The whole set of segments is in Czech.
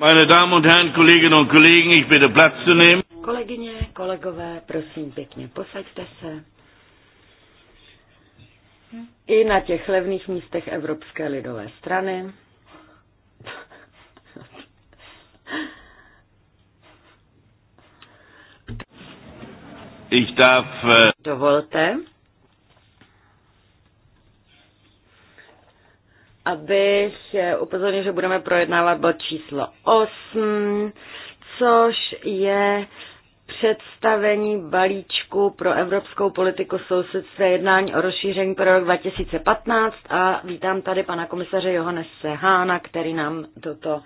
Meine Damen und Herren, Kolleginnen und Kollegen, ich bitte Platz zu nehmen. Kolegyně, kolegové, prosím pěkně, posaďte se. I na těch levných místech Evropské lidové strany. Ich darf, äh, Dovolte, abych upozornil, že budeme projednávat bod číslo 8, což je představení balíčku pro evropskou politiku sousedství jednání o rozšíření pro rok 2015 a vítám tady pana komisaře Johannese Hána, který nám toto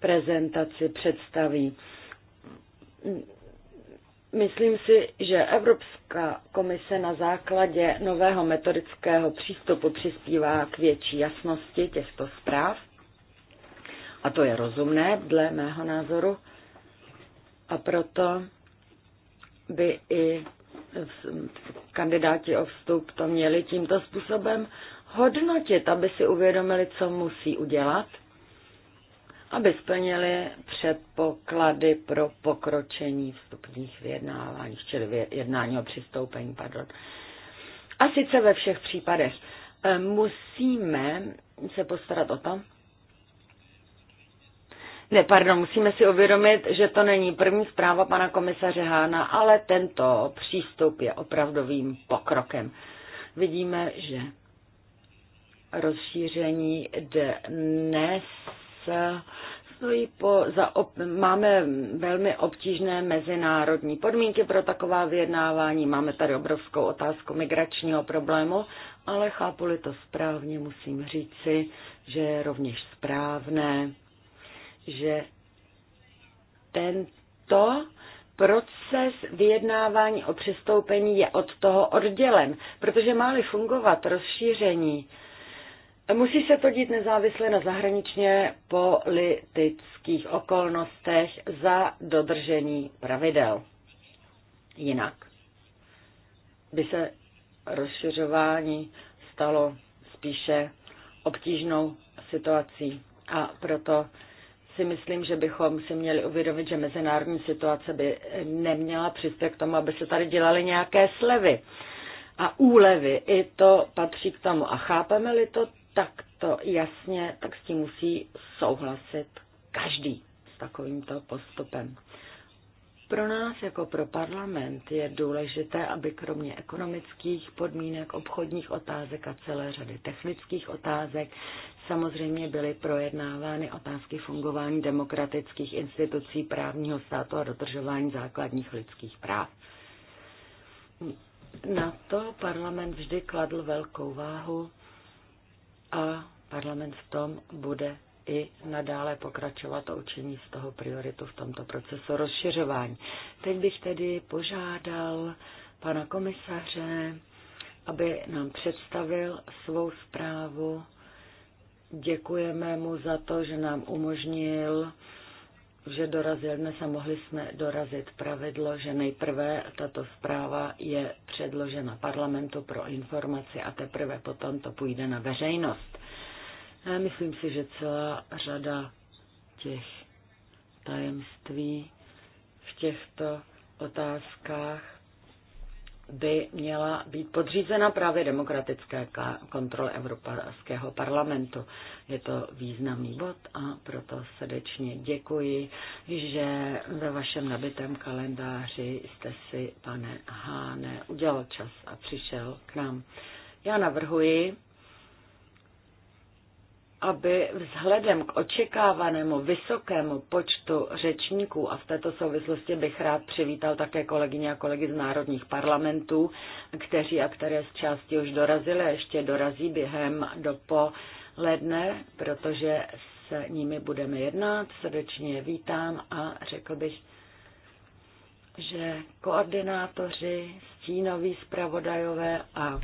prezentaci představí. Myslím si, že Evropská komise na základě nového metodického přístupu přispívá k větší jasnosti těchto zpráv. A to je rozumné, dle mého názoru. A proto by i kandidáti o vstup to měli tímto způsobem hodnotit, aby si uvědomili, co musí udělat aby splnili předpoklady pro pokročení vstupních vyjednávání, čili jednání o přistoupení, pardon. A sice ve všech případech e, musíme se postarat o to, ne, pardon, musíme si uvědomit, že to není první zpráva pana komisaře Hána, ale tento přístup je opravdovým pokrokem. Vidíme, že rozšíření dnes stojí po, za, op, máme velmi obtížné mezinárodní podmínky pro taková vyjednávání, máme tady obrovskou otázku migračního problému, ale chápu-li to správně, musím říci, že je rovněž správné, že tento proces vyjednávání o přistoupení je od toho oddělen, protože má-li fungovat rozšíření, Musí se to dít nezávisle na zahraničně politických okolnostech za dodržení pravidel. Jinak by se rozšiřování stalo spíše obtížnou situací. A proto si myslím, že bychom si měli uvědomit, že mezinárodní situace by neměla přispět k tomu, aby se tady dělaly nějaké slevy a úlevy. I to patří k tomu. A chápeme-li to tak to jasně, tak s tím musí souhlasit každý s takovýmto postupem. Pro nás jako pro parlament je důležité, aby kromě ekonomických podmínek, obchodních otázek a celé řady technických otázek samozřejmě byly projednávány otázky fungování demokratických institucí právního státu a dodržování základních lidských práv. Na to parlament vždy kladl velkou váhu a parlament v tom bude i nadále pokračovat a učení z toho prioritu v tomto procesu rozšiřování. Teď bych tedy požádal pana komisaře, aby nám představil svou zprávu. Děkujeme mu za to, že nám umožnil že dorazil dnes a mohli jsme dorazit pravidlo, že nejprve tato zpráva je předložena parlamentu pro informaci a teprve potom to půjde na veřejnost. Já myslím si, že celá řada těch tajemství v těchto otázkách by měla být podřízena právě demokratické kontrole Evropského parlamentu. Je to významný bod a proto srdečně děkuji, že ve vašem nabitém kalendáři jste si, pane Háne, udělal čas a přišel k nám. Já navrhuji, aby vzhledem k očekávanému vysokému počtu řečníků, a v této souvislosti bych rád přivítal také kolegyně a kolegy z národních parlamentů, kteří a které z části už dorazili ještě dorazí během dopoledne, protože s nimi budeme jednat. Srdečně je vítám a řekl bych, že koordinátoři, stínoví zpravodajové a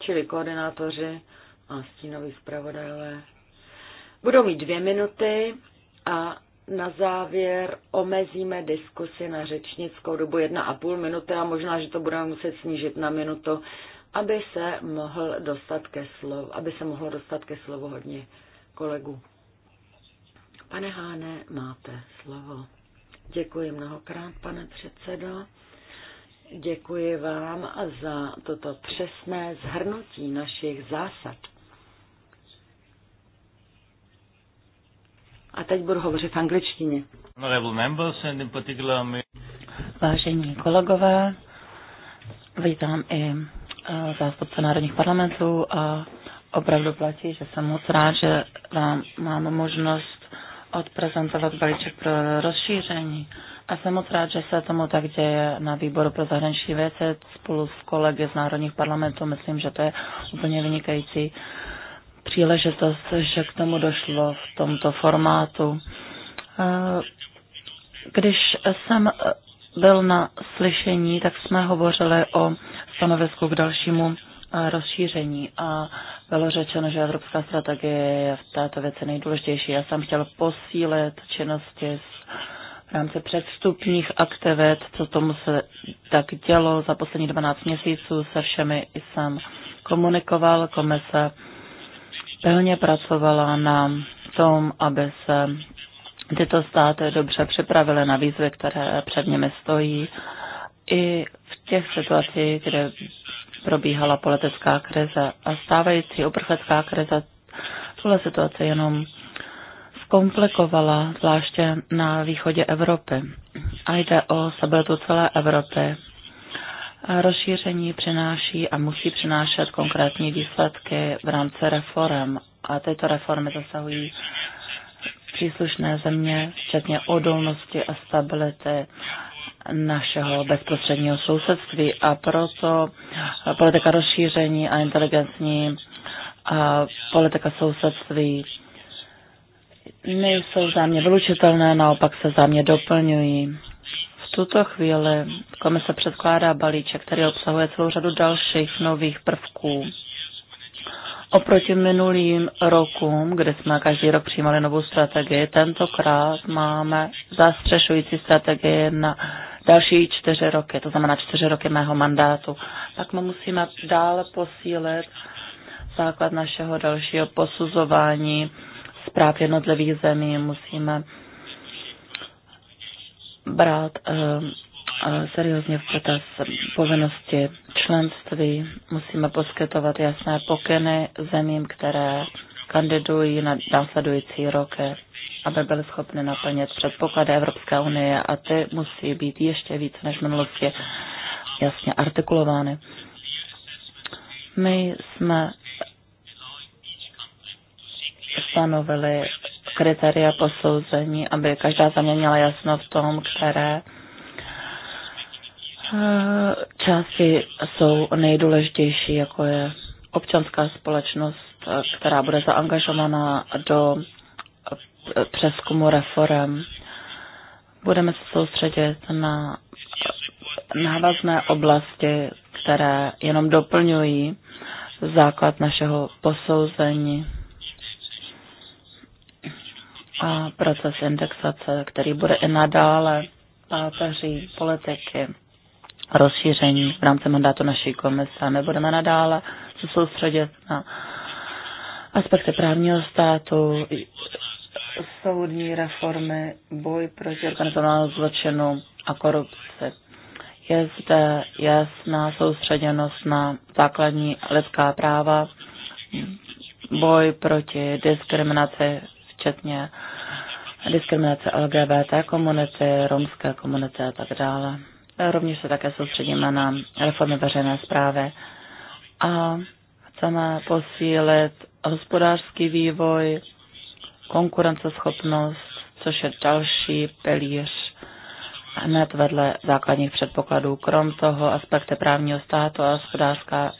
čili koordinátoři a stínový zpravodajové budou mít dvě minuty a na závěr omezíme diskusi na řečnickou dobu jedna a půl minuty a možná, že to budeme muset snížit na minutu, aby se, mohl dostat ke slovu, aby se mohlo dostat ke slovu hodně kolegů. Pane Háne, máte slovo. Děkuji mnohokrát, pane předsedo. Děkuji vám za toto přesné zhrnutí našich zásad. A teď budu hovořit v angličtině. Vážení kolegové, vítám i eh, zástupce národních parlamentů a opravdu platí, že jsem moc rád, že vám mám možnost odprezentovat balíček pro rozšíření. A jsem moc rád, že se tomu tak děje na výboru pro zahraniční věci spolu s kolegy z národních parlamentů. Myslím, že to je úplně vynikající příležitost, že k tomu došlo v tomto formátu. Eh, když jsem eh, byl na slyšení, tak jsme hovořili o stanovisku k dalšímu eh, rozšíření a bylo řečeno, že evropská strategie je v této věci nejdůležitější. Já jsem chtěl posílit činnosti v rámci předstupních aktivit, co tomu se tak dělo. Za poslední 12 měsíců se všemi jsem komunikoval. Komise plně pracovala na tom, aby se tyto státy dobře připravily na výzvy, které před nimi stojí. I v těch situacích, kde probíhala politická krize a stávající uprchlická krize tuhle situace jenom zkomplikovala, zvláště na východě Evropy. A jde o stabilitu celé Evropy rozšíření přináší a musí přinášet konkrétní výsledky v rámci reform. A tyto reformy zasahují příslušné země, včetně odolnosti a stability našeho bezprostředního sousedství. A proto politika rozšíření a inteligentní a politika sousedství nejsou mě vylučitelné, naopak se mě doplňují tuto chvíli komise předkládá balíček, který obsahuje celou řadu dalších nových prvků. Oproti minulým rokům, kdy jsme každý rok přijímali novou strategii, tentokrát máme zastřešující strategii na další čtyři roky, to znamená čtyři roky mého mandátu. Tak my musíme dále posílit základ našeho dalšího posuzování zpráv jednotlivých zemí. Musíme brát eh, eh, seriózně v potaz povinnosti členství. Musíme poskytovat jasné pokyny zemím, které kandidují na následující roky, aby byly schopny naplnit předpoklady Evropské unie a ty musí být ještě víc než v minulosti jasně artikulovány. My jsme stanovili kritéria posouzení, aby každá země měla jasno v tom, které eh, části jsou nejdůležitější, jako je občanská společnost, která bude zaangažovaná do eh, přeskumu reform. Budeme se soustředit na návazné oblasti, které jenom doplňují základ našeho posouzení a proces indexace, který bude i nadále páteří politiky rozšíření v rámci mandátu naší komise. My budeme nadále se soustředit na aspekty právního státu, soudní reformy, boj proti organizovanému zločinu a korupci. Je zde jasná soustředěnost na základní lidská práva, boj proti diskriminaci, včetně diskriminace LGBT komunity, romské komunity a tak dále. Rovněž se také soustředíme na reformy veřejné zprávy a chceme posílit hospodářský vývoj, konkurenceschopnost, což je další pilíř hned vedle základních předpokladů. Krom toho aspekty právního státu a,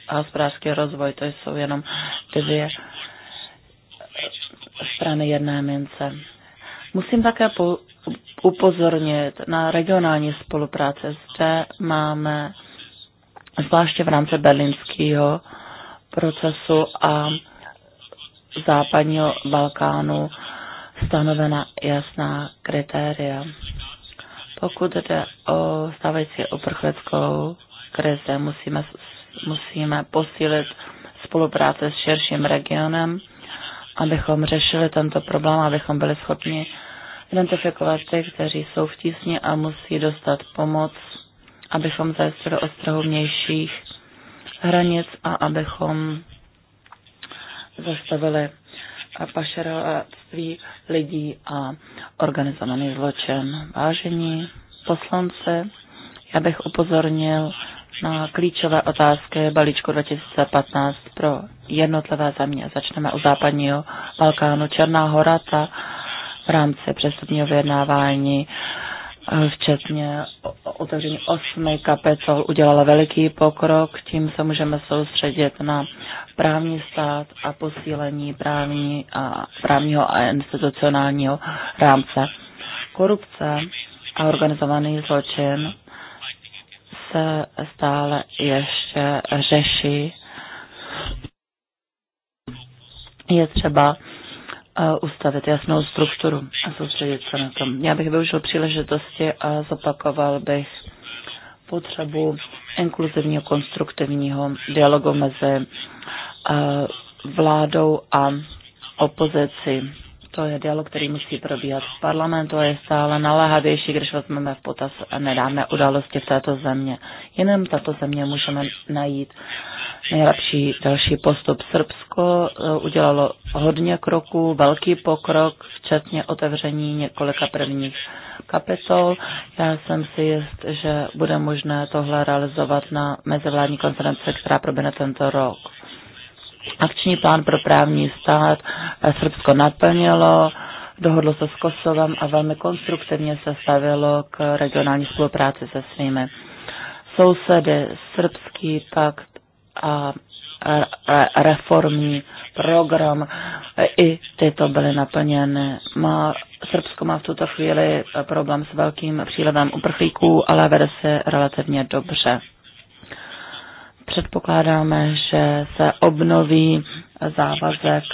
a hospodářský rozvoj, to jsou jenom dvě strany jedné mince. Musím také upozornit na regionální spolupráce. Zde máme, zvláště v rámci berlínského procesu a západního Balkánu, stanovena jasná kritéria. Pokud jde o stávající uprchlickou krize, musíme, musíme posílit spolupráce s širším regionem abychom řešili tento problém, abychom byli schopni identifikovat ty, kteří jsou v tísni a musí dostat pomoc, abychom zajistili ostrahu vnějších hranic a abychom zastavili pašerovatství lidí a organizovaný zločin. Vážení poslance, já bych upozornil na klíčové otázky balíčku 2015 pro jednotlivé země. Začneme u západního Balkánu. Černá hora ta v rámci přestupního vyjednávání eh, včetně otevření osmi kapitol udělala veliký pokrok. Tím se můžeme soustředit na právní stát a posílení právní a právního a institucionálního rámce. Korupce a organizovaný zločin se stále ještě řeší. Je třeba eh, ustavit jasnou strukturu a soustředit se na tom. Já bych využil příležitosti a zopakoval bych potřebu inkluzivního, konstruktivního dialogu mezi eh, vládou a opozici to je dialog, který musí probíhat v parlamentu a je stále naléhavější, když vezmeme v potaz nedávné události v této země. Jenom tato země můžeme najít nejlepší další postup. Srbsko e, udělalo hodně kroků, velký pokrok, včetně otevření několika prvních kapitol. Já jsem si jist, že bude možné tohle realizovat na mezivládní konferenci, která proběhne tento rok Akční plán pro právní stát eh, Srbsko naplnilo, dohodlo se s Kosovem a velmi konstruktivně se stavilo k regionální spolupráci se svými sousedy, srbský pakt a reformní program. Eh, I tyto byly naplněny. Má, Srbsko má v tuto chvíli eh, problém s velkým přílevem uprchlíků, ale vede se relativně dobře. Předpokládáme, že se obnoví závazek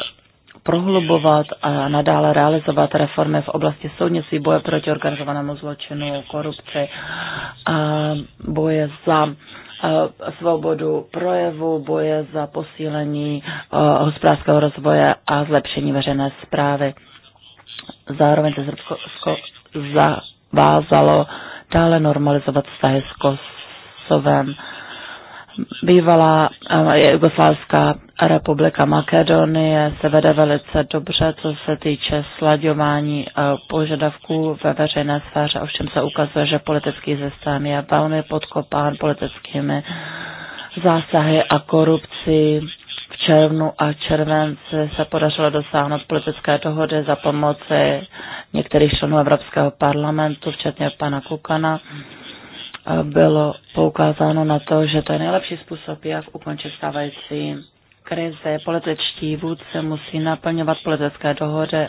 prohlubovat a nadále realizovat reformy v oblasti soudnictví, boje proti organizovanému zločinu, korupci, a boje za e, svobodu projevu, boje za posílení e, hospodářského rozvoje a zlepšení veřejné zprávy. Zároveň se Srbsko zavázalo dále normalizovat vztahy s Kosovem Bývalá eh, Jugoslávská republika Makedonie se vede velice dobře, co se týče sladěvání eh, požadavků ve veřejné sféře, ovšem se ukazuje, že politický systém je velmi podkopán politickými zásahy a korupcí. V červnu a červenci se podařilo dosáhnout politické dohody za pomoci některých členů Evropského parlamentu, včetně pana Kukana bylo poukázáno na to, že to je nejlepší způsob, jak ukončit stávající krize. Političtí vůdce musí naplňovat politické dohody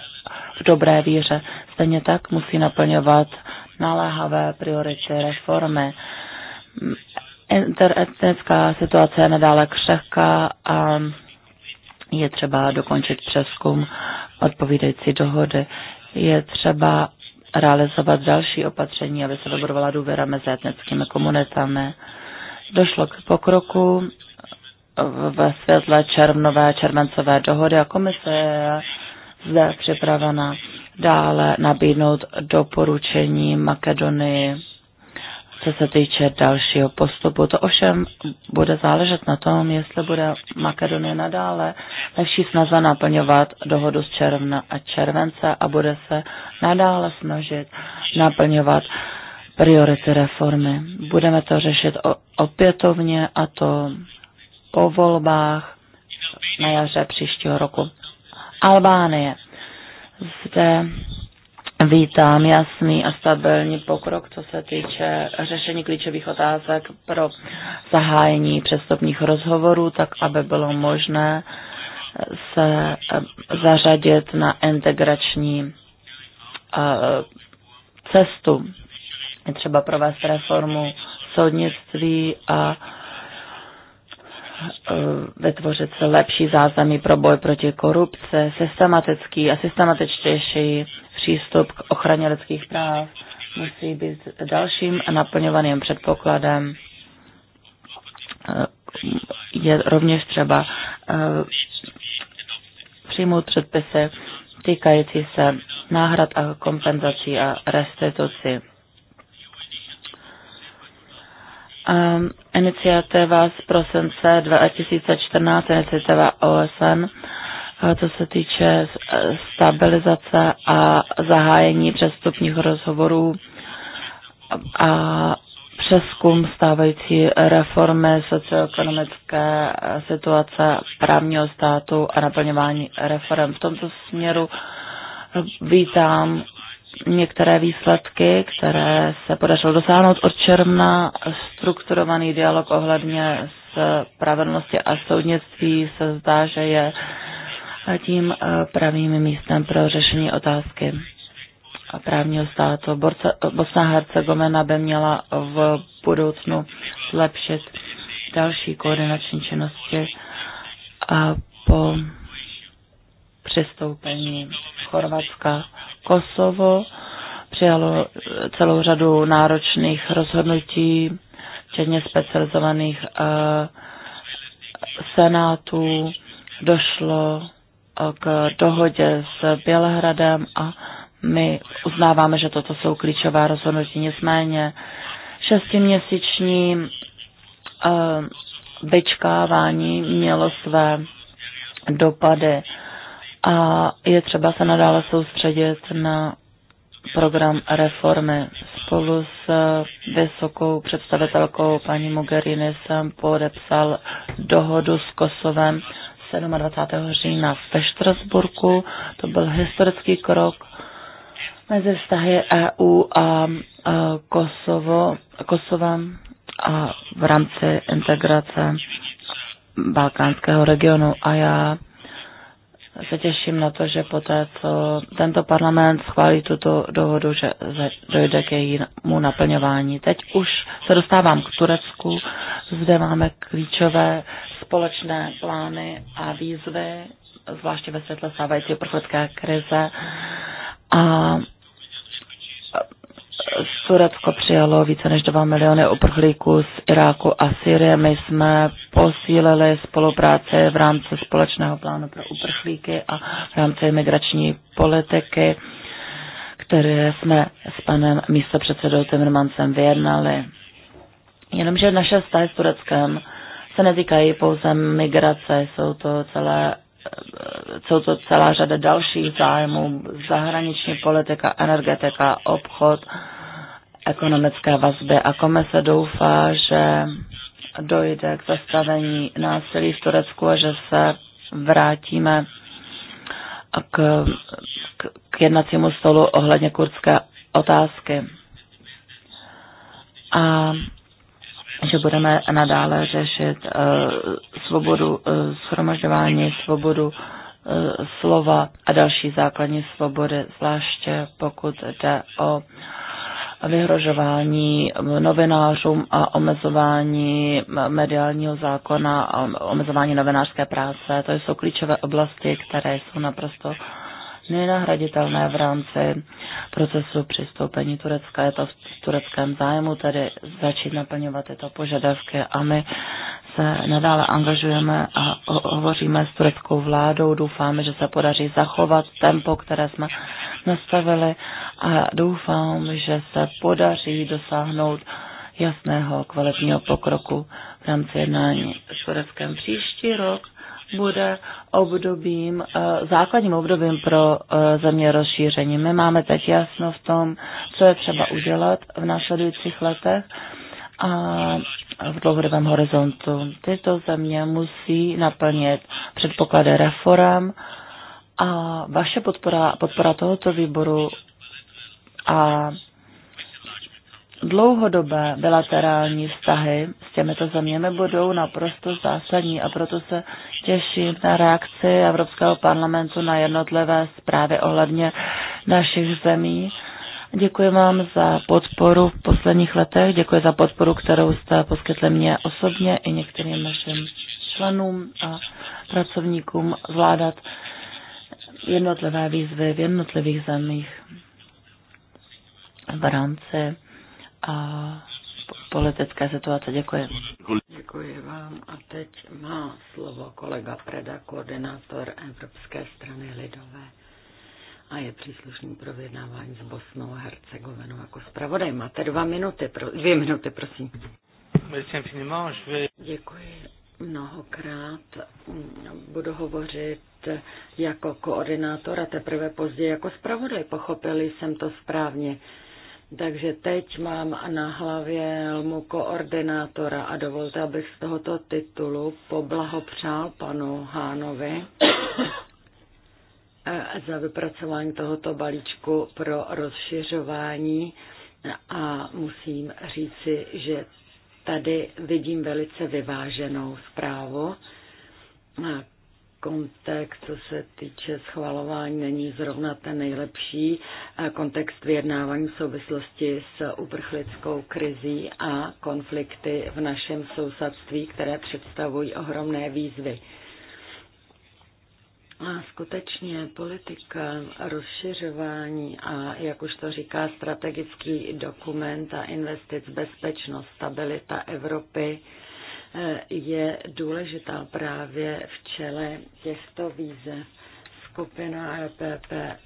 v dobré víře. Stejně tak musí naplňovat naléhavé priority reformy. Interetnická situace je nadále křehká a je třeba dokončit přeskum odpovídající dohody. Je třeba realizovat další opatření, aby se dobrovala důvěra mezi etnickými komunitami. Došlo k pokroku ve světle červnové, červencové dohody a komise je zde připravena dále nabídnout doporučení Makedonii co se týče dalšího postupu, to ovšem bude záležet na tom, jestli bude Makedonie nadále lepší snaze naplňovat dohodu z června a července a bude se nadále snažit naplňovat priority reformy. Budeme to řešit opětovně a to po volbách na jaře příštího roku. Albánie. Zde Vítám jasný a stabilní pokrok, co se týče řešení klíčových otázek pro zahájení přestupních rozhovorů, tak aby bylo možné se eh, zařadit na integrační eh, cestu. Je třeba provést reformu soudnictví a eh, vytvořit se lepší zázemí pro boj proti korupce, systematický a systematičtější přístup k ochraně lidských práv musí být dalším naplňovaným předpokladem. Eh, je rovněž třeba eh, přijmout předpisy týkající se náhrad a kompenzací a restituci. Eh, iniciativa z prosince 2014, iniciativa OSN, co se týče stabilizace a zahájení přestupních rozhovorů a přeskum stávající reformy socioekonomické situace právního státu a naplňování reform. V tomto směru vítám některé výsledky, které se podařilo dosáhnout od června, strukturovaný dialog ohledně spravedlnosti a soudnictví se zdá, že je tím eh, pravým místem pro řešení otázky a právního státu. Eh, Bosna Hercegovina by měla v budoucnu zlepšit další koordinační činnosti a po přistoupení Chorvatska Kosovo přijalo eh, celou řadu náročných rozhodnutí, včetně specializovaných senátů. Došlo k dohodě s Bělehradem a my uznáváme, že toto jsou klíčová rozhodnutí. Nicméně šestiměsíční uh, vyčkávání mělo své dopady a je třeba se nadále soustředit na program reformy. Spolu s eh, vysokou představitelkou paní Mogherini jsem podepsal dohodu s Kosovem 27. října ve Štrasburku. To byl historický krok mezi vztahy EU a Kosovo, Kosovem a v rámci integrace balkánského regionu. A já se těším na to, že poté, co tento parlament schválí tuto dohodu, že dojde k jejímu naplňování. Teď už se dostávám k Turecku. Zde máme klíčové společné plány a výzvy, zvláště ve světle stávající uprchlické krize. A Turecko přijalo více než 2 miliony uprchlíků z Iráku a Syrie. My jsme posílili spolupráci v rámci společného plánu pro uprchlíky a v rámci migrační politiky, které jsme s panem místopředsedou Timmermansem vyjednali. Jenomže naše vztahy s Tureckem se netýkají pouze migrace, jsou to celé jsou to celá řada dalších zájmů, zahraniční politika, energetika, obchod, ekonomické vazby a komise doufá, že dojde k zastavení násilí v Turecku a že se vrátíme k, k, k jednacímu stolu ohledně kurdské otázky. A že budeme nadále řešit uh, svobodu uh, shromažďování, svobodu uh, slova a další základní svobody, zvláště pokud jde o vyhrožování novinářům a omezování mediálního zákona a omezování novinářské práce. To jsou klíčové oblasti, které jsou naprosto nenahraditelné v rámci procesu přistoupení Turecka. Je to v tureckém zájmu tedy začít naplňovat tyto požadavky a my se nadále angažujeme a hovoříme s tureckou vládou. Doufáme, že se podaří zachovat tempo, které jsme nastavili a doufám, že se podaří dosáhnout jasného kvalitního pokroku v rámci jednání s Tureckem. Příští rok bude obdobím, eh, základním obdobím pro eh, země rozšíření. My máme teď jasno v tom, co je třeba udělat v následujících letech a v dlouhodobém horizontu. Tyto země musí naplnit předpoklady reform a vaše podpora, podpora tohoto výboru a dlouhodobé bilaterální vztahy s těmito zeměmi budou naprosto zásadní a proto se těším na reakci Evropského parlamentu na jednotlivé zprávy ohledně našich zemí Děkuji vám za podporu v posledních letech, děkuji za podporu, kterou jste poskytli mě osobně i některým našim členům a pracovníkům zvládat jednotlivé výzvy v jednotlivých zemích v rámci a politické situace. Děkuji. Děkuji vám. A teď má slovo kolega Preda, koordinátor Evropské strany lidové a je příslušný pro vyjednávání s Bosnou a Hercegovinou jako zpravodaj. Máte dva minuty, pro, dvě minuty, prosím. Děkuji mnohokrát. Budu hovořit jako koordinátor a teprve později jako zpravodaj. Pochopili jsem to správně. Takže teď mám na hlavě lmu koordinátora a dovolte, abych z tohoto titulu poblahopřál panu Hánovi Eh, za vypracování tohoto balíčku pro rozšiřování a musím říci, že tady vidím velice vyváženou zprávu. Kontext, co se týče schvalování, není zrovna ten nejlepší. Kontext vyjednávání v souvislosti s uprchlickou krizí a konflikty v našem sousadství, které představují ohromné výzvy. A skutečně politika rozšiřování a, jak už to říká strategický dokument a investic bezpečnost, stabilita Evropy e, je důležitá právě v čele těchto výzev. Skupina EPP e,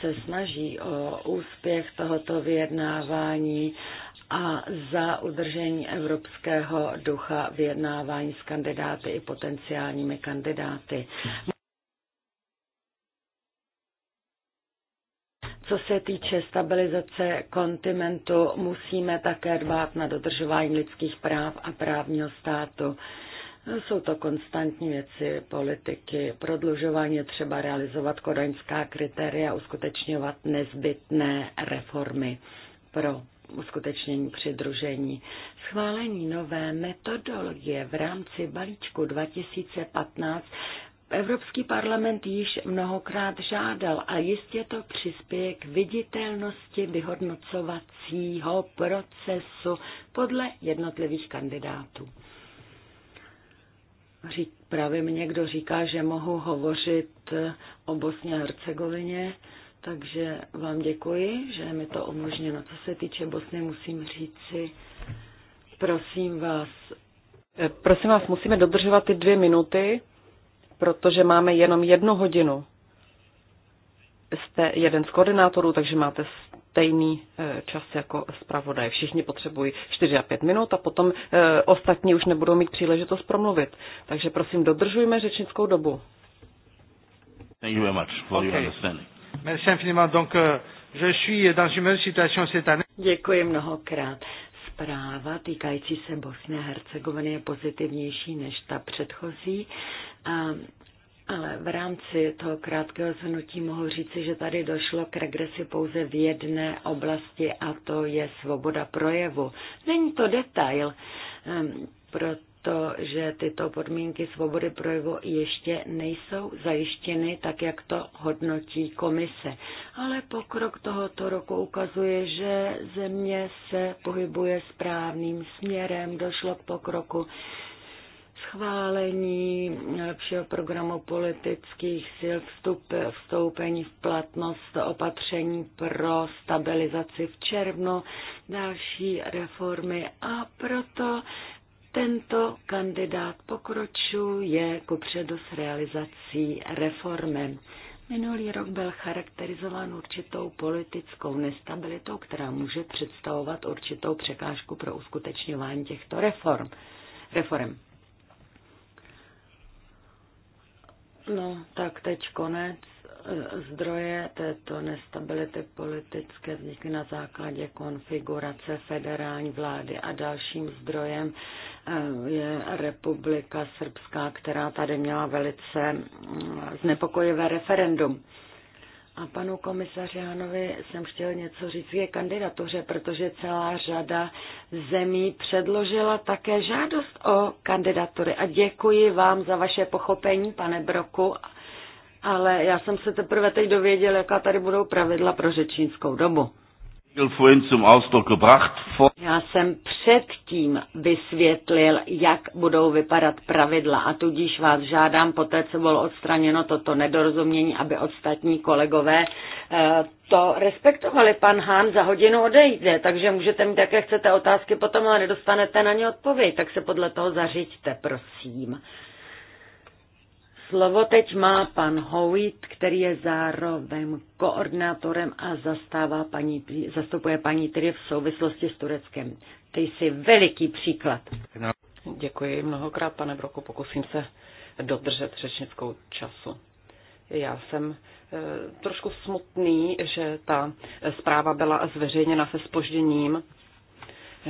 se snaží o úspěch tohoto vyjednávání a za udržení evropského ducha vyjednávání s kandidáty i potenciálními kandidáty. Co se týče stabilizace kontinentu, musíme také dbát na dodržování lidských práv a právního státu. Jsou to konstantní věci politiky. Prodlužování třeba realizovat kodaňská kritéria, uskutečňovat nezbytné reformy pro uskutečnění přidružení. Schválení nové metodologie v rámci balíčku 2015 Evropský parlament již mnohokrát žádal a jistě to přispěje k viditelnosti vyhodnocovacího procesu podle jednotlivých kandidátů. Právě mi někdo říká, že mohu hovořit o Bosně a Hercegovině. Takže vám děkuji, že je mi to umožněno. Co se týče Bosny, musím říci, prosím vás. Eh, prosím vás, musíme dodržovat ty dvě minuty, protože máme jenom jednu hodinu. Jste jeden z koordinátorů, takže máte stejný eh, čas jako zpravodaj. Všichni potřebují 4 a 5 minut a potom eh, ostatní už nebudou mít příležitost promluvit. Takže prosím, dodržujme řečnickou dobu. Thank you very much for okay. your understanding. Merci infiniment. Donc, euh, je suis dans une situation cette année. Děkuji mnohokrát. Zpráva týkající se Bosny a Hercegoviny je pozitivnější než ta předchozí. A ale v rámci toho krátkého zhrnutí mohu říci, že tady došlo k regresi pouze v jedné oblasti a to je svoboda projevu. Není to detail, ehm, proto to, že tyto podmínky svobody projevu ještě nejsou zajištěny, tak jak to hodnotí komise. Ale pokrok tohoto roku ukazuje, že země se pohybuje správným směrem, došlo k pokroku schválení všeho programu politických sil, vstup, vstoupení v platnost opatření pro stabilizaci v červnu, další reformy a proto tento kandidát pokročuje předu s realizací reformy. Minulý rok byl charakterizován určitou politickou nestabilitou, která může představovat určitou překážku pro uskutečňování těchto reform. reform. No, tak teď konec Zdroje této nestability politické vznikly na základě konfigurace federální vlády a dalším zdrojem eh, je Republika Srbská, která tady měla velice mm, znepokojivé referendum. A panu komisaři Hanovi jsem chtěl něco říct je kandidatuře, protože celá řada zemí předložila také žádost o kandidatury. A děkuji vám za vaše pochopení, pane Broku ale já jsem se teprve teď dověděl, jaká tady budou pravidla pro řečnickou dobu. Já jsem předtím vysvětlil, jak budou vypadat pravidla a tudíž vás žádám, poté co bylo odstraněno toto nedorozumění, aby ostatní kolegové eh, to respektovali. Pan Hán za hodinu odejde, takže můžete mít, jaké chcete otázky potom, ale nedostanete na ně odpověď, tak se podle toho zařiďte, prosím. Slovo teď má pan Howitt, který je zároveň koordinátorem a zastává paní, zastupuje paní Tyrie v souvislosti s Tureckem. Ty jsi veliký příklad. Děkuji mnohokrát, pane Broku, pokusím se dodržet řečnickou času. Já jsem e, trošku smutný, že ta zpráva byla zveřejněna se spožděním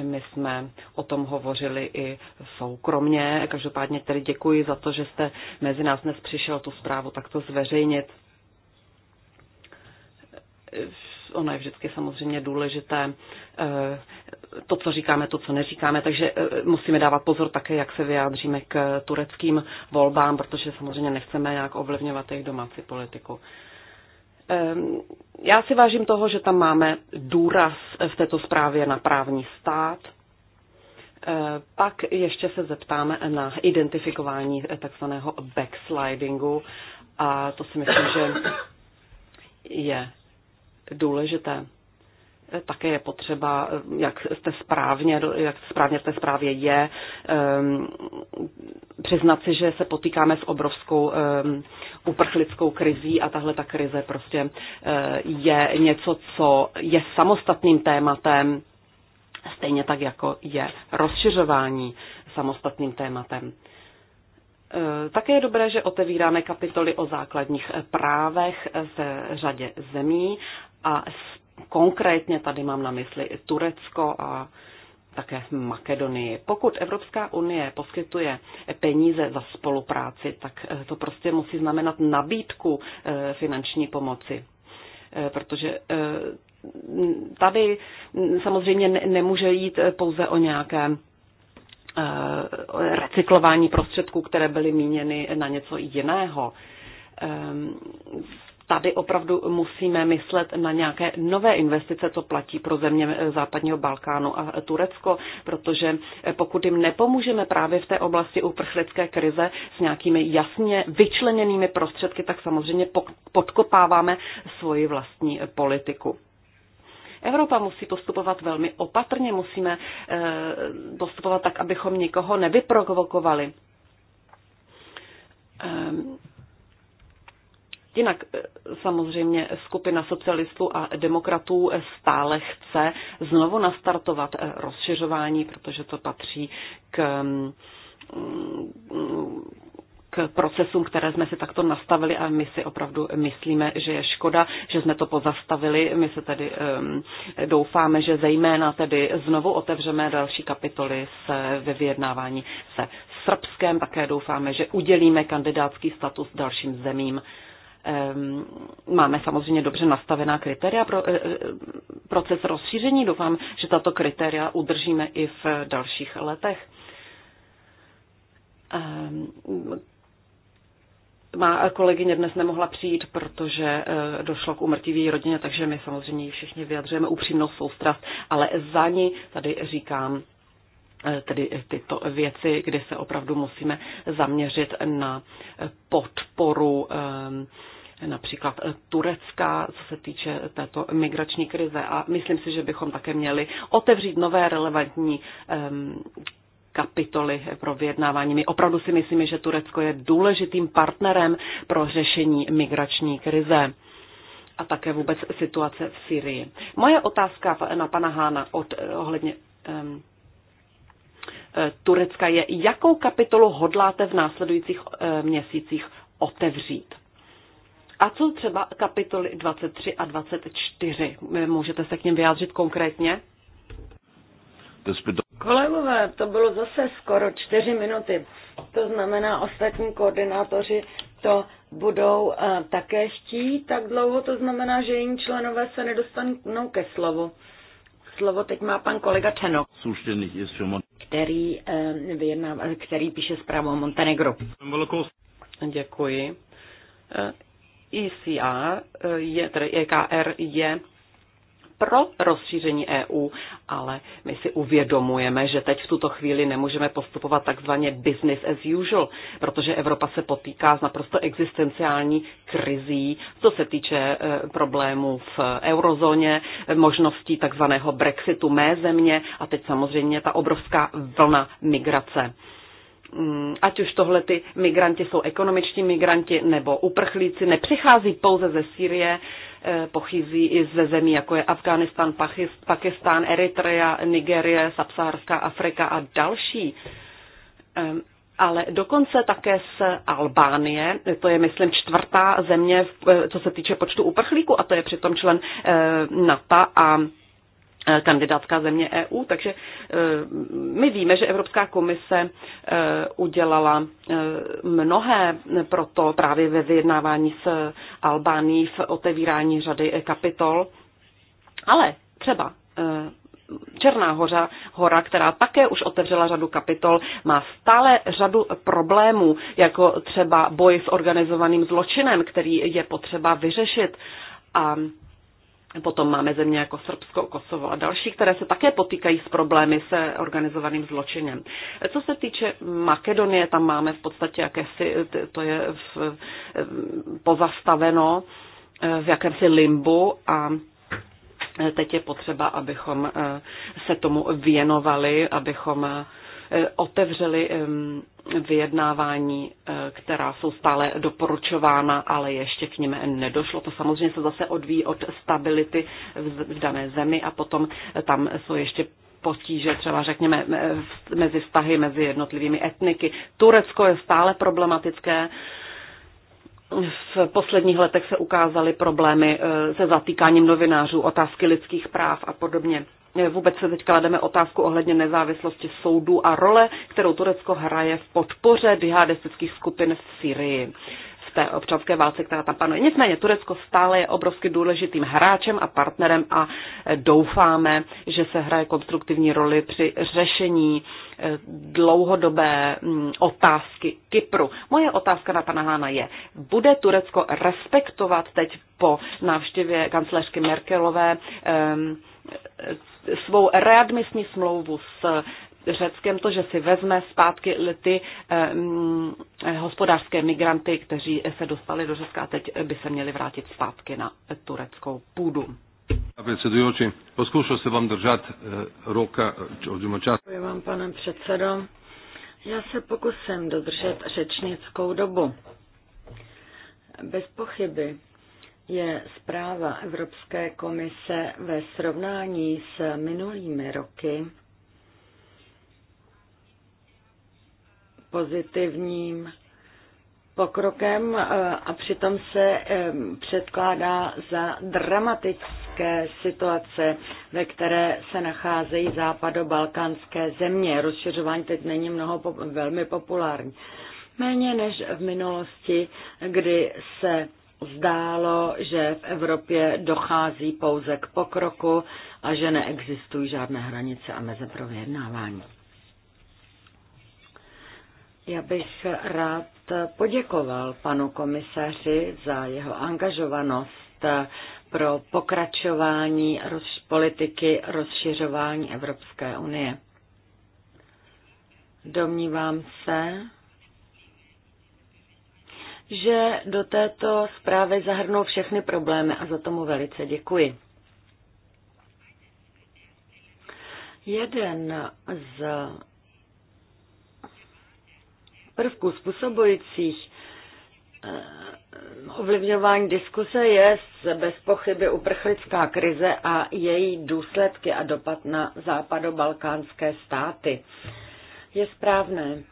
my jsme o tom hovořili i soukromně. Každopádně tedy děkuji za to, že jste mezi nás dnes přišel tu zprávu takto zveřejnit. Ono je vždycky samozřejmě důležité eh, to, co říkáme, to, co neříkáme, takže eh, musíme dávat pozor také, jak se vyjádříme k tureckým volbám, protože samozřejmě nechceme nějak ovlivňovat jejich domácí politiku. Ehm, já si vážím toho, že tam máme důraz v této zprávě na právní stát. Ehm, pak ještě se zeptáme na identifikování takzvaného backslidingu a to si myslím, že je důležité. Také je potřeba, jak jste správně, jak správně v té zprávě je, ehm, přiznat si, že se potýkáme s obrovskou ehm, uprchlickou krizí a tahle ta krize prostě eh, je něco, co je samostatným tématem, stejně tak jako je rozšiřování samostatným tématem. Eh, také je dobré, že otevíráme kapitoly o základních právech ze řadě zemí a Konkrétně tady mám na mysli i Turecko a také Makedonii. Pokud Evropská unie poskytuje peníze za spolupráci, tak eh, to prostě musí znamenat nabídku eh, finanční pomoci. Eh, protože tady samozřejmě nemůže jít pouze o nějaké recyklování prostředků, které byly míněny na něco jiného. Ehm, tady opravdu musíme myslet na nějaké nové investice, co platí pro země západního Balkánu a Turecko, protože pokud jim nepomůžeme právě v té oblasti uprchlické krize s nějakými jasně vyčleněnými prostředky, tak samozřejmě podkopáváme svoji vlastní politiku. Evropa musí postupovat velmi opatrně, musíme eh, postupovat tak, abychom nikoho nevyprovokovali ehm, Jinak e, samozřejmě skupina socialistů a demokratů stále chce znovu nastartovat e, rozšiřování, protože to patří k, mm, k procesům, které jsme si takto nastavili a my si opravdu myslíme, že je škoda, že jsme to pozastavili. My se tedy um, doufáme, že zejména tedy znovu otevřeme další kapitoly se, ve vyjednávání se Srbskem. Také doufáme, že udělíme kandidátský status dalším zemím. Ehm, máme samozřejmě dobře nastavená kritéria pro eh, eh, proces rozšíření. Doufám, že tato kritéria udržíme i v dalších letech. Ehm, má kolegyně dnes nemohla přijít, protože eh, došlo k umrtí rodině, takže my samozřejmě všichni vyjadřujeme upřímnou soustrast, ale za ní tady říkám Eh, tedy tyto věci, kdy se opravdu musíme zaměřit na podporu eh, například Turecka, co se týče této migrační krize. A myslím si, že bychom také měli otevřít nové relevantní eh, kapitoly pro vyjednávání. My opravdu si myslíme, že Turecko je důležitým partnerem pro řešení migrační krize a také vůbec situace v Syrii. Moje otázka na pana Hána od, ohledně um, Eh, Turecka je, jakou kapitolu hodláte v následujících eh, měsících otevřít. A co třeba kapitoly 23 a 24? Eh, můžete se k něm vyjádřit konkrétně? Kolegové, to bylo zase skoro čtyři minuty. To znamená, ostatní koordinátoři to budou uh, také chtít tak dlouho, to znamená, že jiní členové se nedostanou ke slovu. Slovo teď má pan kolega Čenok, který, eh, který píše zprávu o Montenegro. Děkuji. ICR eh, e eh, je, tedy EKR je pro rozšíření EU, ale my si uvědomujeme, že teď v tuto chvíli nemůžeme postupovat takzvaně business as usual, protože Evropa se potýká s naprosto existenciální krizí, co se týče e, problémů v eurozóně, možností takzvaného Brexitu mé země a teď samozřejmě ta obrovská vlna migrace mm, ať už tohle ty migranti jsou ekonomičtí migranti nebo uprchlíci, nepřichází pouze ze Sýrie, Eh, pochází i ze zemí, jako je Afghánistán, Pakistán, Eritrea, Nigerie, Sapsárská Afrika a další. Ale dokonce také z Albánie, to je myslím čtvrtá země, eh, co se týče počtu uprchlíků, a to je přitom člen eh, NATO a Eh, kandidátská země EU, takže eh, my víme, že Evropská komise eh, udělala mnohé proto právě ve vyjednávání s Albání v otevírání řady kapitol, ale třeba Černá hoře, hora, která také už otevřela řadu kapitol, má stále řadu problémů, jako třeba boj s organizovaným zločinem, který je potřeba vyřešit. A Potom máme země jako Srbsko, Kosovo a další, které se také potýkají s problémy se organizovaným zločinem. Co se týče Makedonie, tam máme v podstatě jakési, to je v, pozastaveno v jakémsi limbu a teď je potřeba, abychom se tomu věnovali, abychom Eh, otevřeli vyjednávání, eh, která jsou stále doporučována, ale ještě k nim nedošlo. To samozřejmě se zase odvíjí od stability v dané zemi a potom tam jsou ještě potíže, třeba řekněme, mezi vztahy mezi jednotlivými etniky. Turecko je stále problematické. V posledních letech se ukázaly problémy eh, se zatýkáním novinářů, otázky lidských práv a podobně. Eh, vůbec se teď klademe otázku ohledně nezávislosti soudů a role, kterou Turecko hraje v podpoře dihadistických skupin v Syrii v té občanské válce, která tam panuje. Nicméně Turecko stále je obrovsky důležitým hráčem a partnerem a eh, doufáme, že se hraje konstruktivní roli při řešení eh, dlouhodobé mm, otázky Kypru. Moje otázka na pana Hána je, bude Turecko respektovat teď po návštěvě kancléřky Merkelové ehm, svou readmisní smlouvu s Řeckem, to, že si vezme zpátky ty eh, hospodářské migranty, kteří se dostali do Řecka a teď by se měli vrátit zpátky na tureckou půdu. Předsedující, poskoušel se vám držet eh, roka, eh, odjíma čas. Děkuji vám, pane předsedo. Já se pokusím dodržet řečnickou dobu. Bez pochyby je zpráva Evropské komise ve srovnání s minulými roky pozitivním pokrokem eh, a přitom se eh, předkládá za dramatické situace, ve které se nacházejí západobalkánské země. Rozšiřování teď není mnoho velmi populární. Méně než v minulosti, kdy se zdálo, že v Evropě dochází pouze k pokroku a že neexistují žádné hranice a meze pro vyjednávání. Já bych rád poděkoval panu komisaři za jeho angažovanost pro pokračování roz, politiky rozšiřování Evropské unie. Domnívám se, že do této zprávy zahrnou všechny problémy a za tomu velice děkuji. Jeden z prvků způsobujících eh, ovlivňování diskuse je bez pochyby uprchlická krize a její důsledky a dopad na západobalkánské státy. Je správné,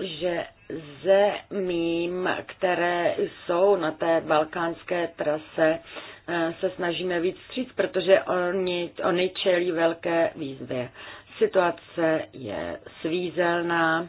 že zemím, které jsou na té balkánské trase, eh, se snažíme víc stříc, protože oni, oni čelí velké výzvě. Situace je svízelná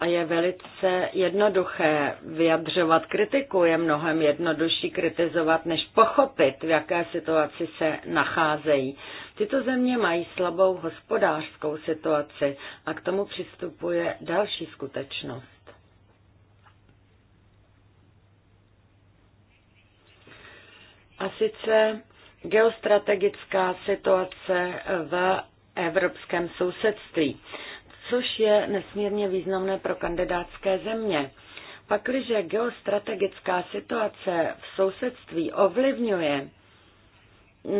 a je velice jednoduché vyjadřovat kritiku. Je mnohem jednodušší kritizovat, než pochopit, v jaké situaci se nacházejí. Tyto země mají slabou hospodářskou situaci a k tomu přistupuje další skutečnost. A sice geostrategická situace v evropském sousedství což je nesmírně významné pro kandidátské země. Pakliže geostrategická situace v sousedství ovlivňuje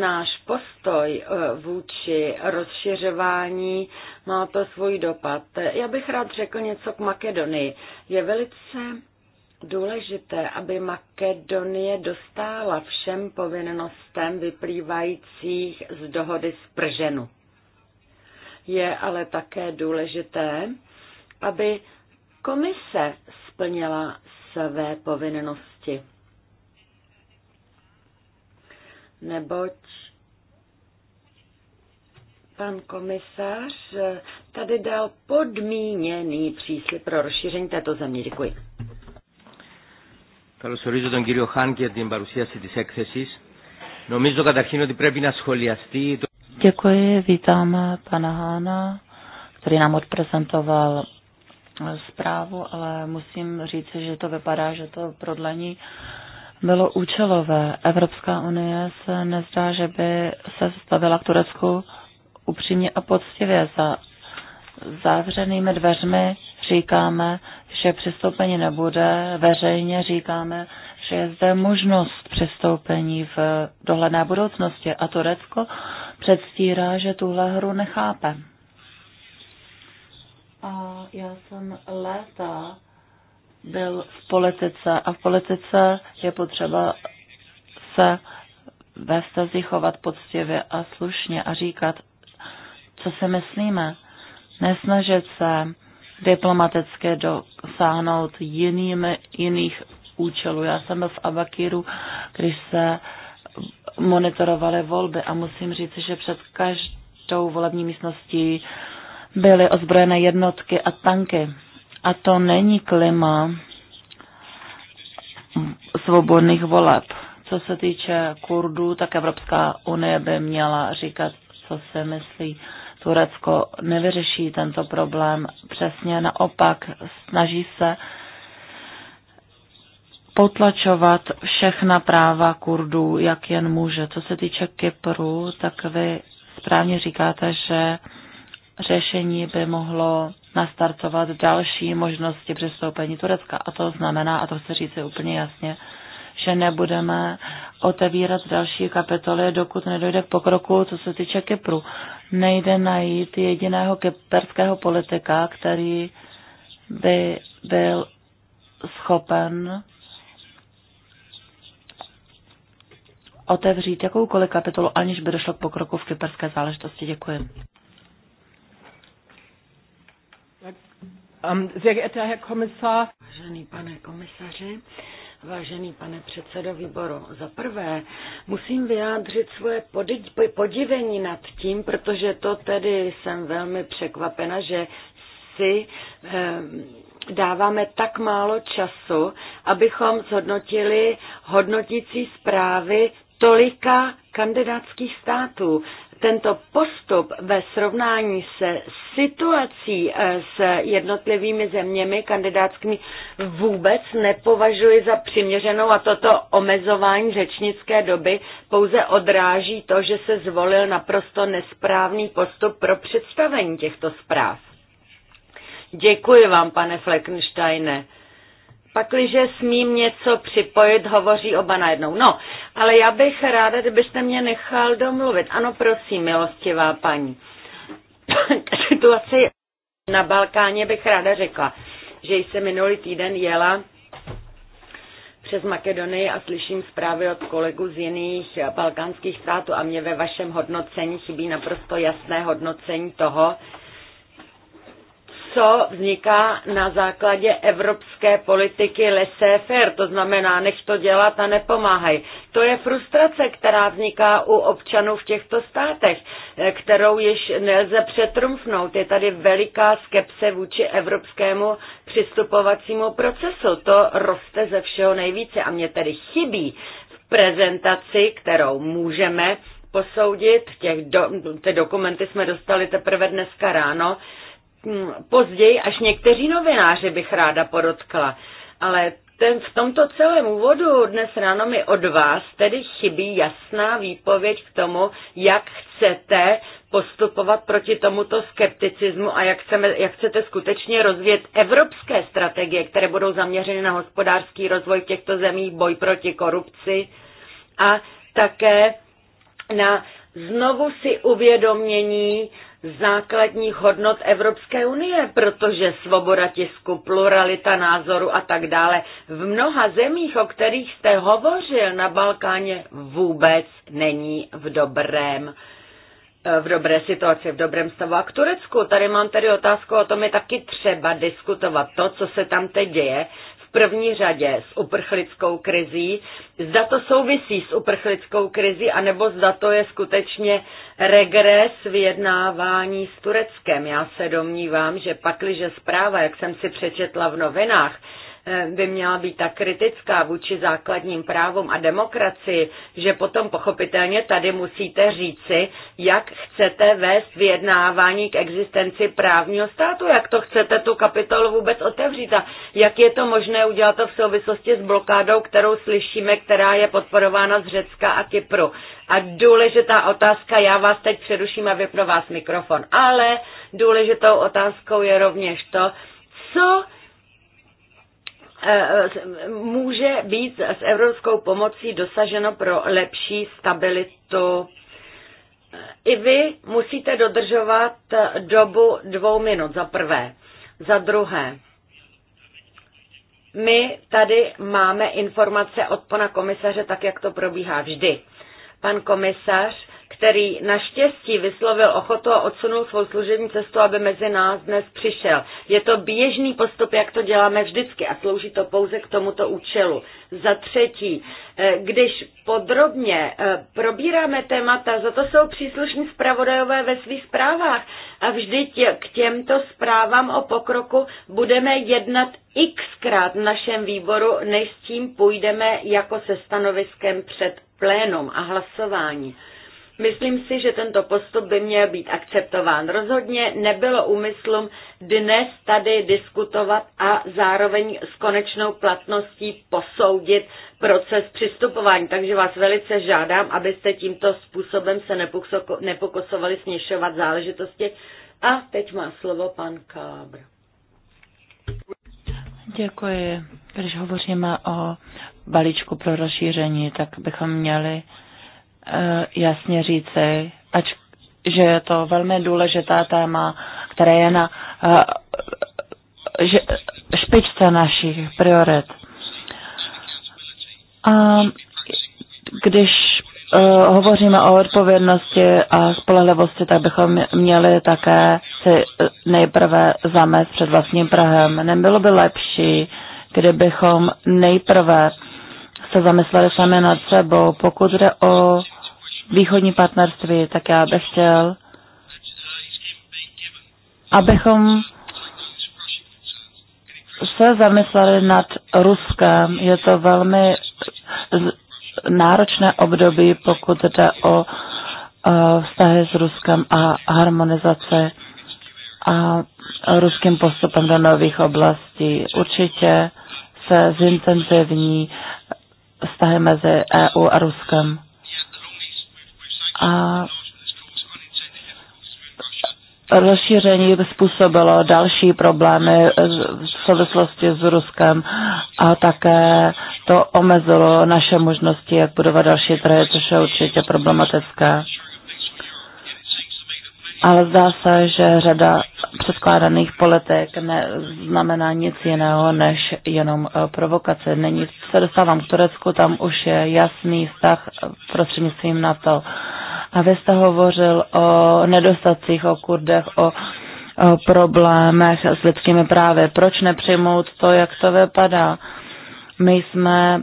náš postoj eh, vůči rozšiřování, má to svůj dopad. Já bych rád řekl něco k Makedonii. Je velice důležité, aby Makedonie dostála všem povinnostem vyplývajících z dohody z Prženu. Je ale také důležité, aby komise splnila své povinnosti. Neboť pan komisař tady dal podmíněný příslip pro rozšíření této země. Děkuji. Καλωσορίζω τον κύριο Χάν για την παρουσίαση της έκθεσης. Νομίζω καταρχήν ότι πρέπει να σχολιαστεί... το... Děkuji, vítám pana Hána, který nám odprezentoval zprávu, ale musím říct, že to vypadá, že to prodlení bylo účelové. Evropská unie se nezdá, že by se stavila k Turecku upřímně a poctivě. Za zavřenými dveřmi říkáme, že přistoupení nebude, veřejně říkáme, že je zde možnost přistoupení v dohledné budoucnosti a Turecko předstírá, že tuhle hru nechápe. A já jsem léta byl v politice a v politice je potřeba se ve stazích chovat poctivě a slušně a říkat, co si myslíme. Nesnažit se diplomaticky dosáhnout jiným, jiných účelů. Já jsem byl v Abakiru když se monitorovali volby a musím říct, že před každou volební místností byly ozbrojené jednotky a tanky. A to není klima svobodných voleb. Co se týče Kurdů, tak Evropská unie by měla říkat, co se myslí. Turecko nevyřeší tento problém. Přesně naopak snaží se potlačovat všechna práva Kurdů, jak jen může. Co se týče Kypru, tak vy správně říkáte, že řešení by mohlo nastartovat další možnosti přistoupení Turecka. A to znamená, a to chci říct úplně jasně, že nebudeme otevírat další kapitoly, dokud nedojde k pokroku, co se týče Kypru. Nejde najít jediného kyperského politika, který by byl schopen otevřít jakoukoliv kapitolu, aniž by došlo k pokroku v kyperské záležitosti. Děkuji. Um, vážený pane komisaři, Vážený pane předsedo výboru, za prvé musím vyjádřit svoje podivení nad tím, protože to tedy jsem velmi překvapena, že si ehm, dáváme tak málo času, abychom zhodnotili hodnotící zprávy tolika kandidátských států. Tento postup ve srovnání se situací eh, s jednotlivými zeměmi kandidátskými vůbec nepovažuji za přiměřenou a toto omezování řečnické doby pouze odráží to, že se zvolil naprosto nesprávný postup pro představení těchto zpráv. Děkuji vám, pane Fleckensteine Pakliže smím něco připojit, hovoří oba najednou. No, ale já bych ráda, kdybyste mě nechal domluvit. Ano, prosím, milostivá paní. situaci na Balkáně bych ráda řekla, že jsem minulý týden jela přes Makedonii a slyším zprávy od kolegů z jiných balkánských států a mě ve vašem hodnocení chybí naprosto jasné hodnocení toho, co vzniká na základě evropské politiky laissez-faire, to znamená, nech to dělat a nepomáhají. To je frustrace, která vzniká u občanů v těchto státech, eh, kterou již nelze přetrumfnout. Je tady veliká skepse vůči evropskému přistupovacímu procesu. To roste ze všeho nejvíce a mě tedy chybí v prezentaci, kterou můžeme posoudit. Těch do, ty dokumenty jsme dostali teprve dneska ráno. Hm, později až někteří novináři bych ráda podotkla. Ale ten, v tomto celém úvodu dnes ráno mi od vás tedy chybí jasná výpověď k tomu, jak chcete postupovat proti tomuto skepticismu a jak, chceme, jak chcete skutečně rozvíjet evropské strategie, které budou zaměřeny na hospodářský rozvoj v těchto zemích, boj proti korupci a také na znovu si uvědomění základních hodnot Evropské unie, protože svoboda tisku, pluralita názoru a tak dále v mnoha zemích, o kterých jste hovořil na Balkáně, vůbec není v dobrém eh, v dobré situaci, v dobrém stavu. A k Turecku, tady mám tedy otázku, o tom je taky třeba diskutovat. To, co se tam teď děje, v první řadě s uprchlickou krizí, zda to souvisí s uprchlickou krizí, anebo zda to je skutečně regres vyjednávání s Tureckem. Já se domnívám, že pakliže zpráva, jak jsem si přečetla v novinách, Eh, by měla být tak kritická vůči základním právům a demokracii, že potom pochopitelně tady musíte říci, jak chcete vést vyjednávání k existenci právního státu, jak to chcete tu kapitolu vůbec otevřít a jak je to možné udělat to v souvislosti s blokádou, kterou slyšíme, která je podporována z Řecka a Kypru. A důležitá otázka, já vás teď přeruším a vypnu vás mikrofon, ale důležitou otázkou je rovněž to, co Eh, eh, může být s evropskou pomocí dosaženo pro lepší stabilitu. Eh, I vy musíte dodržovat dobu dvou minut za prvé. Za druhé, my tady máme informace od pana komisaře, tak jak to probíhá vždy. Pan komisař který naštěstí vyslovil ochotu a odsunul svou služební cestu, aby mezi nás dnes přišel. Je to běžný postup, jak to děláme vždycky a slouží to pouze k tomuto účelu. Za třetí, eh, když podrobně eh, probíráme témata, za to jsou příslušní zpravodajové ve svých zprávách a vždy tě, k těmto zprávám o pokroku budeme jednat xkrát v našem výboru, než s tím půjdeme jako se stanoviskem před plénum a hlasování. Myslím si, že tento postup by měl být akceptován. Rozhodně nebylo úmyslům dnes tady diskutovat a zároveň s konečnou platností posoudit proces přistupování. Takže vás velice žádám, abyste tímto způsobem se nepokusovali směšovat záležitosti. A teď má slovo pan Kábr. Děkuji. Když hovoříme o balíčku pro rozšíření, tak bychom měli Eh, jasně říci, ač, že je to velmi důležitá téma, které je na eh, že, špičce našich priorit. A když uh, hovoříme o odpovědnosti a spolehlivosti, tak bychom měli také si nejprve zamést před vlastním Prahem. Nebylo by lepší, kdybychom nejprve se zamysleli sami nad sebou, pokud jde o východní partnerství, tak já bych chtěl, abychom se zamysleli nad Ruskem. Je to velmi náročné období, pokud jde o e, vztahy s Ruskem a harmonizace a ruským postupem do nových oblastí. Určitě se zintenzivní vztahy mezi EU a Ruskem a rozšíření by způsobilo další problémy v souvislosti s Ruskem a také to omezilo naše možnosti, jak budovat další trhy, což je určitě problematické. Ale zdá se, že řada předkládaných politik neznamená nic jiného než jenom eh, provokace. Není, se dostávám k Turecku, tam už je jasný vztah prostřednictvím na to a vy jste hovořil o nedostacích, o kurdech, o o problémech s lidskými právy. Proč nepřijmout to, jak to vypadá? My jsme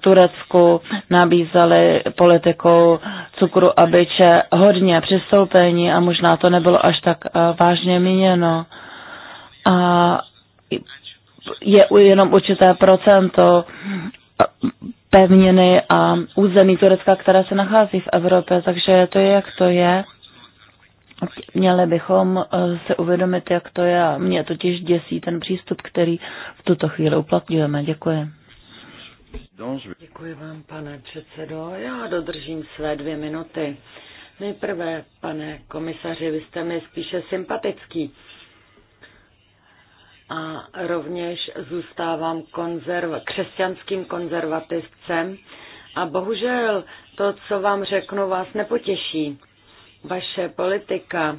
Turecku nabízeli politikou cukru a byče hodně přistoupení a možná to nebylo až tak eh, vážně míněno. A je jenom určité procento pevniny a území Turecka, které se nachází v Evropě. Takže to je, jak to je. Měli bychom eh, se uvědomit, jak to je. Mě totiž děsí ten přístup, který v tuto chvíli uplatňujeme. Děkuji. Děkuji vám, pane předsedo. Já dodržím své dvě minuty. Nejprve, pane komisaři, vy jste mi spíše sympatický a rovněž zůstávám konzerv- křesťanským konzervativcem a bohužel to, co vám řeknu, vás nepotěší. Vaše politika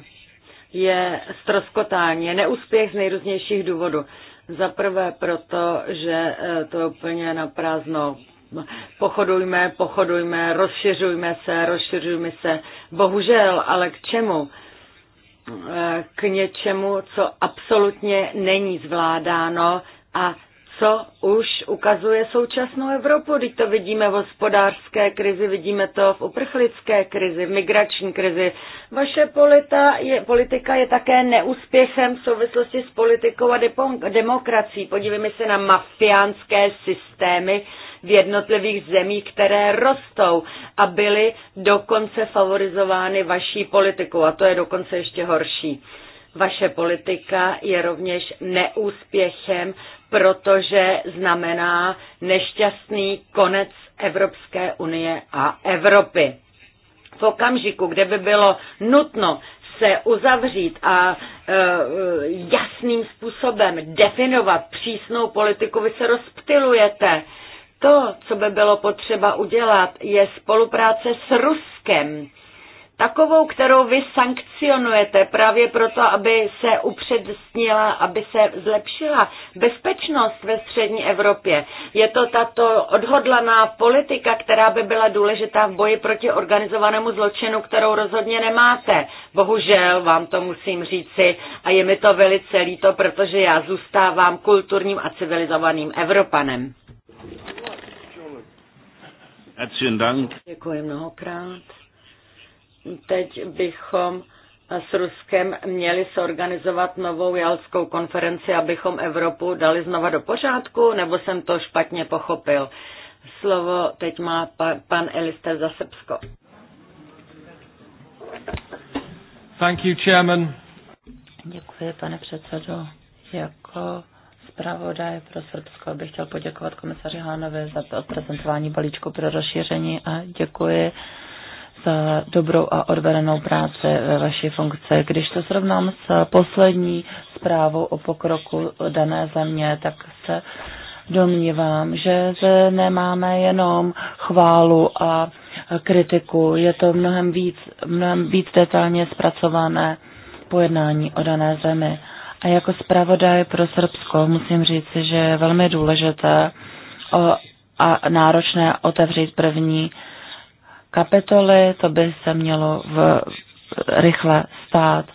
je stroskotání, je neúspěch z nejrůznějších důvodů. Za prvé proto, že e, to je úplně na prázdno. Pochodujme, pochodujme, rozšiřujme se, rozšiřujme se. Bohužel, ale k čemu? k něčemu, co absolutně není zvládáno a co už ukazuje současnou Evropu. Teď to vidíme v hospodářské krizi, vidíme to v uprchlické krizi, v migrační krizi. Vaše polita je, politika je také neúspěchem v souvislosti s politikou a demokracií. Podívejme se na mafiánské systémy, v jednotlivých zemích, které rostou a byly dokonce favorizovány vaší politikou. A to je dokonce ještě horší. Vaše politika je rovněž neúspěchem, protože znamená nešťastný konec Evropské unie a Evropy. V okamžiku, kde by bylo nutno se uzavřít a e, e jasným způsobem definovat přísnou politiku, vy se rozptilujete. To, co by bylo potřeba udělat, je spolupráce s Ruskem. Takovou, kterou vy sankcionujete právě proto, aby se upřednostnila, aby se zlepšila bezpečnost ve střední Evropě. Je to tato odhodlaná politika, která by byla důležitá v boji proti organizovanému zločinu, kterou rozhodně nemáte. Bohužel vám to musím říci a je mi to velice líto, protože já zůstávám kulturním a civilizovaným Evropanem. Děkuji mnohokrát. Teď bychom s Ruskem měli se organizovat novou jalskou konferenci, abychom Evropu dali znova do pořádku, nebo jsem to špatně pochopil? Slovo teď má pan, pan Elister za Srbsko. Thank you, chairman. Děkuji, pane předsedo. Jako zpravodaj pro Srbsko bych chtěl poděkovat komisaři Hánovi za prezentování balíčku pro rozšíření a děkuji za dobrou a odvedenou práci ve vaší funkci. Když to srovnám s poslední zprávou o pokroku dané země, tak se domnívám, že nemáme jenom chválu a kritiku. Je to mnohem víc, mnohem víc detailně zpracované pojednání o dané zemi. A jako zpravodaj pro Srbsko musím říct, že je velmi důležité a náročné otevřít první kapitoly, to by se mělo v, rychle stát.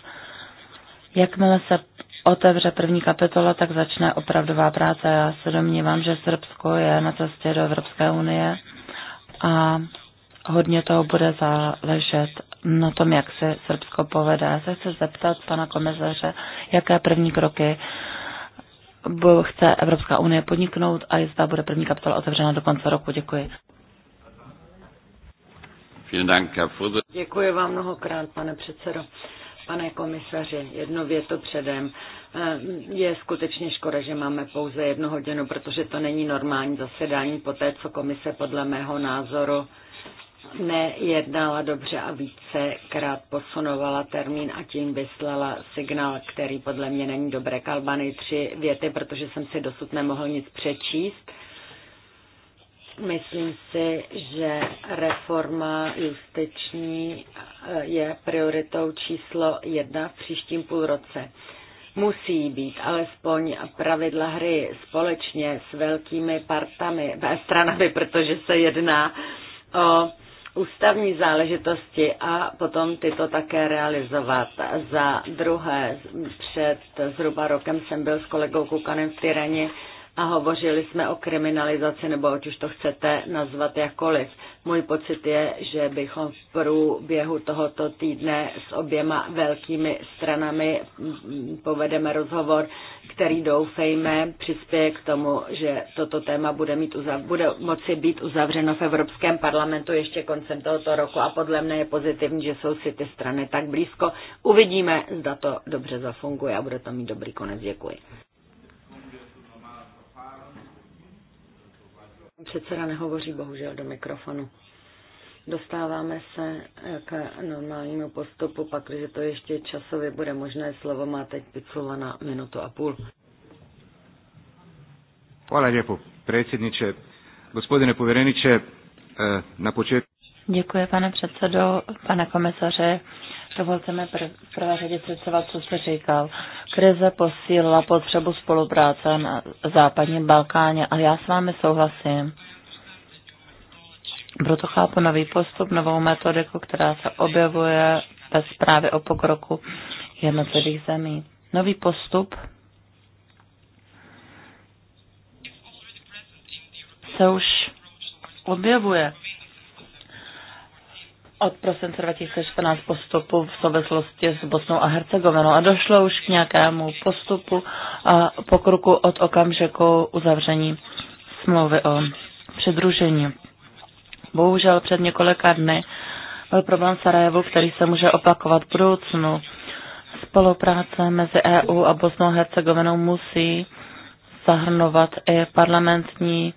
Jakmile se otevře první kapitola, tak začne opravdová práce. Já se domnívám, že Srbsko je na cestě do Evropské unie a hodně toho bude záležet na tom, jak se Srbsko povede. Já se chci zeptat pana komisaře, jaké první kroky chce Evropská unie podniknout a jestli bude první kapitola otevřena do konce roku. Děkuji. Děkuji vám mnohokrát, pane předsedo. Pane komisaři, jedno věto předem. Eh, je skutečně škoda, že máme pouze jednu hodinu, protože to není normální zasedání po té, co komise podle mého názoru nejednala dobře a vícekrát posunovala termín a tím vyslala signál, který podle mě není dobré. Kalbany tři věty, protože jsem si dosud nemohl nic přečíst. Myslím si, že reforma justiční eh, je prioritou číslo jedna v příštím roce. Musí být alespoň pravidla hry společně s velkými partami, eh, stranami, protože se jedná o ústavní záležitosti a potom tyto také realizovat. Za druhé, před zhruba rokem jsem byl s kolegou Kukanem v Tyraně a hovořili jsme o kriminalizaci, nebo ať už to chcete nazvat jakkoliv. Můj pocit je, že bychom v průběhu tohoto týdne s oběma velkými stranami povedeme rozhovor, který doufejme přispěje k tomu, že toto téma bude, mít uzav- bude moci být uzavřeno v Evropském parlamentu ještě koncem tohoto roku a podle mne je pozitivní, že jsou si ty strany tak blízko. Uvidíme, zda to dobře zafunguje a bude to mít dobrý konec. Děkuji. Předseda nehovoří bohužel do mikrofonu. Dostáváme se eh, k normálnímu postupu, pak, když to ještě časově bude možné, slovo má teď Picula na minutu a půl. Hvala lijepo, předsedniče. Gospodine povereniče, eh, na počet... Děkuji, pane předsedo, pane komisaře. Dovolte mi prv, v prvé řadě představit, co jste říkal. Krize posílila potřebu spolupráce na západním Balkáně a já s vámi souhlasím. Proto chápu nový postup, novou metodiku, která se objevuje ve zprávě o pokroku jednotlivých zemí. Nový postup se už objevuje od prosince 2014 postupu v souvislosti s Bosnou a Hercegovinou a došlo už k nějakému postupu a pokroku od okamžiku uzavření smlouvy o přidružení. Bohužel před několika dny byl problém v Sarajevu, který se může opakovat v budoucnu. Spolupráce mezi EU a Bosnou a Hercegovinou musí zahrnovat i parlamentní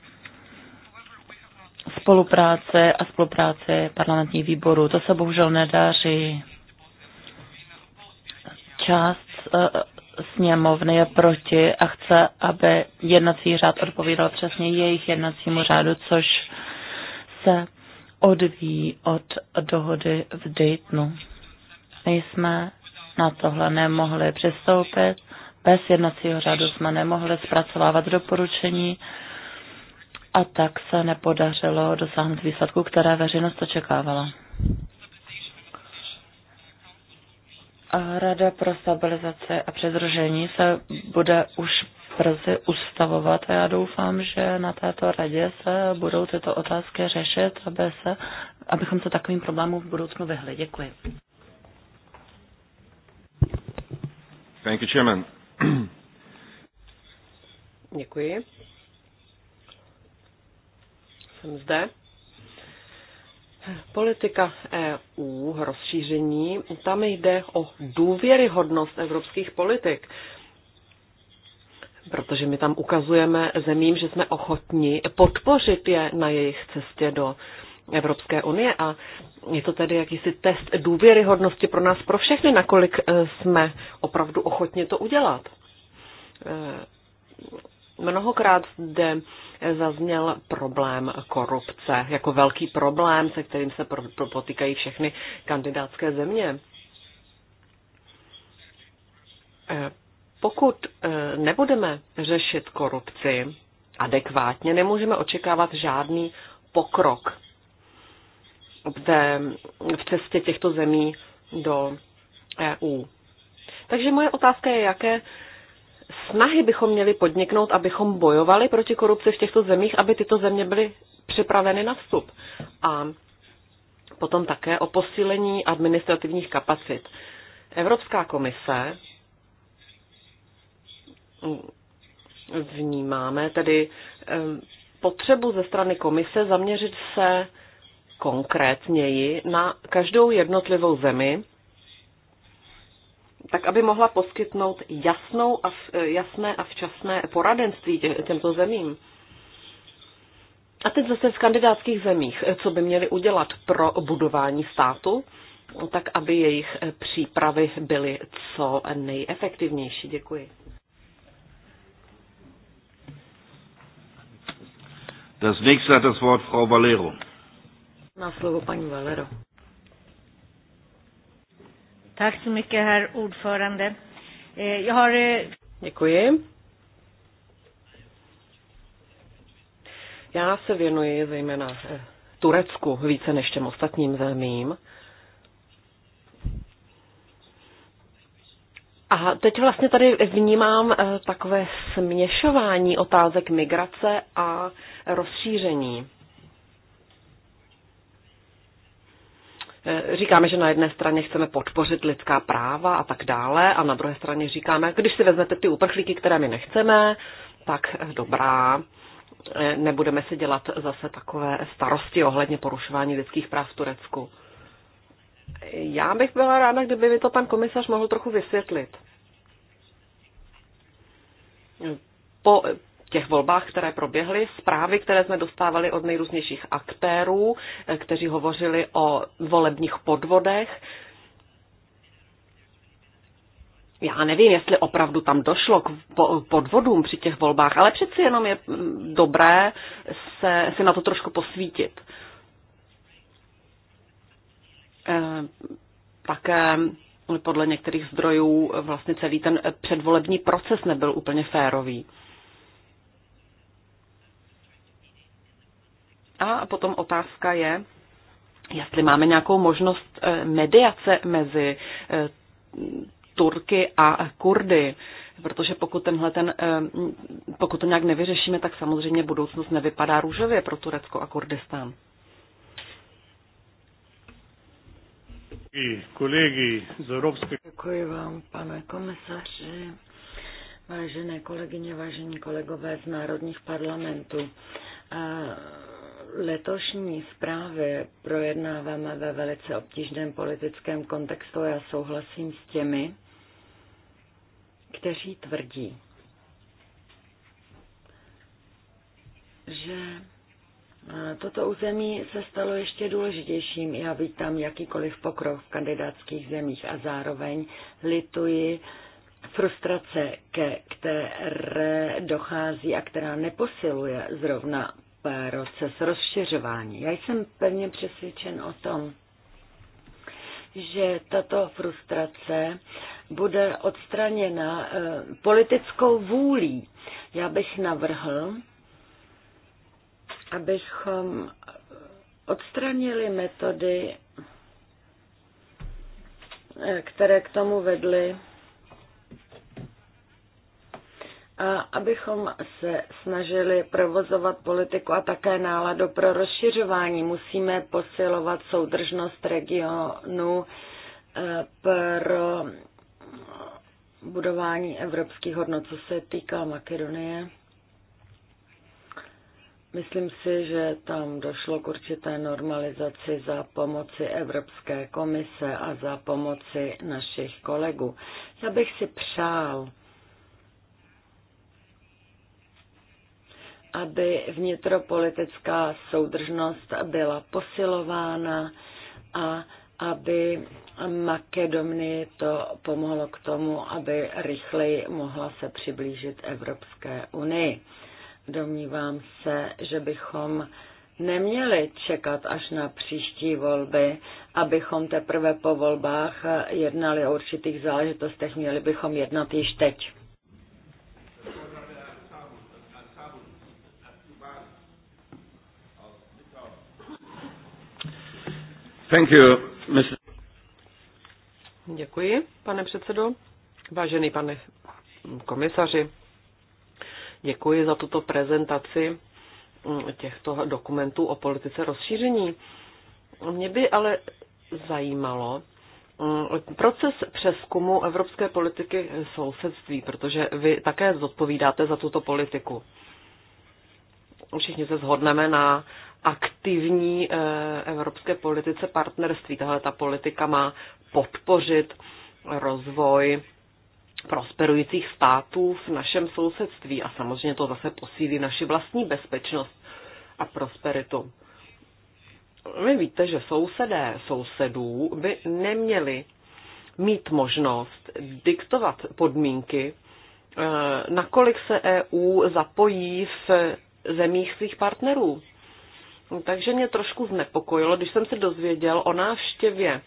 spolupráce a spolupráce parlamentních výborů. To se bohužel nedáří. Část e, sněmovny je proti a chce, aby jednací řád odpovídal přesně jejich jednacímu řádu, což se odvíjí od dohody v Daytonu. My jsme na tohle nemohli přistoupit, bez jednacího řádu jsme nemohli zpracovávat doporučení, a tak se nepodařilo dosáhnout výsledku, které veřejnost očekávala. A Rada pro stabilizaci a přidružení se bude už brzy ustavovat a já doufám, že na této radě se budou tyto otázky řešit, aby se, abychom se takovým problémům v budoucnu vyhli. Děkuji. Thank you, Chairman. Děkuji jsem zde. Politika EU, rozšíření, tam jde o důvěryhodnost evropských politik, protože my tam ukazujeme zemím, že jsme ochotní podpořit je na jejich cestě do Evropské unie a je to tedy jakýsi test důvěryhodnosti pro nás, pro všechny, nakolik e, jsme opravdu ochotni to udělat e, Mnohokrát zde zazněl problém korupce jako velký problém, se kterým se potýkají všechny kandidátské země. Eh, pokud eh, nebudeme řešit korupci adekvátně, nemůžeme očekávat žádný pokrok v cestě těchto zemí do EU. Takže moje otázka je, jaké snahy bychom měli podniknout, abychom bojovali proti korupci v těchto zemích, aby tyto země byly připraveny na vstup. A potom také o posílení administrativních kapacit. Evropská komise vnímáme tedy potřebu ze strany komise zaměřit se konkrétněji na každou jednotlivou zemi tak aby mohla poskytnout jasnou a, jasné a včasné poradenství tě, těmto zemím. A teď zase v kandidátských zemích, co by měli udělat pro budování státu, tak aby jejich přípravy byly co nejefektivnější. Děkuji. Das nächste hat das Wort Frau Valero. Na slovo paní Valero. Tack så mycket, herr ordförande. Eh, jag har... Eh, Děkuji. Já se věnuji zejména eh, Turecku více než těm ostatním zemím. A teď vlastně tady vnímám takové směšování otázek migrace a rozšíření. Eh, říkáme, že na jedné straně chceme podpořit lidská práva a tak dále, a na druhé straně říkáme, když si vezmete ty uprchlíky, které my nechceme, tak eh, dobrá, eh, nebudeme si dělat zase takové starosti ohledně porušování lidských práv v Turecku. Já bych byla ráda, kdyby mi to pan komisař mohl trochu vysvětlit. Po, těch volbách, které proběhly, zprávy, které jsme dostávali od nejrůznějších aktérů, eh, kteří hovořili o volebních podvodech. Já nevím, jestli opravdu tam došlo k podvodům při těch volbách, ale přeci jenom je mm, dobré se, se na to trošku posvítit. Eh, také podle některých zdrojů vlastně celý ten předvolební proces nebyl úplně férový. A potom otázka je, jestli máme nějakou možnost eh, mediace mezi eh, Turky a Kurdy. Protože pokud, tenhle ten, eh, pokud to nějak nevyřešíme, tak samozřejmě budoucnost nevypadá růžově pro Turecko a Kurdistán. kolegy z Evropské... Děkuji vám, pane komisaři, vážené kolegyně, vážení kolegové z národních parlamentů letošní zprávy projednáváme ve velice obtížném politickém kontextu. Já souhlasím s těmi, kteří tvrdí, že eh, toto území se stalo ještě důležitějším. Já vítám jakýkoliv pokrok v kandidátských zemích a zároveň lituji frustrace, ke které dochází a která neposiluje zrovna proces rozšiřování. Já jsem pevně přesvědčen o tom, že tato frustrace bude odstraněna eh, politickou vůlí. Já bych navrhl, abychom odstranili metody, eh, které k tomu vedly abychom se snažili provozovat politiku a také náladu pro rozšiřování. Musíme posilovat soudržnost regionu e, pro budování evropských hodnot, co se týká Makedonie. Myslím si, že tam došlo k určité normalizaci za pomoci Evropské komise a za pomoci našich kolegů. Já bych si přál, aby vnitropolitická soudržnost byla posilována a aby Makedonii to pomohlo k tomu, aby rychleji mohla se přiblížit Evropské unii. Domnívám se, že bychom neměli čekat až na příští volby, abychom teprve po volbách jednali o určitých záležitostech, měli bychom jednat již teď. Thank you, Mr. Děkuji, pane předsedo. Vážený pane komisaři, děkuji za tuto prezentaci těchto dokumentů o politice rozšíření. Mě by ale zajímalo proces přeskumu evropské politiky sousedství, protože vy také zodpovídáte za tuto politiku všichni se shodneme na aktivní eh, evropské politice partnerství. Tahle ta politika má podpořit rozvoj prosperujících států v našem sousedství a samozřejmě to zase posílí naši vlastní bezpečnost a prosperitu. Vy víte, že sousedé sousedů by neměli mít možnost diktovat podmínky, eh, nakolik se EU zapojí v zemích svých partnerů. Takže mě trošku znepokojilo, když jsem se dozvěděl o návštěvě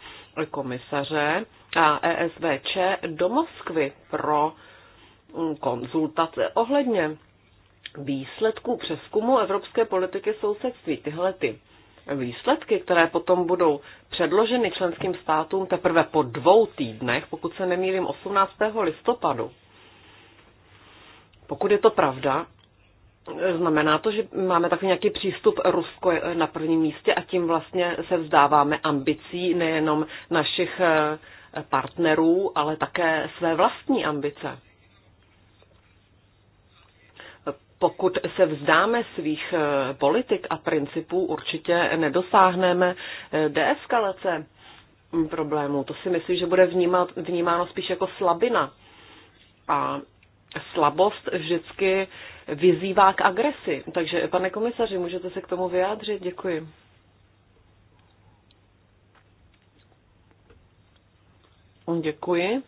komisaře a ESVČ do Moskvy pro mm, konzultace ohledně výsledků přeskumu evropské politiky sousedství. Tyhle ty výsledky, které potom budou předloženy členským státům teprve po dvou týdnech, pokud se nemýlím 18. listopadu. Pokud je to pravda, Znamená to, že máme takový nějaký přístup Rusko na prvním místě a tím vlastně se vzdáváme ambicí nejenom našich eh, partnerů, ale také své vlastní ambice. Pokud se vzdáme svých eh, politik a principů, určitě nedosáhneme eh, deeskalace mm, problémů. To si myslím, že bude vnímáno spíš jako slabina. A slabost vždycky vyzývá k agresi. Takže, pane komisaři, můžete se k tomu vyjádřit? Děkuji. Děkuji.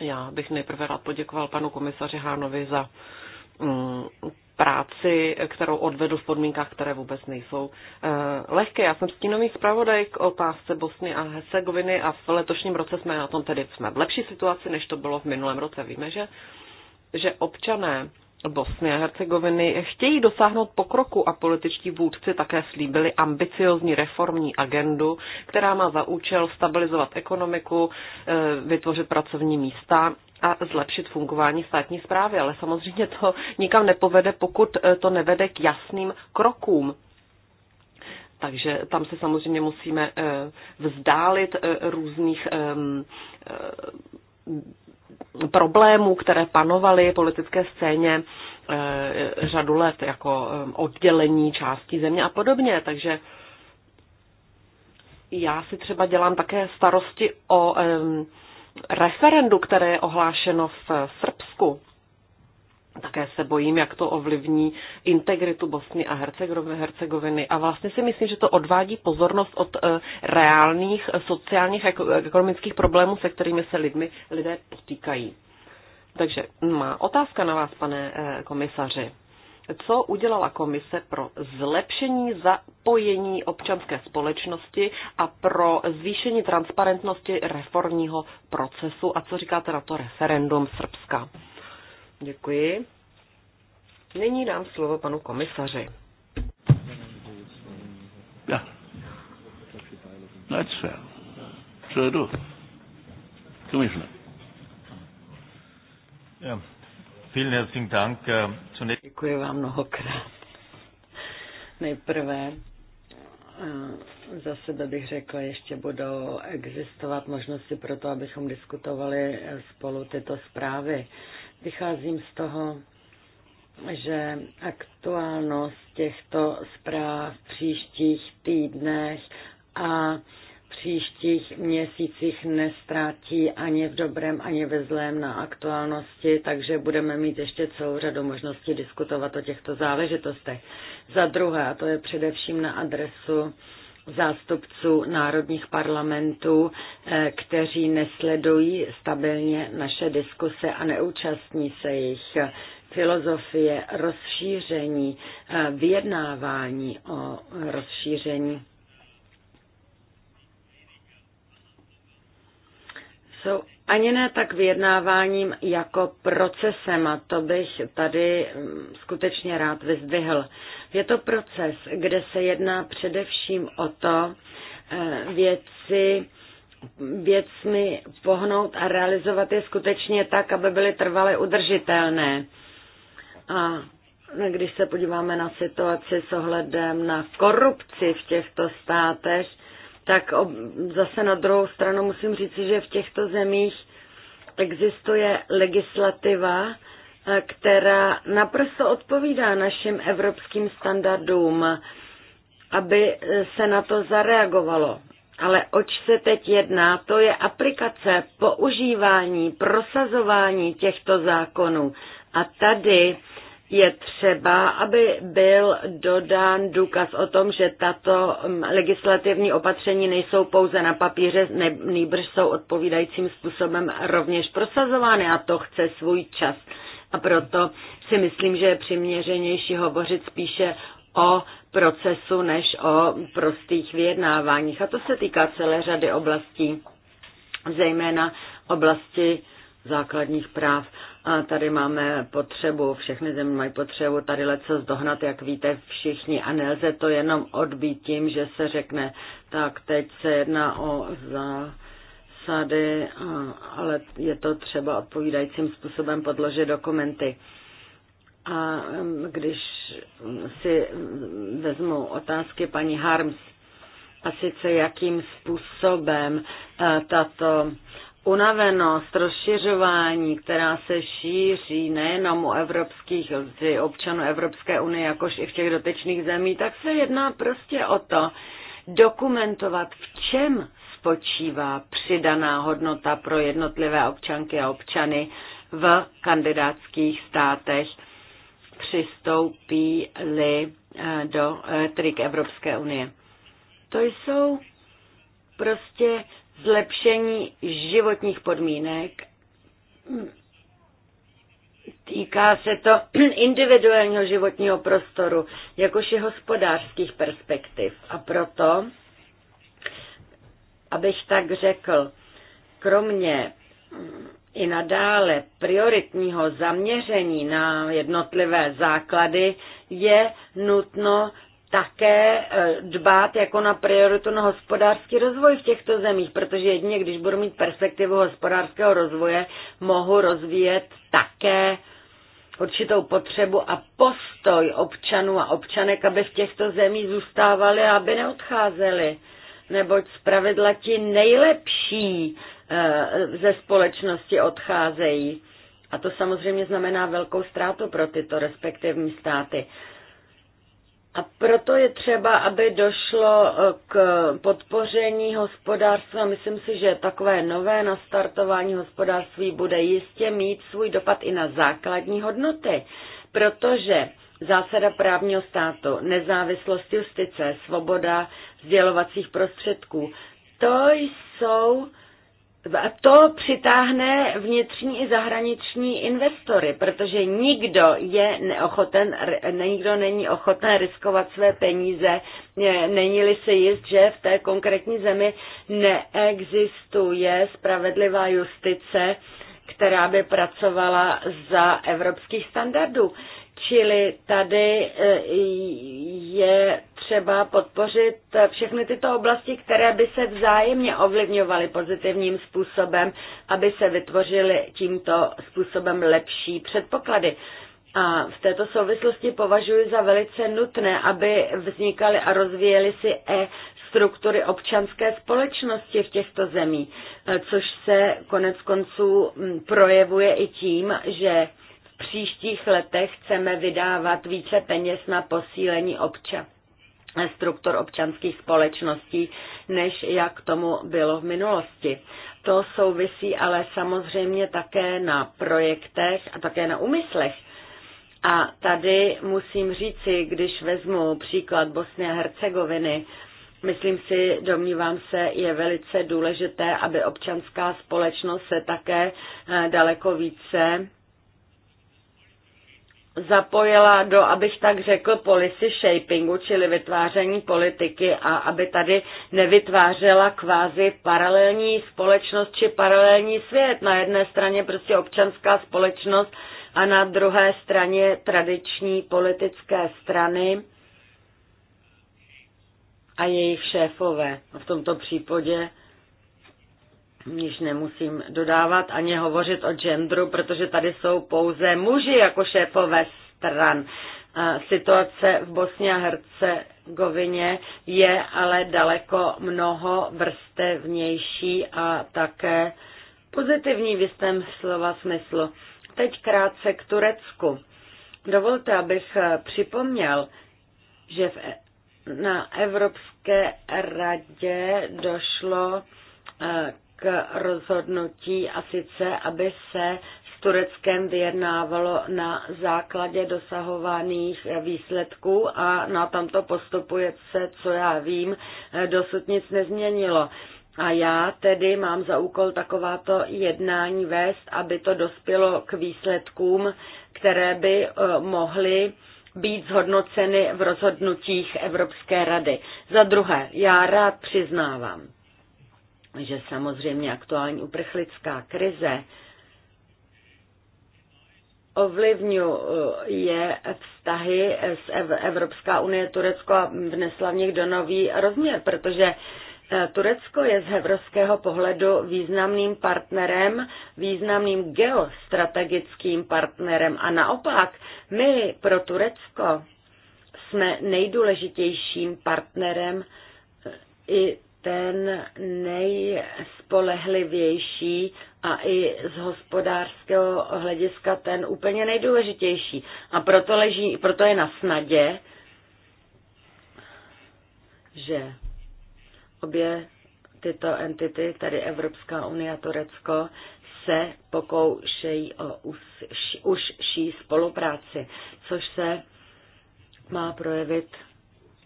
Já bych nejprve rád poděkoval panu komisaři Hánovi za mm, práci, kterou odvedu v podmínkách, které vůbec nejsou eh, lehké. Já jsem stínový zpravodaj k otázce Bosny a Hercegoviny a v letošním roce jsme na tom tedy jsme v lepší situaci, než to bylo v minulém roce. Víme, že, že občané Bosny a Hercegoviny chtějí dosáhnout pokroku a političtí vůdci také slíbili ambiciozní reformní agendu, která má za účel stabilizovat ekonomiku, eh, vytvořit pracovní místa a zlepšit fungování státní zprávy, ale samozřejmě to nikam nepovede, pokud eh, to nevede k jasným krokům. Takže tam se samozřejmě musíme eh, vzdálit eh, různých ehm, problémů, které panovaly politické scéně řadu let, jako oddělení části země a podobně. Takže já si třeba dělám také starosti o ehm, referendu, které je ohlášeno v Srbsku. Také se bojím, jak to ovlivní integritu Bosny a Hercegoviny. A vlastně si myslím, že to odvádí pozornost od eh, reálných sociálních a ekonomických problémů, se kterými se lidmi, lidé potýkají. Takže má otázka na vás, pane eh, komisaři co udělala komise pro zlepšení zapojení občanské společnosti a pro zvýšení transparentnosti reformního procesu a co říkáte na to referendum Srbska. Děkuji. Nyní dám slovo panu komisaři. Yeah. That's fair. Should I do? Commissioner. Yeah. Vielen herzlichen Dank. Äh, zunächst Děkuji vám mnohokrát. Nejprve äh, za sebe bych řekla, ještě budou existovat možnosti pro to, abychom diskutovali äh, spolu tyto zprávy. Vycházím z toho, že aktuálnost těchto zpráv v příštích týdnech a příštích měsících nestrátí ani v dobrém, ani ve zlém na aktuálnosti, takže budeme mít ještě celou řadu možností diskutovat o těchto záležitostech. Za druhé, a to je především na adresu zástupců národních parlamentů, eh, kteří nesledují stabilně naše diskuse a neúčastní se jich filozofie rozšíření, eh, vyjednávání o rozšíření jsou ani ne tak vyjednáváním jako procesem a to bych tady mm, skutečně rád vyzdvihl. Je to proces, kde se jedná především o to eh, věci, věcmi pohnout a realizovat je skutečně tak, aby byly trvale udržitelné. A když se podíváme na situaci s ohledem na korupci v těchto státech, tak zase na druhou stranu musím říci, že v těchto zemích existuje legislativa, eh, která naprosto odpovídá našim evropským standardům, aby eh, se na to zareagovalo. Ale oč se teď jedná, to je aplikace, používání, prosazování těchto zákonů. A tady je třeba, aby byl dodán důkaz o tom, že tato mm, legislativní opatření nejsou pouze na papíře, nejbrž jsou odpovídajícím způsobem rovněž prosazovány a to chce svůj čas. A proto si myslím, že je přiměřenější hovořit spíše o procesu než o prostých vyjednáváních. A to se týká celé řady oblastí, zejména oblasti základních práv. A tady máme potřebu, všechny země mají potřebu tady leco zdohnat, jak víte všichni, a nelze to jenom odbít tím, že se řekne, tak teď se jedná o zásady, ale je to třeba odpovídajícím způsobem podložit dokumenty. A když si vezmu otázky paní Harms, a sice jakým způsobem e, tato unavenost, rozšiřování, která se šíří nejenom u evropských občanů Evropské unie, jakož i v těch dotečných zemí, tak se jedná prostě o to, dokumentovat, v čem spočívá přidaná hodnota pro jednotlivé občanky a občany v kandidátských státech přistoupí-li eh, do eh, trik Evropské unie. To jsou prostě zlepšení životních podmínek. Týká se to individuálního životního prostoru, jakož i hospodářských perspektiv. A proto, abych tak řekl, kromě mm, i nadále prioritního zaměření na jednotlivé základy je nutno také e, dbát jako na prioritu na hospodářský rozvoj v těchto zemích, protože jedině když budu mít perspektivu hospodářského rozvoje, mohu rozvíjet také určitou potřebu a postoj občanů a občanek, aby v těchto zemích zůstávali a aby neodcházeli. Neboť zpravidla ti nejlepší e, ze společnosti odcházejí. A to samozřejmě znamená velkou ztrátu pro tyto respektivní státy. A proto je třeba, aby došlo eh, k podpoření hospodářství. Myslím si, že takové nové nastartování hospodářství bude jistě mít svůj dopad i na základní hodnoty, protože zásada právního státu, nezávislost justice, svoboda sdělovacích prostředků, to jsou to přitáhne vnitřní i zahraniční investory, protože nikdo je neochoten, nikdo není ochoten riskovat své peníze, není-li se jist, že v té konkrétní zemi neexistuje spravedlivá justice, která by pracovala za evropských standardů. Čili tady e, je třeba podpořit všechny tyto oblasti, které by se vzájemně ovlivňovaly pozitivním způsobem, aby se vytvořily tímto způsobem lepší předpoklady. A v této souvislosti považuji za velice nutné, aby vznikaly a rozvíjely si e struktury občanské společnosti v těchto zemích, e, což se konec konců projevuje i tím, že příštích letech chceme vydávat více peněz na posílení obča, struktur občanských společností, než jak tomu bylo v minulosti. To souvisí ale samozřejmě také na projektech a také na úmyslech. A tady musím říci, když vezmu příklad Bosny a Hercegoviny, Myslím si, domnívám se, je velice důležité, aby občanská společnost se také eh, daleko více zapojila do, abych tak řekl, policy shapingu, čili vytváření politiky a aby tady nevytvářela kvázi paralelní společnost či paralelní svět. Na jedné straně prostě občanská společnost a na druhé straně tradiční politické strany a jejich šéfové. V tomto případě Již nemusím dodávat ani hovořit o genderu, protože tady jsou pouze muži jako šéfové stran. Situace v Bosně a Hercegovině je ale daleko mnoho vrstevnější a také pozitivní v jistém slova smyslu. Teď krátce k Turecku. Dovolte, abych připomněl, že v, e- na Evropské radě došlo e- k rozhodnutí a sice, aby se s Tureckem vyjednávalo na základě dosahovaných výsledků a na tomto postupu se, co já vím, dosud nic nezměnilo. A já tedy mám za úkol takováto jednání vést, aby to dospělo k výsledkům, které by eh, mohly být zhodnoceny v rozhodnutích Evropské rady. Za druhé, já rád přiznávám, že samozřejmě aktuální uprchlická krize ovlivňuje vztahy s Evropská unie Turecko a vnesla v nich do nový rozměr, protože eh, Turecko je z evropského pohledu významným partnerem, významným geostrategickým partnerem a naopak my pro Turecko jsme nejdůležitějším partnerem eh, i ten nejspolehlivější a i z hospodářského hlediska ten úplně nejdůležitější. A proto, leží, proto je na snadě, že obě tyto entity, tedy Evropská unie a Turecko, se pokoušejí o užší spolupráci, což se má projevit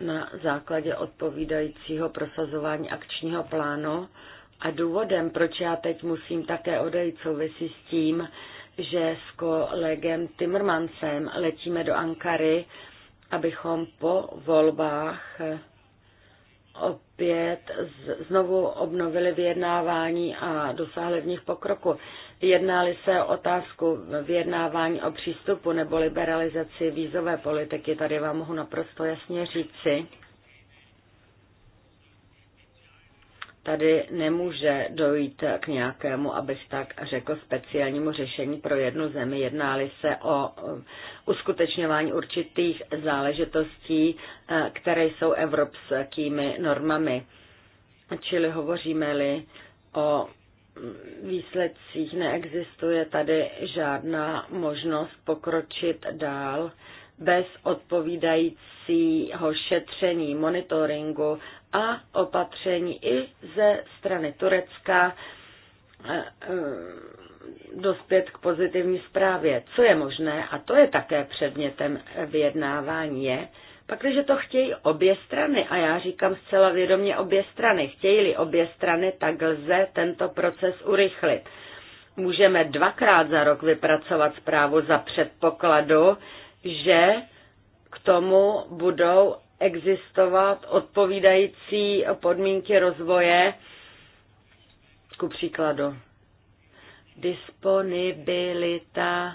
na základě odpovídajícího prosazování akčního plánu. A důvodem, proč já teď musím také odejít, souvisí s tím, že s kolegem Timmermansem letíme do Ankary, abychom po volbách opět znovu obnovili vyjednávání a dosáhli v nich pokroku. Jednali se o otázku vyjednávání o přístupu nebo liberalizaci vízové politiky, tady vám mohu naprosto jasně říci, tady nemůže dojít k nějakému, abych tak řekl, speciálnímu řešení pro jednu zemi. Jednáli se o eh, uskutečňování určitých záležitostí, eh, které jsou evropskými normami. Čili hovoříme-li o výsledcích neexistuje tady žádná možnost pokročit dál bez odpovídajícího šetření, monitoringu a opatření i ze strany Turecka eh, eh, dospět k pozitivní zprávě. Co je možné, a to je také předmětem vyjednávání, je, pak, když to chtějí obě strany, a já říkám zcela vědomě obě strany, chtějí-li obě strany, tak lze tento proces urychlit. Můžeme dvakrát za rok vypracovat zprávu za předpokladu, že k tomu budou existovat odpovídající podmínky rozvoje, ku příkladu disponibilita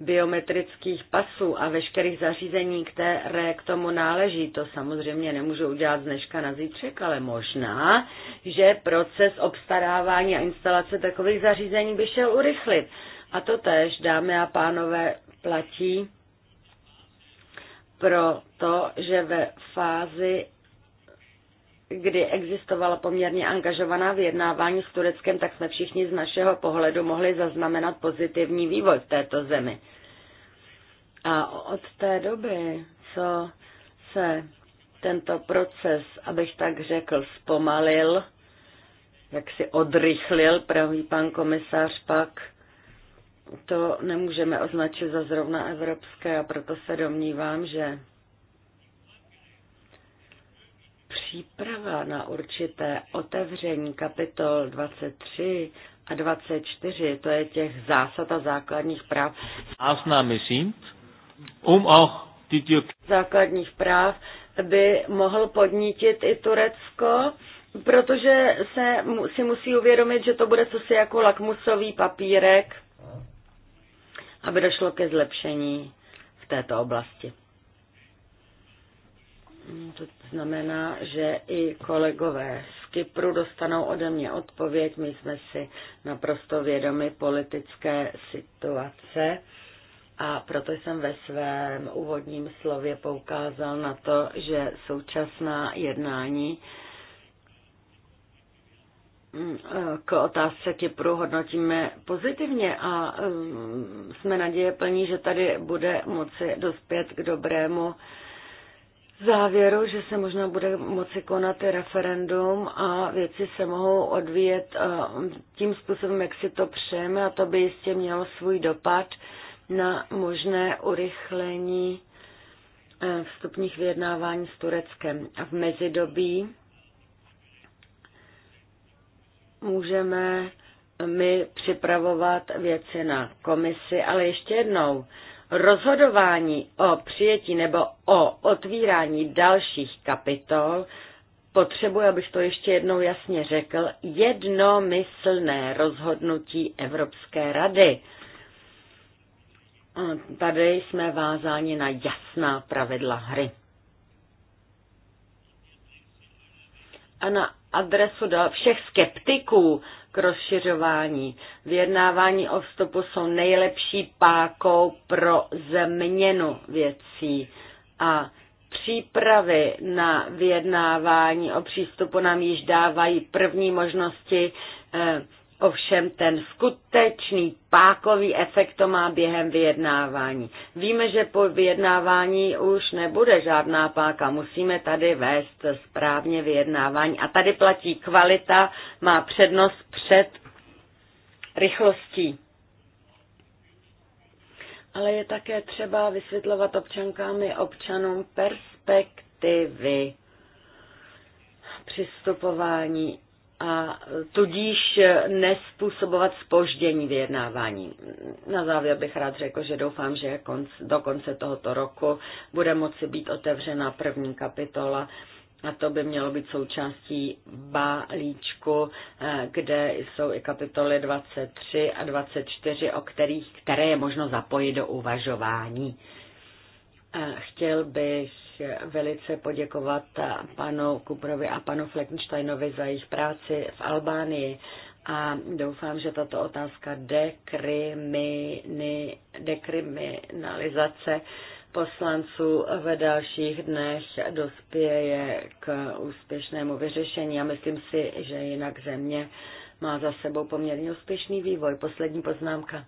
biometrických pasů a veškerých zařízení, které k tomu náleží. To samozřejmě nemůžu udělat z dneška na zítřek, ale možná, že proces obstarávání a instalace takových zařízení by šel urychlit. A to tež, dámy a pánové, platí pro to, že ve fázi kdy existovala poměrně angažovaná vyjednávání s Tureckem, tak jsme všichni z našeho pohledu mohli zaznamenat pozitivní vývoj v této zemi. A od té doby, co se tento proces, abych tak řekl, zpomalil, jak si odrychlil pravý pan komisař pak, to nemůžeme označit za zrovna evropské a proto se domnívám, že příprava na určité otevření kapitol 23 a 24, to je těch zásad a základních práv. Ausnahme sind, um auch die základních práv by mohl podnítit i Turecko, protože se, si musí uvědomit, že to bude cosi jako lakmusový papírek, aby došlo ke zlepšení v této oblasti. To znamená, že i kolegové z Kypru dostanou ode mě odpověď. My jsme si naprosto vědomi politické situace a proto jsem ve svém úvodním slově poukázal na to, že současná jednání mm, k otázce Kypru hodnotíme pozitivně a mm, jsme naděje plní, že tady bude moci dospět k dobrému závěru, že se možná bude moci konat i referendum a věci se mohou odvíjet eh, tím způsobem, jak si to přejeme a to by jistě mělo svůj dopad na možné urychlení eh, vstupních vyjednávání s Tureckem. A v mezidobí můžeme my připravovat věci na komisi, ale ještě jednou, Rozhodování o přijetí nebo o otvírání dalších kapitol potřebuje, abych to ještě jednou jasně řekl, jednomyslné rozhodnutí Evropské rady. Tady jsme vázáni na jasná pravidla hry. A na adresu všech skeptiků, k rozšiřování. Vyjednávání o vstupu jsou nejlepší pákou pro změnu věcí a přípravy na vyjednávání o přístupu nám již dávají první možnosti eh, Ovšem ten skutečný pákový efekt to má během vyjednávání. Víme, že po vyjednávání už nebude žádná páka. Musíme tady vést správně vyjednávání. A tady platí kvalita, má přednost před rychlostí. Ale je také třeba vysvětlovat občankám i občanům perspektivy přistupování a tudíž nespůsobovat spoždění vyjednávání. Na závěr bych rád řekl, že doufám, že do konce tohoto roku bude moci být otevřena první kapitola a to by mělo být součástí balíčku, eh, kde jsou i kapitoly 23 a 24, o kterých, které je možno zapojit do uvažování. Eh, chtěl bych velice poděkovat panu Kuprovi a panu Fleckensteinovi za jejich práci v Albánii a doufám, že tato otázka dekriminalizace poslanců ve dalších dnech dospěje k úspěšnému vyřešení a myslím si, že jinak země má za sebou poměrně úspěšný vývoj. Poslední poznámka.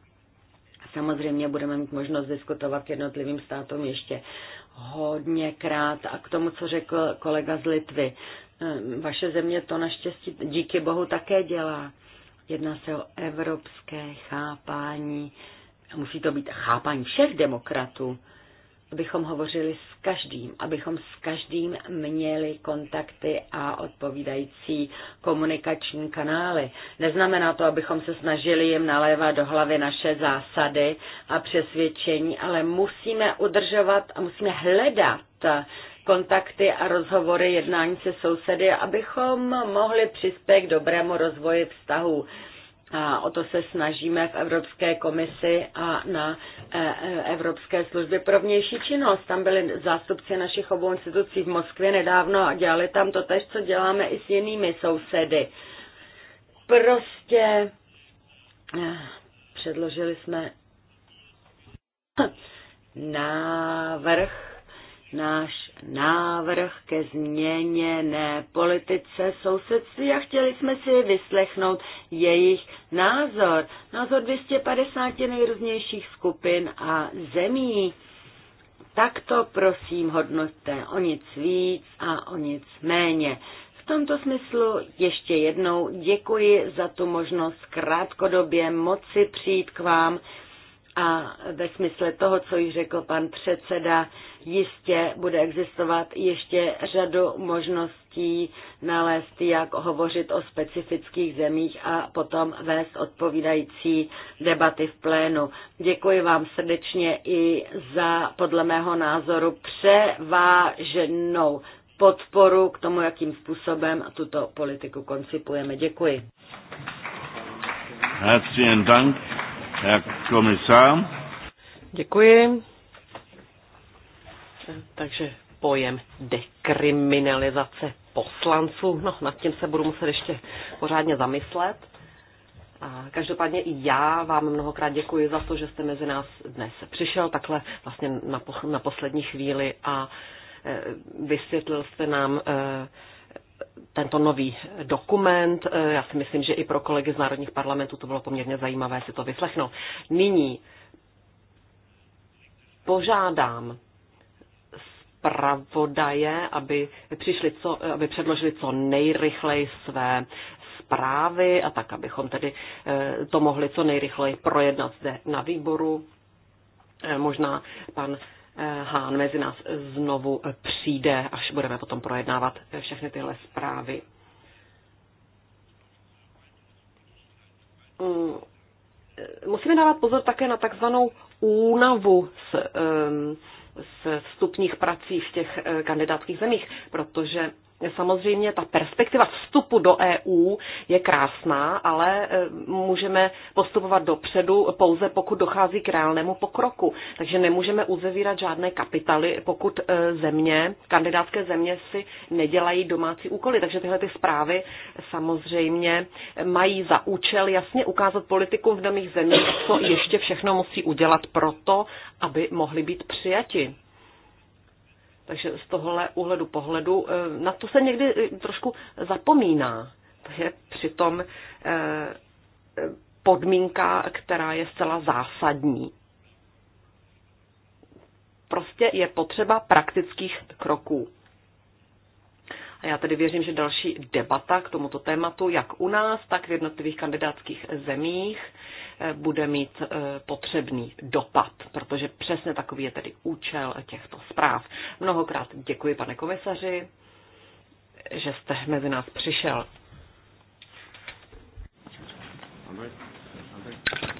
Samozřejmě budeme mít možnost diskutovat k jednotlivým státům ještě hodněkrát a k tomu, co řekl kolega z Litvy. Ehm, vaše země to naštěstí díky bohu také dělá. Jedná se o evropské chápání. Musí to být chápání všech demokratů abychom hovořili s každým, abychom s každým měli kontakty a odpovídající komunikační kanály. Neznamená to, abychom se snažili jim nalévat do hlavy naše zásady a přesvědčení, ale musíme udržovat a musíme hledat kontakty a rozhovory, jednání se sousedy, abychom mohli přispět k dobrému rozvoji vztahů a o to se snažíme v Evropské komisi a na e, e, Evropské službě pro vnější činnost. Tam byli zástupci našich obou institucí v Moskvě nedávno a dělali tam to tež, co děláme i s jinými sousedy. Prostě e, předložili jsme návrh náš návrh ke změněné politice sousedství a chtěli jsme si vyslechnout jejich názor, názor 250 nejrůznějších skupin a zemí. Tak to prosím hodnotte o nic víc a o nic méně. V tomto smyslu ještě jednou děkuji za tu možnost krátkodobě moci přijít k vám a ve smysle toho, co již řekl pan předseda, jistě bude existovat ještě řadu možností nalézt, jak hovořit o specifických zemích a potom vést odpovídající debaty v plénu. Děkuji vám srdečně i za, podle mého názoru, převáženou podporu k tomu, jakým způsobem tuto politiku koncipujeme. Děkuji. Herzlichen Dank komisár. Děkuji. Takže pojem dekriminalizace poslanců, no nad tím se budu muset ještě pořádně zamyslet. A každopádně i já vám mnohokrát děkuji za to, že jste mezi nás dnes přišel takhle vlastně na, po, na poslední chvíli a e, vysvětlil jste nám e, tento nový dokument. Eh, já si myslím, že i pro kolegy z národních parlamentů to bylo poměrně zajímavé si to vyslechnout. Nyní požádám zpravodaje, aby, přišli co, aby předložili co nejrychleji své zprávy a tak, abychom tedy eh, to mohli co nejrychleji projednat zde na výboru. Eh, možná pan Hán mezi nás znovu přijde, až budeme potom projednávat všechny tyhle zprávy. Mm, musíme dávat pozor také na takzvanou únavu s s vstupních prací v těch eh, kandidátských zemích, protože Samozřejmě ta perspektiva vstupu do EU je krásná, ale e, můžeme postupovat dopředu pouze pokud dochází k reálnému pokroku. Takže nemůžeme uzavírat žádné kapitaly, pokud e, země, kandidátské země si nedělají domácí úkoly. Takže tyhle ty zprávy samozřejmě mají za účel jasně ukázat politikům v daných zemích, co ještě všechno musí udělat proto, aby mohli být přijati. Takže z tohohle úhledu pohledu eh, na to se někdy eh, trošku zapomíná. To je přitom eh, podmínka, která je zcela zásadní. Prostě je potřeba praktických kroků. A já tedy věřím, že další debata k tomuto tématu, jak u nás, tak v jednotlivých kandidátských zemích, bude mít e, potřebný dopad, protože přesně takový je tedy účel těchto zpráv. Mnohokrát děkuji, pane komisaři, že jste mezi nás přišel. Thank you.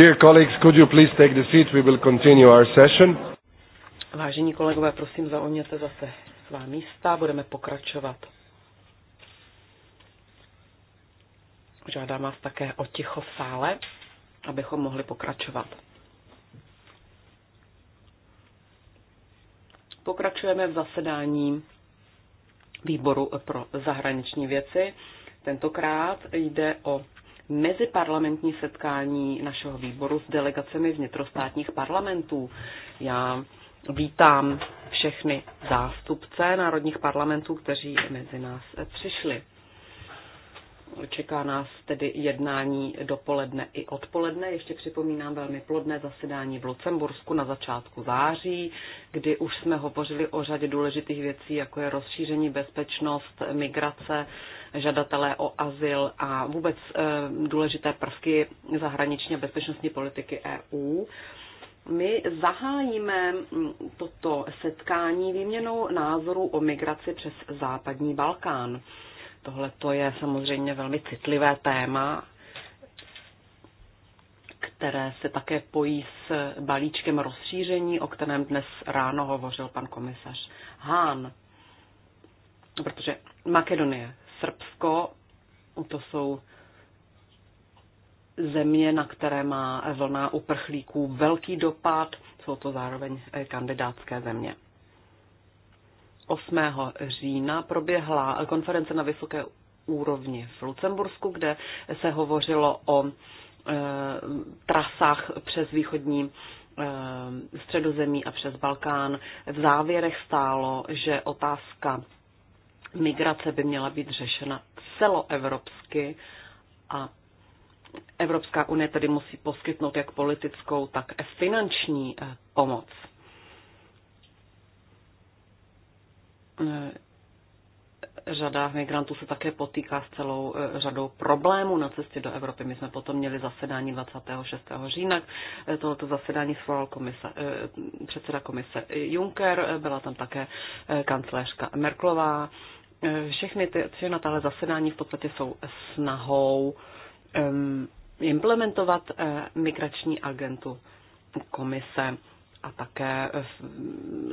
Dear colleagues, could you please take the seat? We will continue our session. Vážení kolegové, prosím, zaujměte zase svá místa, budeme pokračovat. Žádám vás také o ticho v sále, abychom mohli pokračovat. Pokračujeme v zasedání výboru pro zahraniční věci. Tentokrát jde o meziparlamentní setkání našeho výboru s delegacemi vnitrostátních parlamentů. Já vítám všechny zástupce národních parlamentů, kteří mezi nás přišli. Čeká nás tedy jednání dopoledne i odpoledne. Ještě připomínám velmi plodné zasedání v Lucembursku na začátku září, kdy už jsme hovořili o řadě důležitých věcí, jako je rozšíření bezpečnost, migrace, žadatelé o azyl a vůbec eh, důležité prvky zahraničně bezpečnostní politiky EU. My zahájíme mm, toto setkání výměnou názorů o migraci přes západní Balkán. Tohle to je samozřejmě velmi citlivé téma, které se také pojí s balíčkem rozšíření, o kterém dnes ráno hovořil pan komisař Hán. Protože Makedonie Srbsko. To jsou země, na které má vlna uprchlíků velký dopad. Jsou to zároveň kandidátské země. 8. října proběhla konference na vysoké úrovni v Lucembursku, kde se hovořilo o e, trasách přes východní e, středozemí a přes Balkán. V závěrech stálo, že otázka migrace by měla být řešena celoevropsky a Evropská unie tedy musí poskytnout jak politickou, tak e finanční e, pomoc. E, řada migrantů se také potýká s celou řadou problémů na cestě do Evropy. My jsme potom měli zasedání 26. října. Tohoto zasedání svolal komise, předseda komise Juncker, byla tam také kancléřka Merklová Eh, všechny ty na tahle zasedání v podstatě jsou snahou um, implementovat uh, migrační agentu komise a také eh,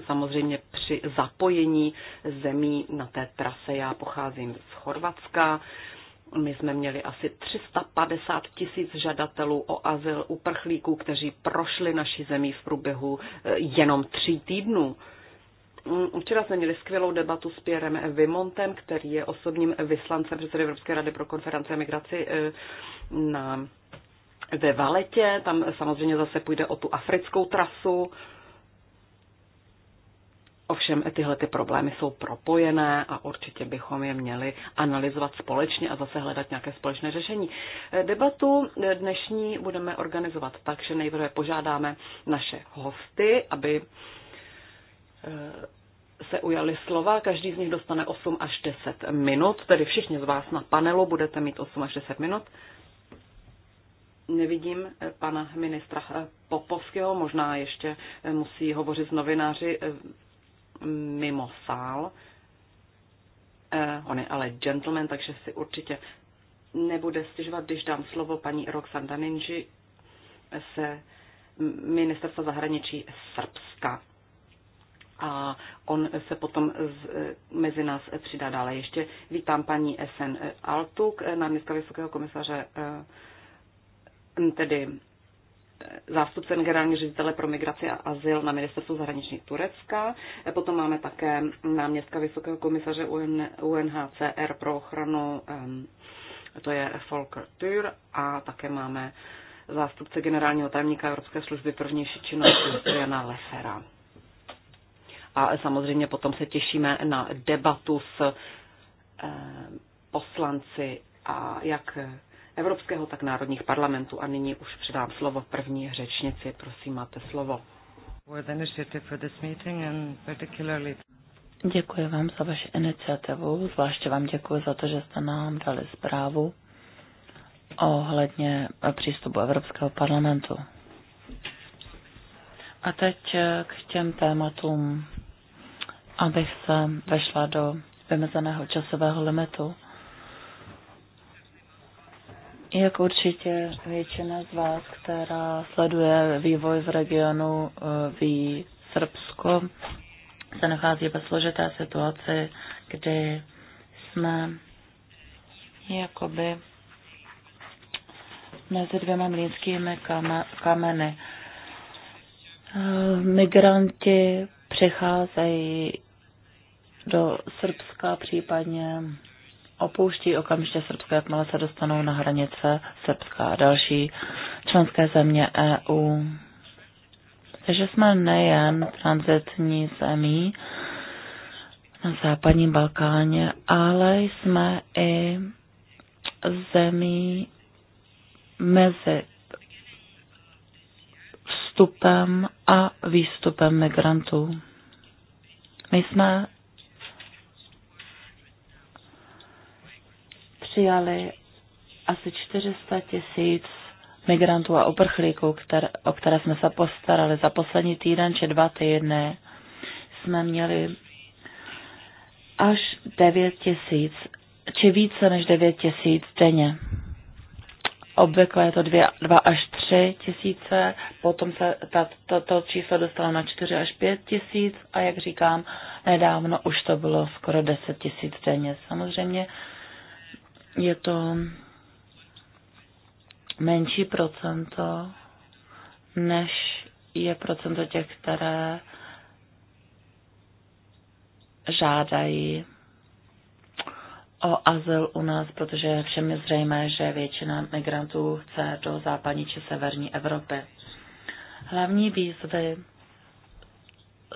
samozřejmě při zapojení zemí na té trase. Já pocházím z Chorvatska. My jsme měli asi 350 tisíc žadatelů o azyl uprchlíků, kteří prošli naší zemí v průběhu jenom tří týdnů. Mm, včera jsme měli skvělou debatu s Pierrem Vimontem, který je osobním vyslancem předsedy Evropské rady pro konferenci o migraci eh, na, ve Valetě. Tam samozřejmě zase půjde o tu africkou trasu. Ovšem eh, tyhle ty problémy jsou propojené a určitě bychom je měli analyzovat společně a zase hledat nějaké společné řešení. Eh, debatu dnešní budeme organizovat tak, že nejprve požádáme naše hosty, aby ujali slova. Každý z nich dostane 8 až 10 minut, tedy všichni z vás na panelu budete mít 8 až 10 minut. Nevidím eh, pana ministra eh, Popovského, možná ještě eh, musí hovořit s novináři mimo sál. On je ale gentleman, takže si určitě nebude stěžovat, když dám slovo paní Roxanda Ninji se ministerstva zahraničí Srbska a on se potom z, e, mezi nás přidá dále. Ještě vítám paní SN Altuk, e, náměstka Vysokého komisaře, e, tedy zástupce generální ředitele pro migraci a azyl na ministerstvu zahraničních Turecka. Potom máme také náměstka Vysokého komisaře UN, UNHCR pro ochranu, to je Volker Tür, a také máme zástupce generálního tajemníka Evropské služby pro vnější činnosti Jana Lefera a samozřejmě potom se těšíme na debatu s eh, poslanci a jak Evropského, tak národních parlamentů. A nyní už předám slovo první řečnici. Prosím, máte slovo. Děkuji vám za vaši iniciativu, zvláště vám děkuji za to, že jste nám dali zprávu ohledně přístupu Evropského parlamentu. A teď k těm tématům abych se vešla do vymezeného časového limitu. Jak určitě většina z vás, která sleduje vývoj v regionu, ví, Srbsko se nachází ve složité situaci, kdy jsme jakoby mezi dvěma mlínskými kameny. Migranti přicházejí do Srbska, případně opouští okamžitě Srbsko, jakmile se dostanou na hranice Srbska a další členské země EU. Takže jsme nejen transitní zemí na západním Balkáně, ale jsme i zemí mezi vstupem a výstupem migrantů. My jsme přijali asi 400 tisíc migrantů a uprchlíků, které, o které jsme se postarali. Za poslední týden či dva týdny jsme měli až 9 tisíc, či více než 9 tisíc denně. Obvykle je to 2 až 3 tisíce, potom se ta, to, to číslo dostalo na 4 až 5 tisíc a jak říkám, nedávno už to bylo skoro 10 tisíc denně. Samozřejmě je to menší procento, než je procento těch, které žádají o azyl u nás, protože všem je zřejmé, že většina migrantů chce do západní či severní Evropy. Hlavní výzvy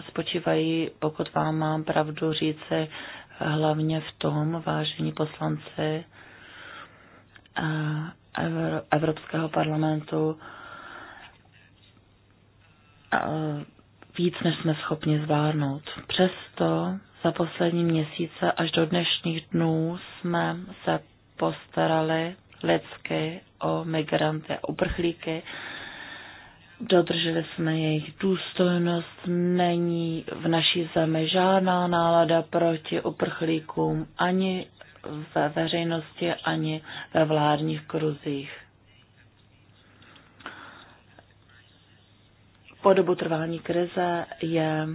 spočívají, pokud vám mám pravdu říci, hlavně v tom, vážení poslanci, Evropského parlamentu víc, než jsme schopni zvládnout. Přesto za poslední měsíce až do dnešních dnů jsme se postarali lidsky o migranty a uprchlíky. Dodrželi jsme jejich důstojnost, není v naší zemi žádná nálada proti uprchlíkům ani ve veřejnosti ani ve vládních kruzích. Po dobu trvání krize je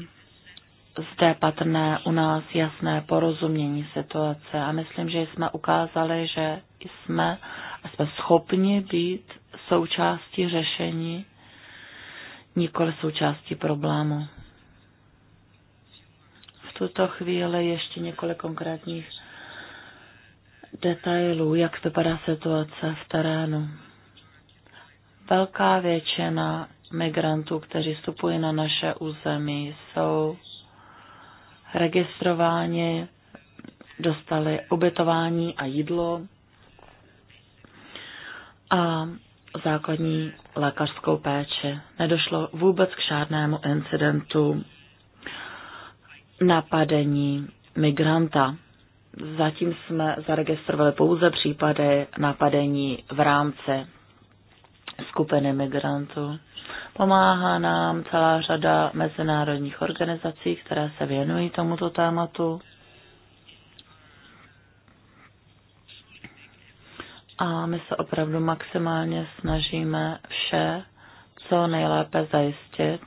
zde patrné u nás jasné porozumění situace a myslím, že jsme ukázali, že jsme, jsme schopni být součástí řešení, nikoli součástí problému. V tuto chvíli ještě několik konkrétních detailů, jak vypadá situace v terénu. Velká většina migrantů, kteří vstupují na naše území, jsou registrováni, dostali ubytování a jídlo a základní lékařskou péči. Nedošlo vůbec k žádnému incidentu napadení migranta. Zatím jsme zaregistrovali pouze případy napadení v rámci skupiny migrantů. Pomáhá nám celá řada mezinárodních organizací, které se věnují tomuto tématu. A my se opravdu maximálně snažíme vše, co nejlépe zajistit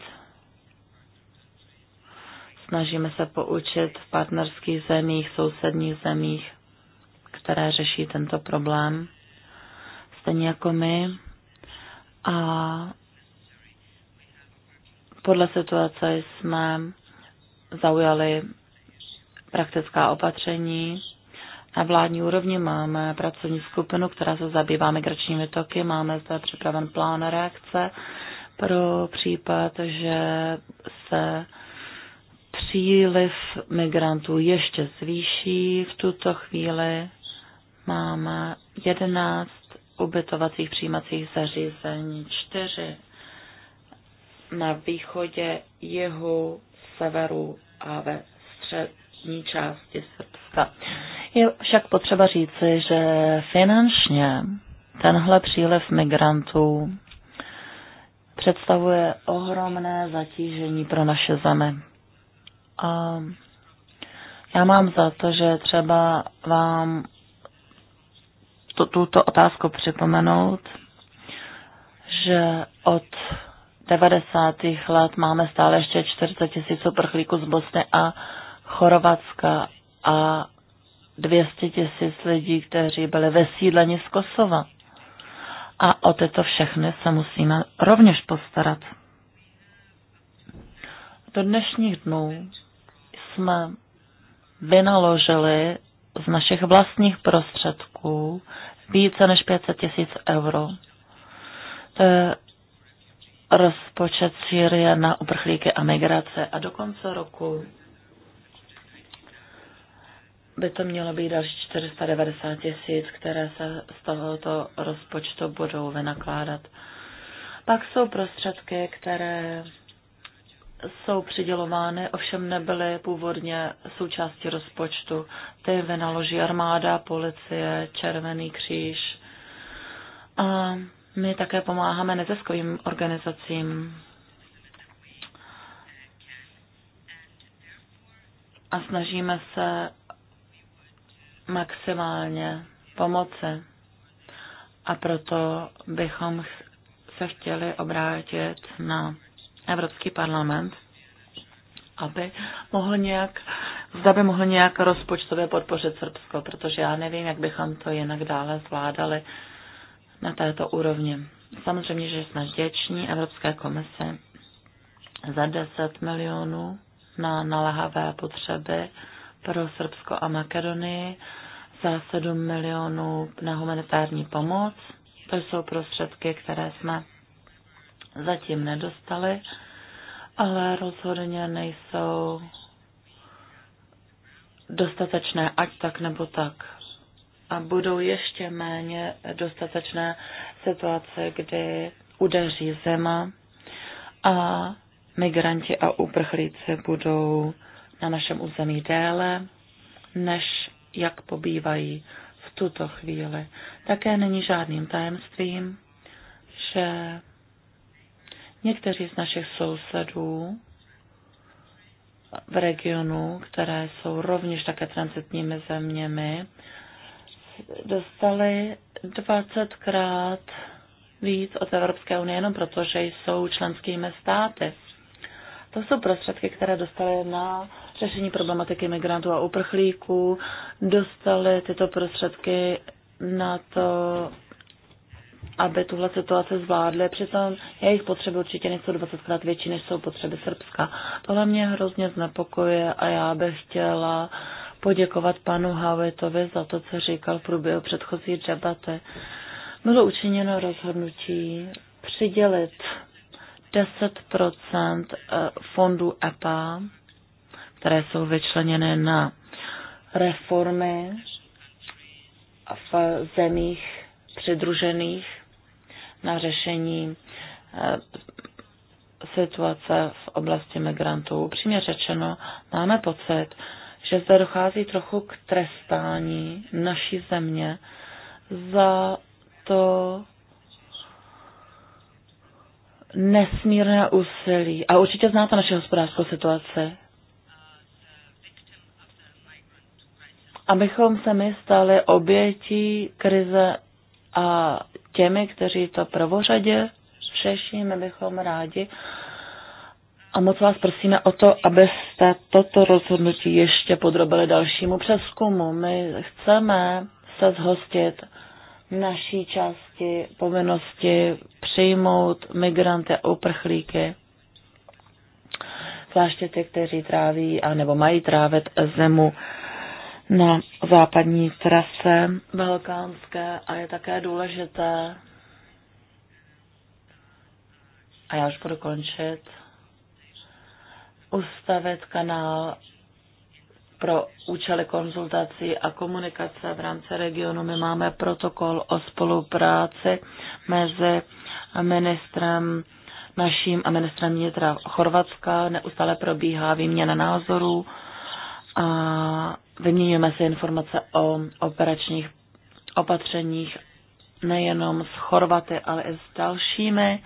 Snažíme se poučit v partnerských zemích, sousedních zemích, které řeší tento problém, stejně jako my. A podle situace jsme zaujali praktická opatření. Na vládní úrovni máme pracovní skupinu, která se zabývá migračními toky. Máme zde připraven plán reakce pro případ, že se příliv migrantů ještě zvýší. V tuto chvíli máme 11 ubytovacích přijímacích zařízení, 4 na východě, jihu, severu a ve střední části Srbska. Je však potřeba říci, že finančně tenhle příliv migrantů představuje ohromné zatížení pro naše zemi. A já mám za to, že třeba vám to, tuto otázku připomenout, že od 90. let máme stále ještě 40 tisíc uprchlíků z Bosny a Chorvatska a 200 tisíc lidí, kteří byli vysídleni z Kosova. A o tyto všechny se musíme rovněž postarat. Do dnešních dnů jsme vynaložili z našich vlastních prostředků více než 500 tisíc euro. To je rozpočet Sýrie na uprchlíky a migrace a do konce roku by to mělo být další 490 tisíc, které se z tohoto rozpočtu budou vynakládat. Pak jsou prostředky, které jsou přidělovány, ovšem nebyly původně součástí rozpočtu. Ty vynaloží armáda, policie, Červený kříž. A my také pomáháme neziskovým organizacím. A snažíme se maximálně pomoci. A proto bychom se chtěli obrátit na Evropský parlament, aby mohl nějak, zda by mohl nějak rozpočtově podpořit Srbsko, protože já nevím, jak bychom to jinak dále zvládali na této úrovni. Samozřejmě, že jsme vděční Evropské komise za 10 milionů na naléhavé potřeby pro Srbsko a Makedonii, za 7 milionů na humanitární pomoc. To jsou prostředky, které jsme zatím nedostali, ale rozhodně nejsou dostatečné, ať tak nebo tak. A budou ještě méně dostatečné situace, kdy udeří zima a migranti a uprchlíci budou na našem území déle, než jak pobývají v tuto chvíli. Také není žádným tajemstvím, že Někteří z našich sousedů v regionu, které jsou rovněž také transitními zeměmi, dostali 20krát víc od Evropské unie jenom protože jsou členskými státy. To jsou prostředky, které dostali na řešení problematiky migrantů a uprchlíků, dostali tyto prostředky na to, aby tuhle situaci zvládly. Přitom jejich potřeby určitě nejsou 20 krát větší, než jsou potřeby Srbska. Tohle mě hrozně znepokojuje a já bych chtěla poděkovat panu Hawitovi za to, co říkal v průběhu předchozí debaty. Bylo učiněno rozhodnutí přidělit 10 eh, fondů EPA, které jsou vyčleněny na reformy v zemích přidružených na řešení eh, situace v oblasti migrantů. Upřímně řečeno, máme pocit, že zde dochází trochu k trestání naší země za to nesmírné úsilí. A určitě znáte naše hospodářskou situaci. Abychom se my stali obětí krize a těmi, kteří to prvořadě řeší. My bychom rádi a moc vás prosíme o to, abyste toto rozhodnutí ještě podrobili dalšímu přeskumu. My chceme se zhostit naší části povinnosti přijmout migranty a uprchlíky, zvláště ty, kteří tráví a nebo mají trávit zimu na západní trase balkánské a je také důležité, a já už budu končit, ustavit kanál pro účely konzultací a komunikace v rámci regionu. My máme protokol o spolupráci mezi ministrem naším a ministrem vnitra Chorvatska. Neustále probíhá výměna názorů a Vyměňujeme si informace o operačních opatřeních nejenom s Chorvaty, ale i s dalšími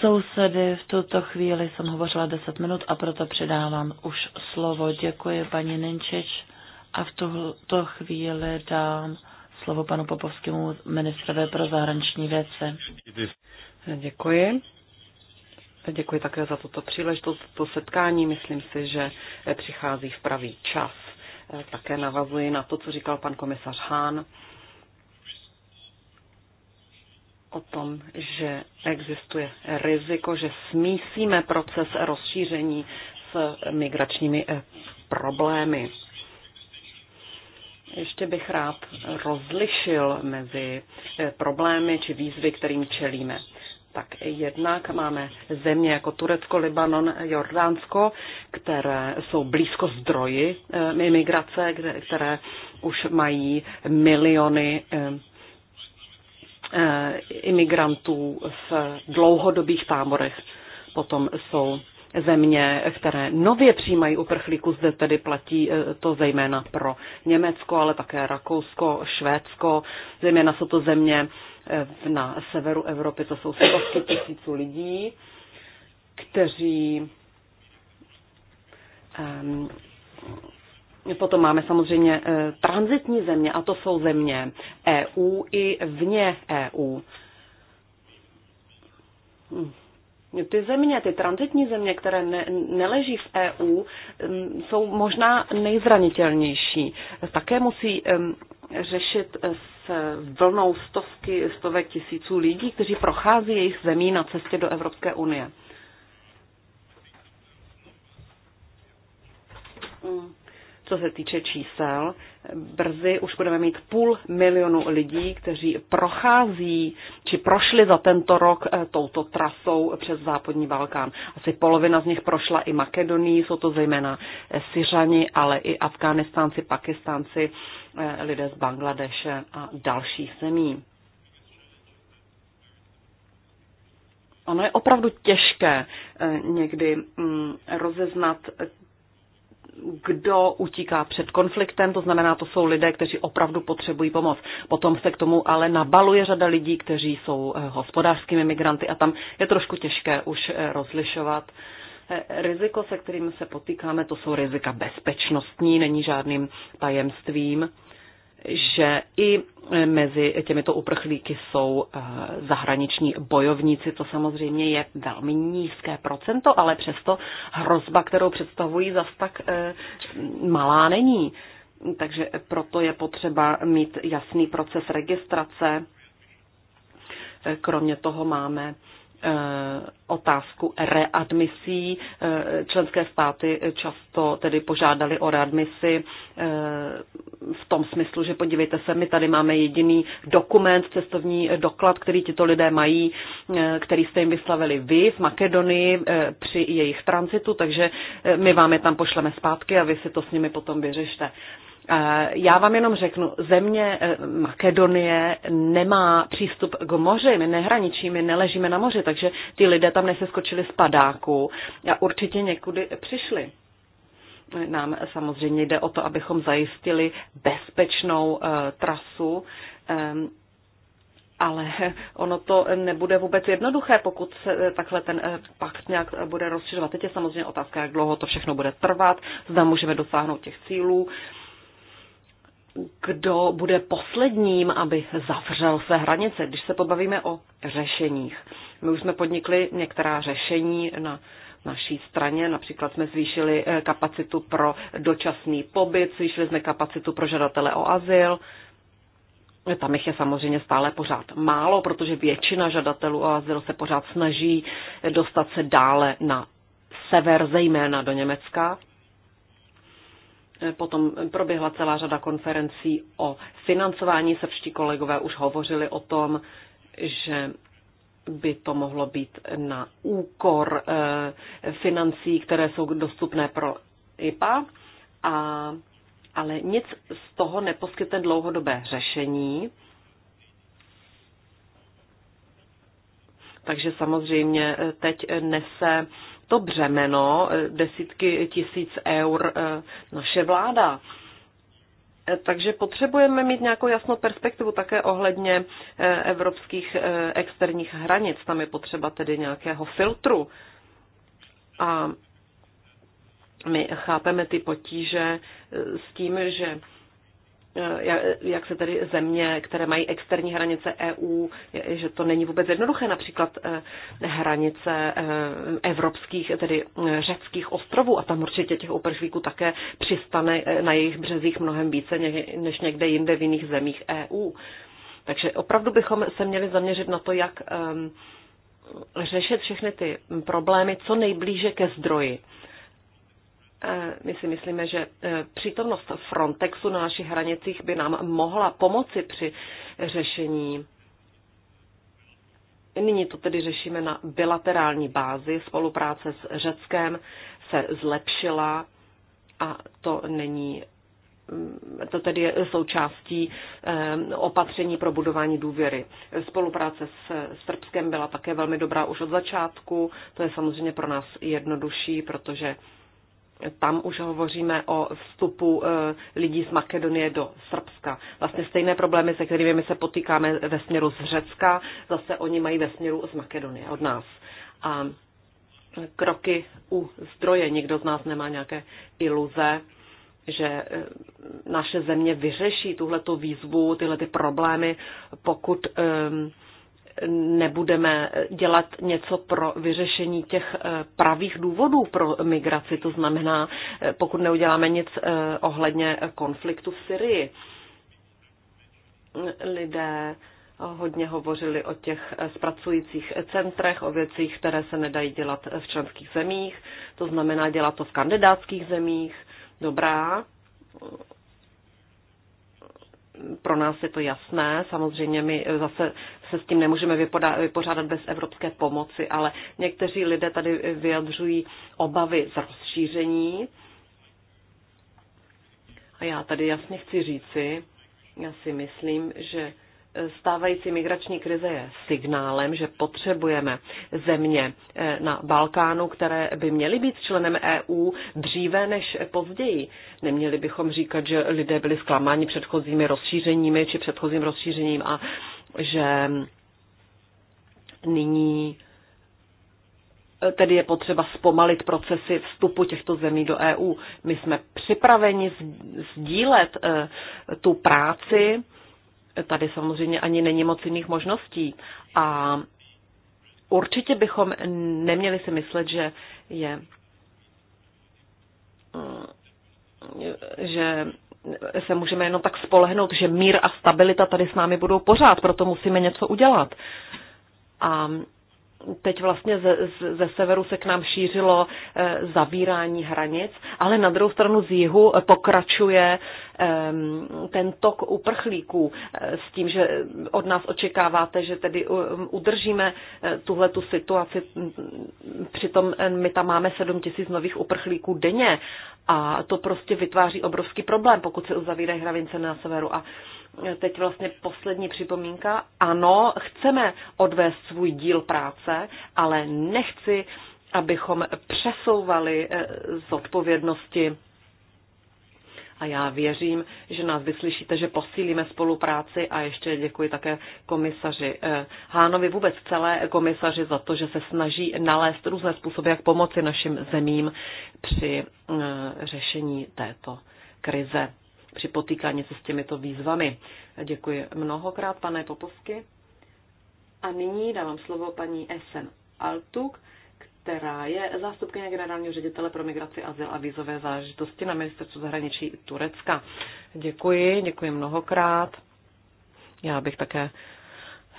sousedy. V tuto chvíli jsem hovořila 10 minut a proto předávám už slovo. Děkuji paní Ninčič a v tuto chvíli dám slovo panu Popovskému ministrovi pro zahraniční věci. Děkuji. Děkuji také za tuto příležitost, toto setkání. Myslím si, že přichází v pravý čas. Eh, také navazuji na to, co říkal pan komisař Hán, o tom, že existuje riziko, že smísíme proces rozšíření s migračními eh, problémy. Ještě bych rád rozlišil mezi eh, problémy či výzvy, kterým čelíme tak jednak máme země jako Turecko, Libanon, Jordánsko, které jsou blízko zdroji eh, imigrace, které už mají miliony eh, eh, imigrantů v dlouhodobých táborech. Potom jsou země, které nově přijímají uprchlíku, zde tedy platí to zejména pro Německo, ale také Rakousko, Švédsko, zejména jsou to země na severu Evropy to jsou stovky tisíců lidí, kteří um, Potom máme samozřejmě eh, transitní země, a to jsou země EU i vně EU. Hm ty země, ty transitní země, které ne, neleží v EU, um, jsou možná nejzranitelnější. Také musí um, řešit eh, s vlnou stovky, stovek tisíců lidí, kteří prochází jejich zemí na cestě do Evropské unie. Mm co se týče čísel. Brzy už budeme mít půl milionu lidí, kteří prochází či prošli za tento rok eh, touto trasou přes západní Balkán. Asi polovina z nich prošla i Makedonii, jsou to zejména eh, Syřani, ale i Afghánistánci, Pakistánci, eh, lidé z Bangladeše a dalších zemí. Ono je opravdu těžké někdy mm, rozeznat kdo utíká před konfliktem, to znamená, to jsou lidé, kteří opravdu potřebují pomoc. Potom se k tomu ale nabaluje řada lidí, kteří jsou eh, hospodářskými migranty a tam je trošku těžké už eh, rozlišovat. Eh, riziko, se kterým se potýkáme, to jsou rizika bezpečnostní, není žádným tajemstvím že i mezi těmito uprchlíky jsou eh, zahraniční bojovníci. To samozřejmě je velmi nízké procento, ale přesto hrozba, kterou představují, zas tak eh, malá není. Takže proto je potřeba mít jasný proces registrace. Eh, kromě toho máme Eh, otázku readmisí. Eh, členské státy často tedy požádali o readmisi eh, v tom smyslu, že podívejte se, my tady máme jediný dokument, cestovní doklad, který tito lidé mají, který jste jim vyslavili vy v Makedonii při jejich tranzitu, takže my vám je tam pošleme zpátky a vy si to s nimi potom vyřešte. Eh, já vám jenom řeknu, země eh, Makedonie nemá přístup k moři, my nehraničíme, neležíme na moři, takže ty lidé tam neseskočili z padáku a určitě někudy přišli. Nám samozřejmě jde o to, abychom zajistili bezpečnou uh, trasu, um, ale ono to nebude vůbec jednoduché, pokud se takhle ten pakt nějak bude rozšiřovat. Teď je samozřejmě otázka, jak dlouho to všechno bude trvat, zda můžeme dosáhnout těch cílů. Uh, kdo bude posledním, aby zavřel své hranice, když se pobavíme o řešeních. My už jsme podnikli některá řešení na naší straně. Například jsme zvýšili eh, kapacitu pro dočasný pobyt, zvýšili jsme kapacitu pro žadatele o azyl. Tam jich je samozřejmě stále pořád málo, protože většina žadatelů o azyl se pořád snaží dostat se dále na sever, zejména do Německa. Eh, potom proběhla celá řada konferencí o financování. Srbští kolegové už hovořili o tom, že by to mohlo být na úkor eh, financí, které jsou dostupné pro IPA, a, ale nic z toho neposkytne dlouhodobé řešení. Takže samozřejmě eh, teď nese to břemeno eh, desítky tisíc eur eh, naše vláda. Eh, takže potřebujeme mít nějakou jasnou perspektivu také ohledně evropských externích hranic. Tam je potřeba tedy nějakého filtru. A my chápeme ty potíže s tím, že Eh, jak se tedy země, které mají externí hranice EU, že to není vůbec jednoduché, například eh, hranice eh, evropských, tedy řeckých ostrovů a tam určitě těch uprchlíků také přistane na jejich březích mnohem více než někde jinde v jiných zemích EU. Takže opravdu bychom se měli zaměřit na to, jak ehm, řešit všechny ty problémy co nejblíže ke zdroji. Eh, my si myslíme, že eh, přítomnost Frontexu na našich hranicích by nám mohla pomoci při řešení. Nyní to tedy řešíme na bilaterální bázi. Spolupráce s Řeckem se zlepšila a to není mm, to tedy je součástí eh, opatření pro budování důvěry. Spolupráce s Srbskem byla také velmi dobrá už od začátku. To je samozřejmě pro nás jednodušší, protože tam už hovoříme o vstupu eh, lidí z Makedonie do Srbska. Vlastně stejné problémy, se kterými my se potýkáme ve směru z Řecka, zase oni mají ve směru z Makedonie od nás. A kroky u zdroje. Nikdo z nás nemá nějaké iluze, že eh, naše země vyřeší tuhletu výzvu, tyhle ty problémy, pokud um, nebudeme dělat něco pro vyřešení těch eh, pravých důvodů pro migraci, to znamená, eh, pokud neuděláme nic eh, ohledně konfliktu v Syrii. Lidé hodně hovořili o těch zpracujících centrech, o věcích, které se nedají dělat v členských zemích, to znamená dělat to v kandidátských zemích. Dobrá, pro nás je to jasné. Samozřejmě my zase se s tím nemůžeme vypořádat bez evropské pomoci, ale někteří lidé tady vyjadřují obavy z rozšíření. A já tady jasně chci říci, já si myslím, že stávající migrační krize je signálem, že potřebujeme země eh, na Balkánu, které by měly být členem EU dříve než později. Neměli bychom říkat, že lidé byli zklamáni předchozími rozšířeními či předchozím rozšířením a že nyní eh, tedy je potřeba zpomalit procesy vstupu těchto zemí do EU. My jsme připraveni sdílet eh, tu práci, tady samozřejmě ani není moc jiných možností. A určitě bychom neměli si myslet, že je že se můžeme jenom tak spolehnout, že mír a stabilita tady s námi budou pořád, proto musíme něco udělat. A teď vlastně ze, ze severu se k nám šířilo eh, zavírání hranic, ale na druhou stranu z jihu eh, pokračuje ehm, ten tok uprchlíků eh, s tím, že od nás očekáváte, že tedy udržíme tuhle tu situaci. Přitom my tam máme 7 tisíc nových uprchlíků denně a to prostě vytváří obrovský problém, pokud se uzavírají hranice na severu a teď vlastně poslední připomínka. Ano, chceme odvést svůj díl práce, ale nechci, abychom přesouvali eh, z odpovědnosti. A já věřím, že nás vyslyšíte, že posílíme spolupráci a ještě děkuji také komisaři eh, Hánovi, vůbec celé komisaři za to, že se snaží nalézt různé způsoby, jak pomoci našim zemím při eh, řešení této krize při potýkání se s těmito výzvami. Děkuji mnohokrát, pane Popovsky. A nyní dávám slovo paní Esen Altuk, která je zástupkyně generálního ředitele pro migraci, azyl a vízové záležitosti na ministerstvu zahraničí Turecka. Děkuji, děkuji mnohokrát. Já bych také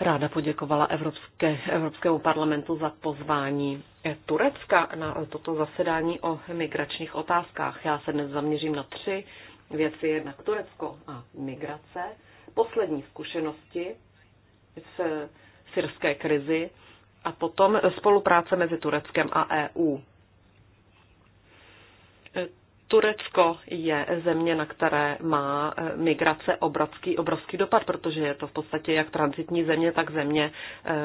ráda poděkovala Evropské, Evropskému parlamentu za pozvání Turecka na toto zasedání o migračních otázkách. Já se dnes zaměřím na tři věci, jednak Turecko a migrace, poslední zkušenosti s syrské krizi a potom spolupráce mezi Tureckem a EU. Turecko je země, na které má e, migrace obrovský, obrovský dopad, protože je to v podstatě jak transitní země, tak země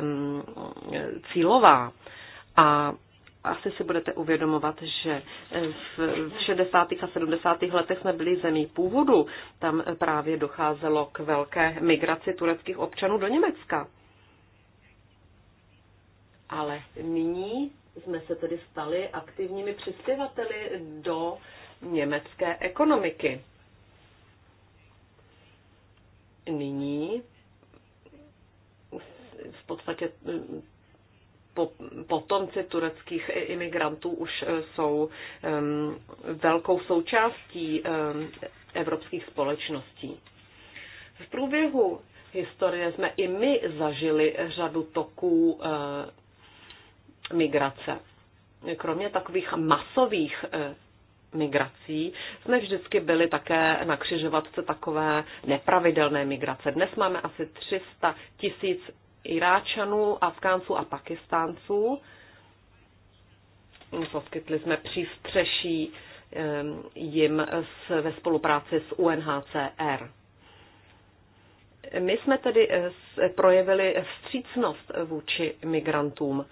um, cílová. A asi si budete uvědomovat, že v 60. a 70. letech jsme byli zemí původu. Tam právě docházelo k velké migraci tureckých občanů do Německa. Ale nyní jsme se tedy stali aktivními přispěvateli do německé ekonomiky. Nyní v podstatě potomci tureckých imigrantů už eh, jsou velkou součástí evropských společností. V průběhu historie jsme i my zažili řadu toků eh, migrace. Kromě takových masových eh, migrací jsme vždycky byli také na křižovatce takové nepravidelné migrace. Dnes máme asi 300 tisíc Iráčanů, Afgánců a Pakistánců. Poskytli jsme přístřeší jim ve spolupráci s UNHCR. My jsme tedy eh, projevili vstřícnost vůči migrantům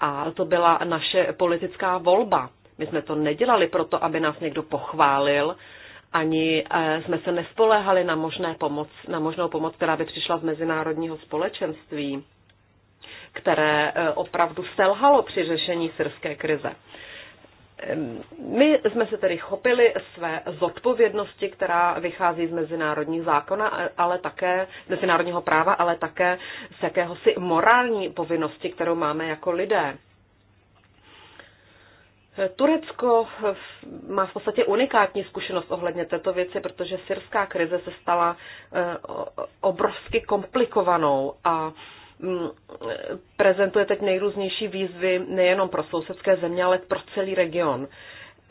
a to byla naše politická volba. My jsme to nedělali proto, aby nás někdo pochválil ani eh, jsme se nespoléhali na, možné pomoc, na možnou pomoc, která by přišla z mezinárodního společenství, které eh, opravdu selhalo při řešení syrské krize. My jsme se tedy chopili své zodpovědnosti, která vychází z mezinárodních zákona, eh, ale také mezinárodního práva, ale také z jakéhosi morální povinnosti, kterou máme jako lidé. Turecko má v podstatě unikátní zkušenost ohledně této věci, protože syrská krize se stala eh, obrovsky komplikovanou a mm, prezentuje teď nejrůznější výzvy nejenom pro sousedské země, ale pro celý region.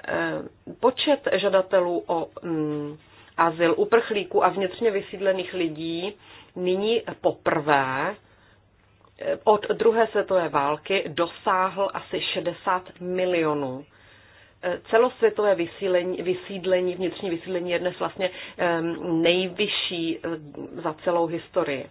Eh, počet žadatelů o mm, azyl uprchlíků a vnitřně vysídlených lidí nyní poprvé od druhé světové války dosáhl asi 60 milionů. Eh, celosvětové vysílení, vysídlení, vnitřní vysídlení je dnes vlastně ehm, nejvyšší eh, za celou historii.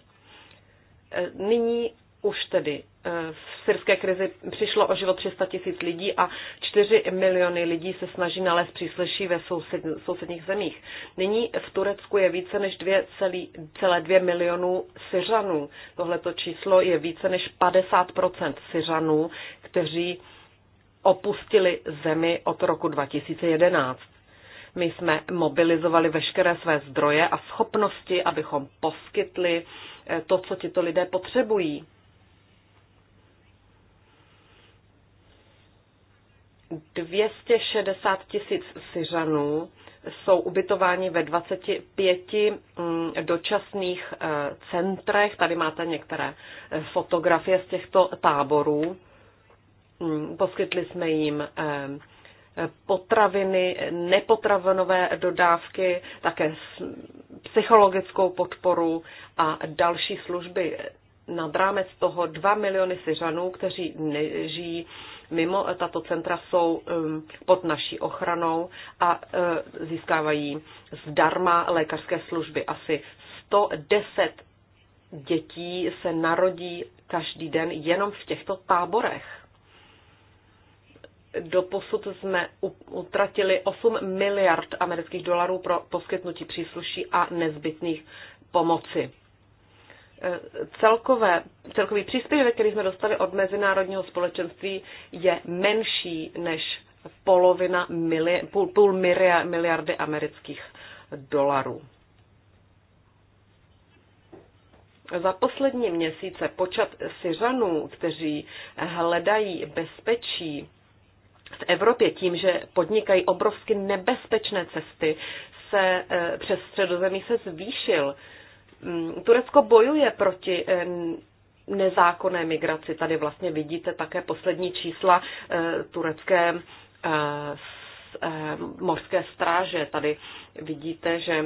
Eh, nyní už tedy eh, v syrské krizi přišlo o život 300 tisíc lidí a 4 miliony lidí se snaží nalézt přísleší ve soused, sousedních zemích. Nyní v Turecku je více než 2,2 milionů Syřanů. Tohleto číslo je více než 50 Syřanů, kteří opustili zemi od roku 2011. My jsme mobilizovali veškeré své zdroje a schopnosti, abychom poskytli eh, to, co tito lidé potřebují 260 tisíc Syřanů jsou ubytováni ve 25 mm, dočasných eh, centrech. Tady máte některé eh, fotografie z těchto táborů. Mm, poskytli jsme jim eh, potraviny, nepotravinové dodávky, také psychologickou podporu a další služby. Nad rámec toho 2 miliony Syřanů, kteří žijí mimo e, tato centra jsou pod naší ochranou a e, získávají zdarma lékařské služby. Asi 110 dětí se narodí každý den jenom v těchto táborech. Doposud jsme utratili 8 miliard amerických dolarů pro poskytnutí přísluší a nezbytných pomoci celkové, celkový příspěvek, který jsme dostali od mezinárodního společenství, je menší než polovina, mili, půl, půl miliardy amerických dolarů. Za poslední měsíce počet Syřanů, kteří hledají bezpečí v Evropě tím, že podnikají obrovsky nebezpečné cesty, se eh, přes středozemí se zvýšil. Mm, Turecko bojuje proti eh, nezákonné migraci. Tady vlastně vidíte také poslední čísla eh, turecké eh, mořské stráže. Tady vidíte, že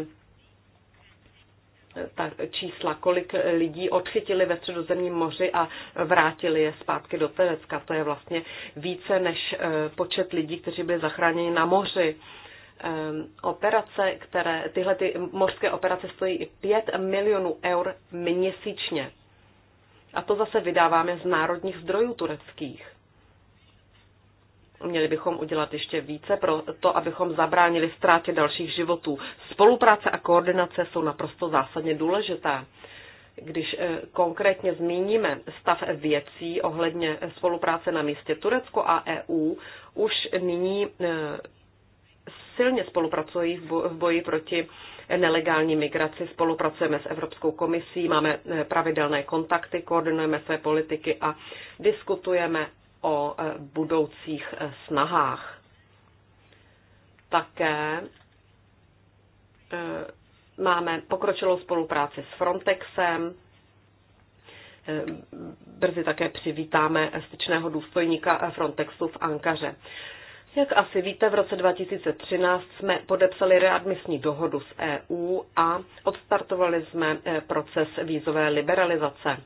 ta čísla, kolik lidí odchytili ve středozemním moři a vrátili je zpátky do Terecka. To je vlastně více než počet lidí, kteří byli zachráněni na moři. Ehm, operace, které, tyhle ty mořské operace stojí 5 milionů eur měsíčně. A to zase vydáváme z národních zdrojů tureckých. Měli bychom udělat ještě více pro to, abychom zabránili ztrátě dalších životů. Spolupráce a koordinace jsou naprosto zásadně důležité. Když eh, konkrétně zmíníme stav věcí ohledně spolupráce na místě Turecko a EU, už nyní eh, silně spolupracují v boji proti nelegální migraci, spolupracujeme s Evropskou komisí, máme eh, pravidelné kontakty, koordinujeme své politiky a diskutujeme o eh, budoucích eh, snahách. Také máme pokročilou spolupráci s Frontexem, Brzy také přivítáme styčného důstojníka Frontexu v Ankaře. Jak asi víte, v roce 2013 jsme podepsali readmisní dohodu s EU a odstartovali jsme eh, proces vízové liberalizace.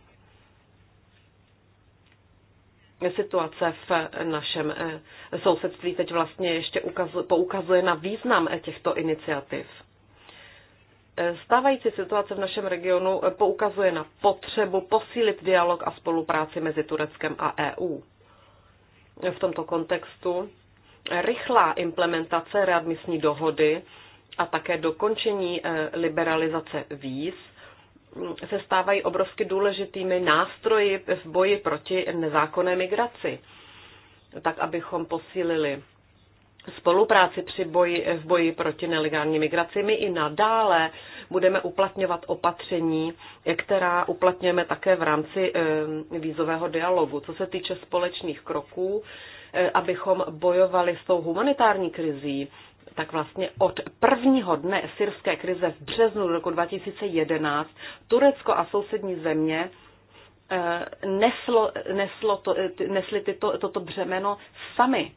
Situace v eh, našem eh, sousedství teď vlastně ještě poukazuje na význam těchto iniciativ. Stávající situace v našem regionu poukazuje na potřebu posílit dialog a spolupráci mezi Tureckem a EU. V tomto kontextu rychlá implementace readmisní dohody a také dokončení eh, liberalizace víz mm, se stávají obrovsky důležitými nástroji v boji proti nezákonné migraci, tak abychom posílili spolupráci při boji, v boji proti nelegální migraci. My i nadále budeme uplatňovat opatření, která uplatňujeme také v rámci eh, vízového dialogu. Co se týče společných kroků, E, abychom bojovali s tou humanitární krizí, tak vlastně od prvního dne syrské krize v březnu roku 2011 Turecko a sousední země e, neslo, neslo to, e, nesli tyto, toto břemeno sami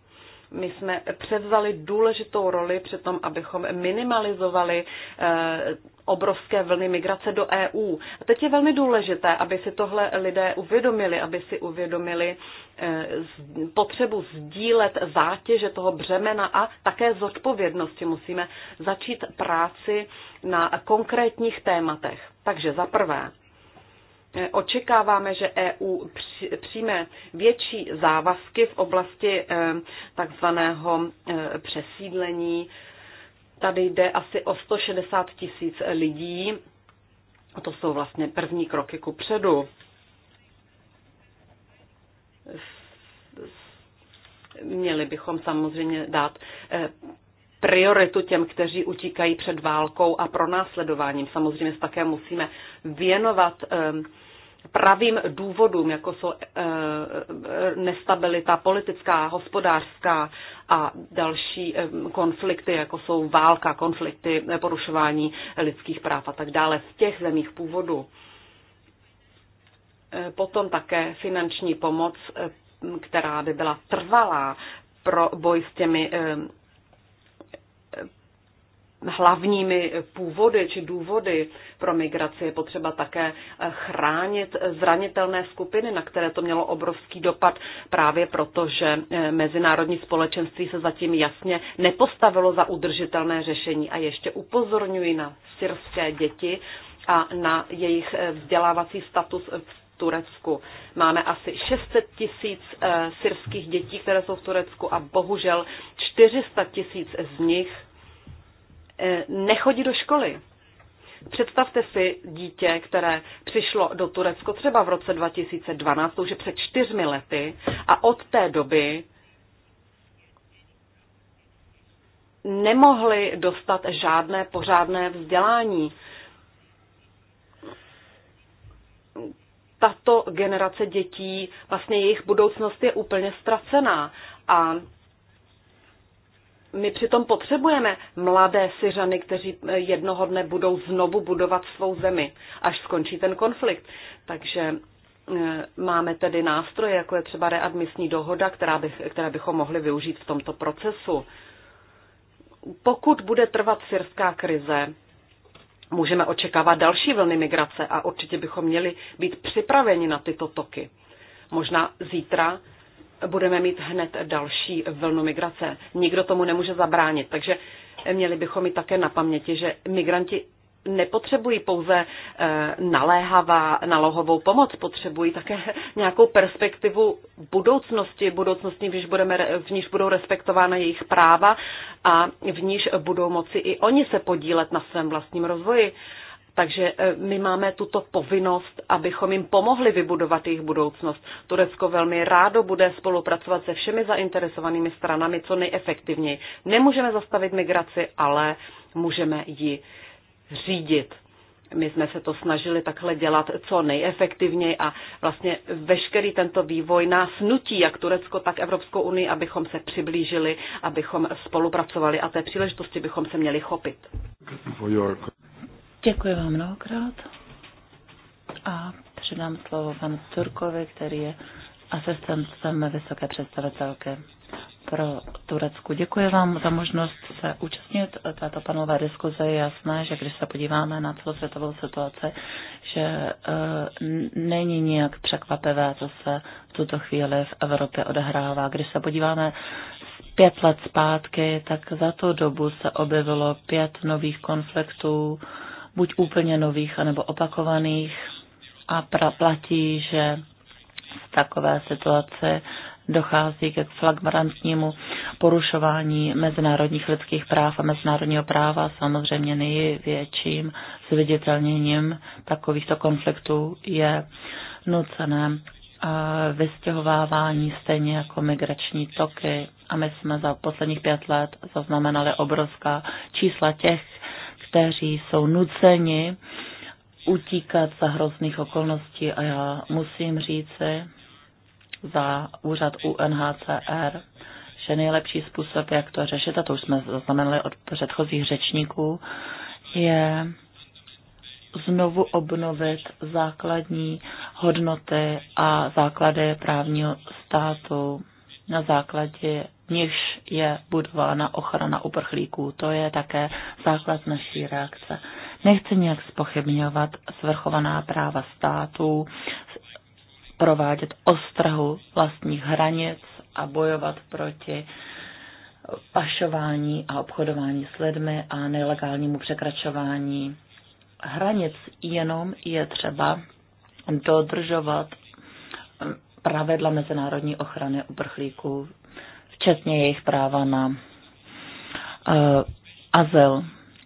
my jsme převzali důležitou roli při tom, abychom minimalizovali eh, obrovské vlny migrace do EU. A teď je velmi důležité, aby si tohle lidé uvědomili, aby si uvědomili eh, potřebu sdílet zátěže toho břemena a také zodpovědnosti. Musíme začít práci na konkrétních tématech. Takže za prvé, Eh, očekáváme, že EU přijme větší závazky v oblasti eh, takzvaného eh, přesídlení. Tady jde asi o 160 tisíc lidí. To jsou vlastně první kroky ku předu. Měli bychom samozřejmě dát prioritu těm, kteří utíkají před válkou a pronásledováním. Samozřejmě se také musíme věnovat pravým důvodům, jako jsou eh, eh, nestabilita politická, hospodářská a další konflikty, jako jsou válka, konflikty, eh, porušování lidských práv a tak dále v těch zemích původu. Potom také finanční pomoc, která by byla trvalá pro boj s těmi hlavními původy či důvody pro migraci. Je potřeba také eh, chránit zranitelné skupiny, na které to mělo obrovský dopad právě proto, že eh, mezinárodní společenství se zatím jasně nepostavilo za udržitelné řešení. A ještě upozorňuji na syrské děti a na jejich eh, vzdělávací status v Turecku. Máme asi 600 tisíc syrských dětí, které jsou v Turecku a bohužel 400 tisíc z nich Eh, nechodí do školy. Představte si dítě, které přišlo do Turecko třeba v roce 2012, to už je před čtyřmi lety, a od té doby nemohli dostat žádné pořádné vzdělání. Tato generace dětí, vlastně jejich budoucnost je úplně ztracená a my přitom potřebujeme mladé Syřany, kteří eh, jednoho dne budou znovu budovat svou zemi, až skončí ten konflikt. Takže eh, máme tedy nástroje, jako je třeba readmisní dohoda, která bych, které bychom mohli využít v tomto procesu. Pokud bude trvat syrská krize, můžeme očekávat další vlny migrace a určitě bychom měli být připraveni na tyto toky. Možná zítra budeme mít hned další vlnu migrace. Nikdo tomu nemůže zabránit, takže měli bychom i také na paměti, že migranti nepotřebují pouze eh, naléhavá, nalohovou pomoc, potřebují také nějakou perspektivu budoucnosti, budoucnosti, v níž, budeme, v níž budou respektována jejich práva a v níž budou moci i oni se podílet na svém vlastním rozvoji. Takže e, my máme tuto povinnost, abychom jim pomohli vybudovat jejich budoucnost. Turecko velmi rádo bude spolupracovat se všemi zainteresovanými stranami co nejefektivněji. Nemůžeme zastavit migraci, ale můžeme ji řídit. My jsme se to snažili takhle dělat co nejefektivněji a vlastně veškerý tento vývoj nás nutí, jak Turecko, tak Evropskou unii, abychom se přiblížili, abychom spolupracovali a té příležitosti bychom se měli chopit. Děkuji vám mnohokrát a předám slovo panu Turkovi, který je asistentem vysoké představitelky pro Turecku. Děkuji vám za možnost se účastnit této panové diskuze. Je jasné, že když se podíváme na celosvětovou situaci, že e, není nijak překvapivé, co se v tuto chvíli v Evropě odehrává. Když se podíváme pět let zpátky, tak za tu dobu se objevilo pět nových konfliktů, e, buď úplně nových, anebo opakovaných a pra, platí, že v takové situace dochází ke flagrantnímu porušování mezinárodních lidských práv a mezinárodního práva. Samozřejmě největším zviditelněním takovýchto konfliktů je nucené eh, vystěhovávání, stejně jako migrační toky. A my jsme za posledních pět let zaznamenali obrovská čísla těch, kteří jsou nuceni utíkat za hrozných okolností a já musím říci za úřad UNHCR, že nejlepší způsob, jak to řešit, a to už jsme zaznamenali od předchozích řečníků, je znovu obnovit základní hodnoty a základy právního státu na základě nichž je budována ochrana uprchlíků. To je také základ naší reakce. Nechci nějak spochybňovat svrchovaná práva států, provádět ostrahu vlastních hranic a bojovat proti pašování a obchodování s lidmi a nelegálnímu překračování hranic. Jenom je třeba dodržovat pravidla mezinárodní ochrany uprchlíků, včetně jejich práva na uh, azyl.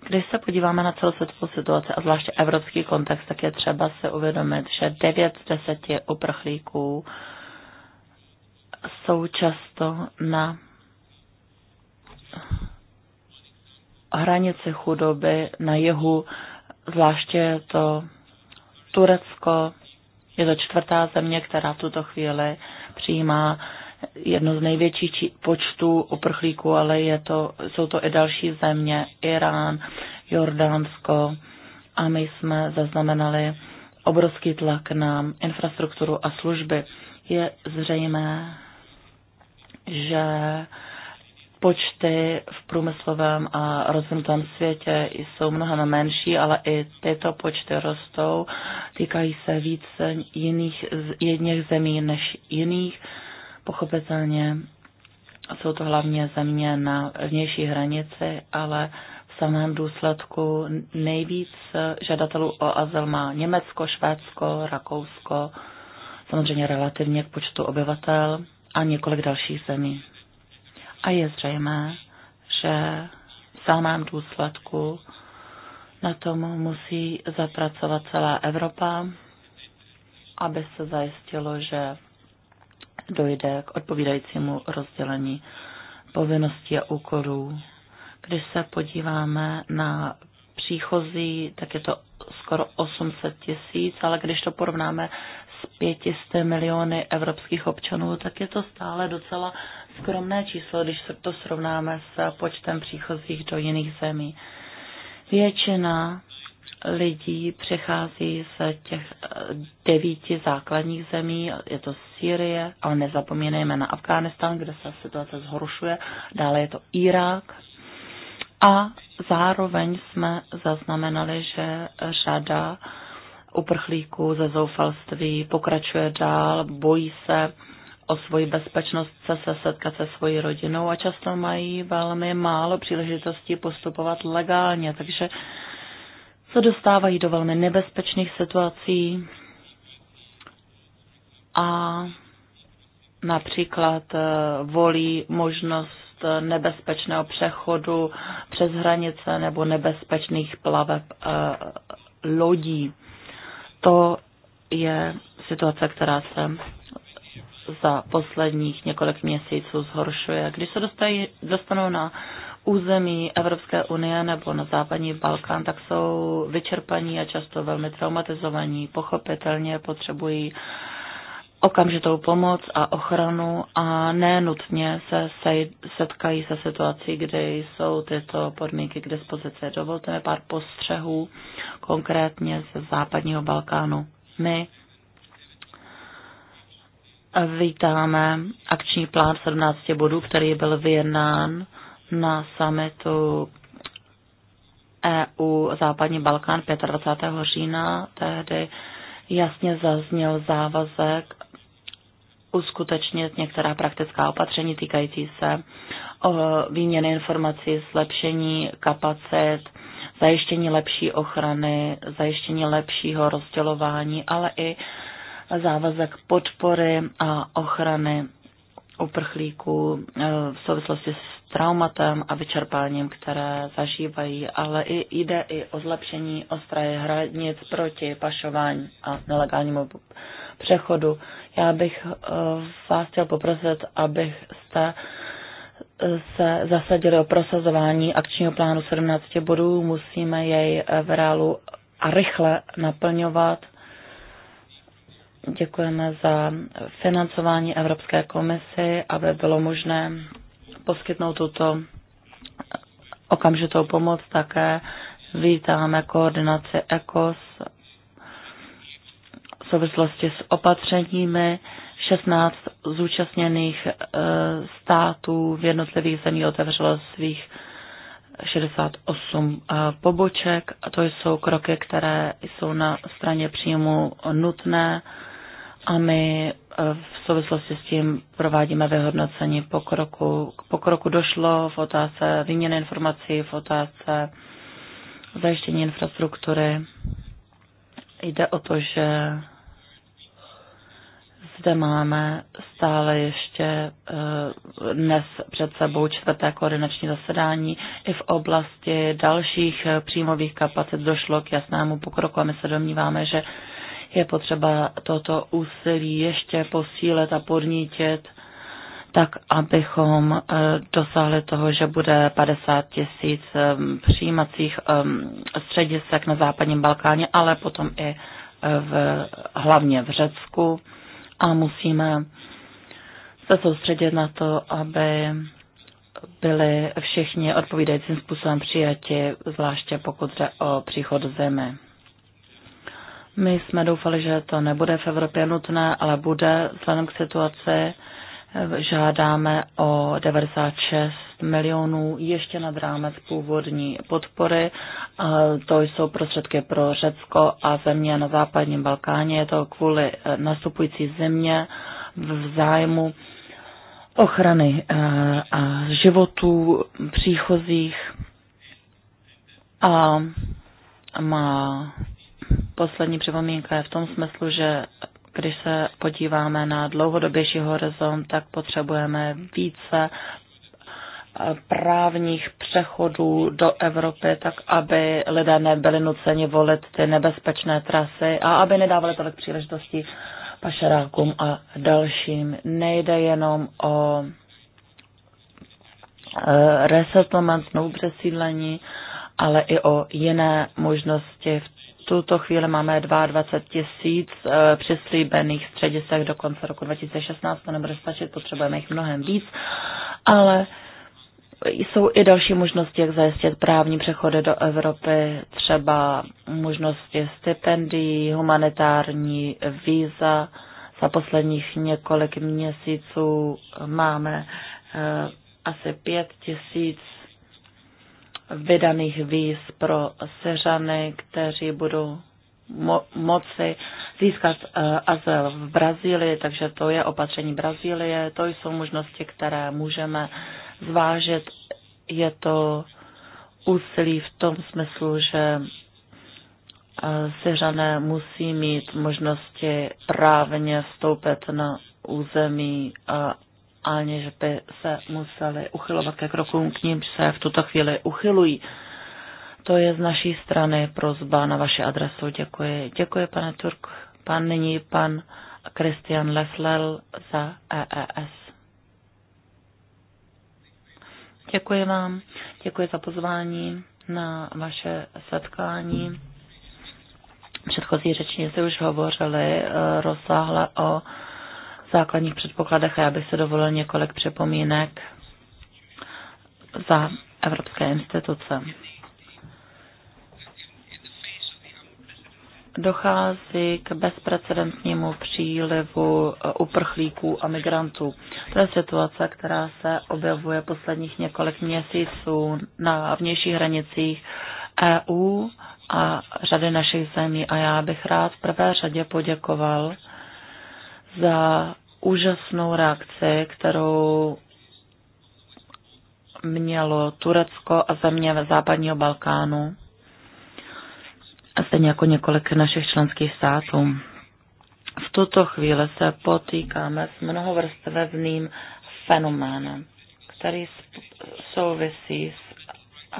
Když se podíváme na celosvětovou situaci a zvláště evropský kontext, tak je třeba se uvědomit, že 9 z 10 uprchlíků jsou často na hranici chudoby na jihu, zvláště to Turecko, je to čtvrtá země, která v tuto chvíli přijímá jedno z největších počtů uprchlíků, ale je to, jsou to i další země, Irán, Jordánsko. A my jsme zaznamenali obrovský tlak na infrastrukturu a služby. Je zřejmé, že počty v průmyslovém a rozvinutém světě jsou mnohem menší, ale i tyto počty rostou, týkají se více jiných, jedněch zemí než jiných. Pochopitelně jsou to hlavně země na vnější hranici, ale v samém důsledku nejvíc žadatelů o azyl má Německo, Švédsko, Rakousko, samozřejmě relativně k počtu obyvatel a několik dalších zemí. A je zřejmé, že v samém důsledku na tom musí zapracovat celá Evropa, aby se zajistilo, že dojde k odpovídajícímu rozdělení povinností a úkolů. Když se podíváme na příchozí, tak je to skoro 800 tisíc, ale když to porovnáme s 500 miliony evropských občanů, tak je to stále docela skromné číslo, když se to srovnáme s počtem příchozích do jiných zemí. Většina lidí přechází z těch eh, devíti základních zemí, je to Sýrie, ale nezapomínejme na Afghánistán, kde se situace zhoršuje, dále je to Irák a zároveň jsme zaznamenali, že řada uprchlíků ze zoufalství pokračuje dál, bojí se o svoji bezpečnost, se setkat se svojí rodinou a často mají velmi málo příležitostí postupovat legálně, takže se dostávají do velmi nebezpečných situací a například eh, volí možnost nebezpečného přechodu přes hranice nebo nebezpečných plaveb eh, lodí. To je situace, která se za posledních několik měsíců zhoršuje. Když se dostají, dostanou na území Evropské unie nebo na západní Balkán, tak jsou vyčerpaní a často velmi traumatizovaní. Pochopitelně potřebují okamžitou pomoc a ochranu a nenutně se setkají se situací, kde jsou tyto podmínky k dispozici. Dovolte mi pár postřehů konkrétně ze západního Balkánu. My Vítáme akční plán 17 bodů, který byl vyjednán na summitu EU Západní Balkán 25. října. Tehdy jasně zazněl závazek uskutečnit některá praktická opatření týkající se výměny informací, zlepšení kapacit, zajištění lepší ochrany, zajištění lepšího rozdělování, ale i závazek podpory a ochrany uprchlíků e, v souvislosti s traumatem a vyčerpáním, které zažívají, ale i, jde i o zlepšení ostraje hranic proti pašování a nelegálnímu přechodu. Já bych e, vás chtěl poprosit, abyste e, se zasadili o prosazování akčního plánu 17 bodů. Musíme jej v reálu a rychle naplňovat Děkujeme za financování Evropské komisi, aby bylo možné poskytnout tuto okamžitou pomoc také. Vítáme koordinaci ECOS v souvislosti s opatřeními 16 zúčastněných e, států v jednotlivých zemí otevřelo svých 68 e, poboček a to jsou kroky, které jsou na straně příjmu nutné a my eh, v souvislosti s tím provádíme vyhodnocení pokroku. K pokroku došlo v otázce výměny informací, v otázce zajištění infrastruktury. Jde o to, že zde máme stále ještě eh, dnes před sebou čtvrté koordinační zasedání. I v oblasti dalších eh, příjmových kapacit došlo k jasnému pokroku a my se domníváme, že je potřeba toto úsilí ještě posílet a podnítit, tak abychom eh, dosáhli toho, že bude 50 tisíc eh, přijímacích eh, středisek na západním Balkáně, ale potom i v, hlavně v Řecku. A musíme se soustředit na to, aby byli všichni odpovídajícím způsobem přijati, zvláště pokud jde o příchod zemi. My jsme doufali, že to nebude v Evropě nutné, ale bude. Vzhledem k situaci eh, žádáme o 96 milionů ještě nad rámec původní podpory. To jsou prostředky pro Řecko a země na západním Balkáně. Je to kvůli eh, nastupující země v zájmu ochrany eh, a životů příchozích a má Poslední připomínka je v tom smyslu, že když se podíváme na dlouhodobější horizont, tak potřebujeme více eh, právních přechodů do Evropy, tak aby lidé nebyli nuceni volit ty nebezpečné trasy a aby nedávali tolik příležitostí pašerákům a dalším. Nejde jenom o eh, resettlement, znovu přesídlení, ale i o jiné možnosti v tuto chvíli máme 22 tisíc eh, přislíbených středisek do konce roku 2016. To nebude stačit, potřebujeme jich mnohem víc, ale jsou i další možnosti, jak zajistit právní přechody do Evropy, třeba možnosti stipendií, humanitární víza. Za posledních několik měsíců máme eh, asi pět tisíc vydaných víz pro seřany, kteří budou mo- moci získat uh, azyl v Brazílii, takže to je opatření Brazílie, to jsou možnosti, které můžeme zvážit. Je to úsilí v tom smyslu, že eh, seřané musí mít možnosti právně vstoupit na území a eh, aniž by se museli uchylovat ke krokům, k nímž se v tuto chvíli uchylují. To je z naší strany prozba na vaši adresu. Děkuji. Děkuji, pane Turk. Pan nyní pan Christian Leslel za EES. Děkuji vám. Děkuji za pozvání na vaše setkání. Předchozí řečníci už hovořili eh, rozsáhle o základních předpokladech a já bych se dovolil několik připomínek za evropské instituce. Dochází k bezprecedentnímu přílivu uprchlíků a migrantů. To je situace, která se objevuje posledních několik měsíců na vnějších hranicích EU a řady našich zemí. A já bych rád v prvé řadě poděkoval za úžasnou reakci, kterou mělo Turecko a země ve západního Balkánu, a stejně jako několik našich členských států. V tuto chvíli se potýkáme s mnohovrstvevným fenoménem, který souvisí s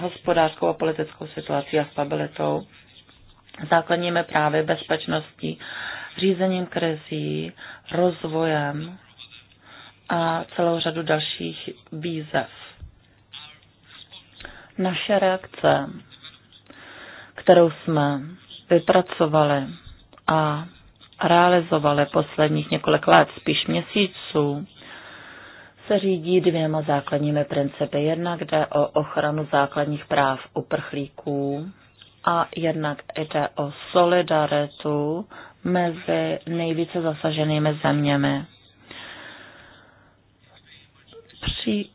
hospodářskou a politickou situací a stabilitou, základními právy, bezpečností řízením krizí, rozvojem a celou řadu dalších výzev. Naše reakce, kterou jsme vypracovali a realizovali posledních několik let, spíš měsíců, se řídí dvěma základními principy. Jednak jde o ochranu základních práv uprchlíků a jednak jde o solidaritu mezi nejvíce zasaženými zeměmi. Při,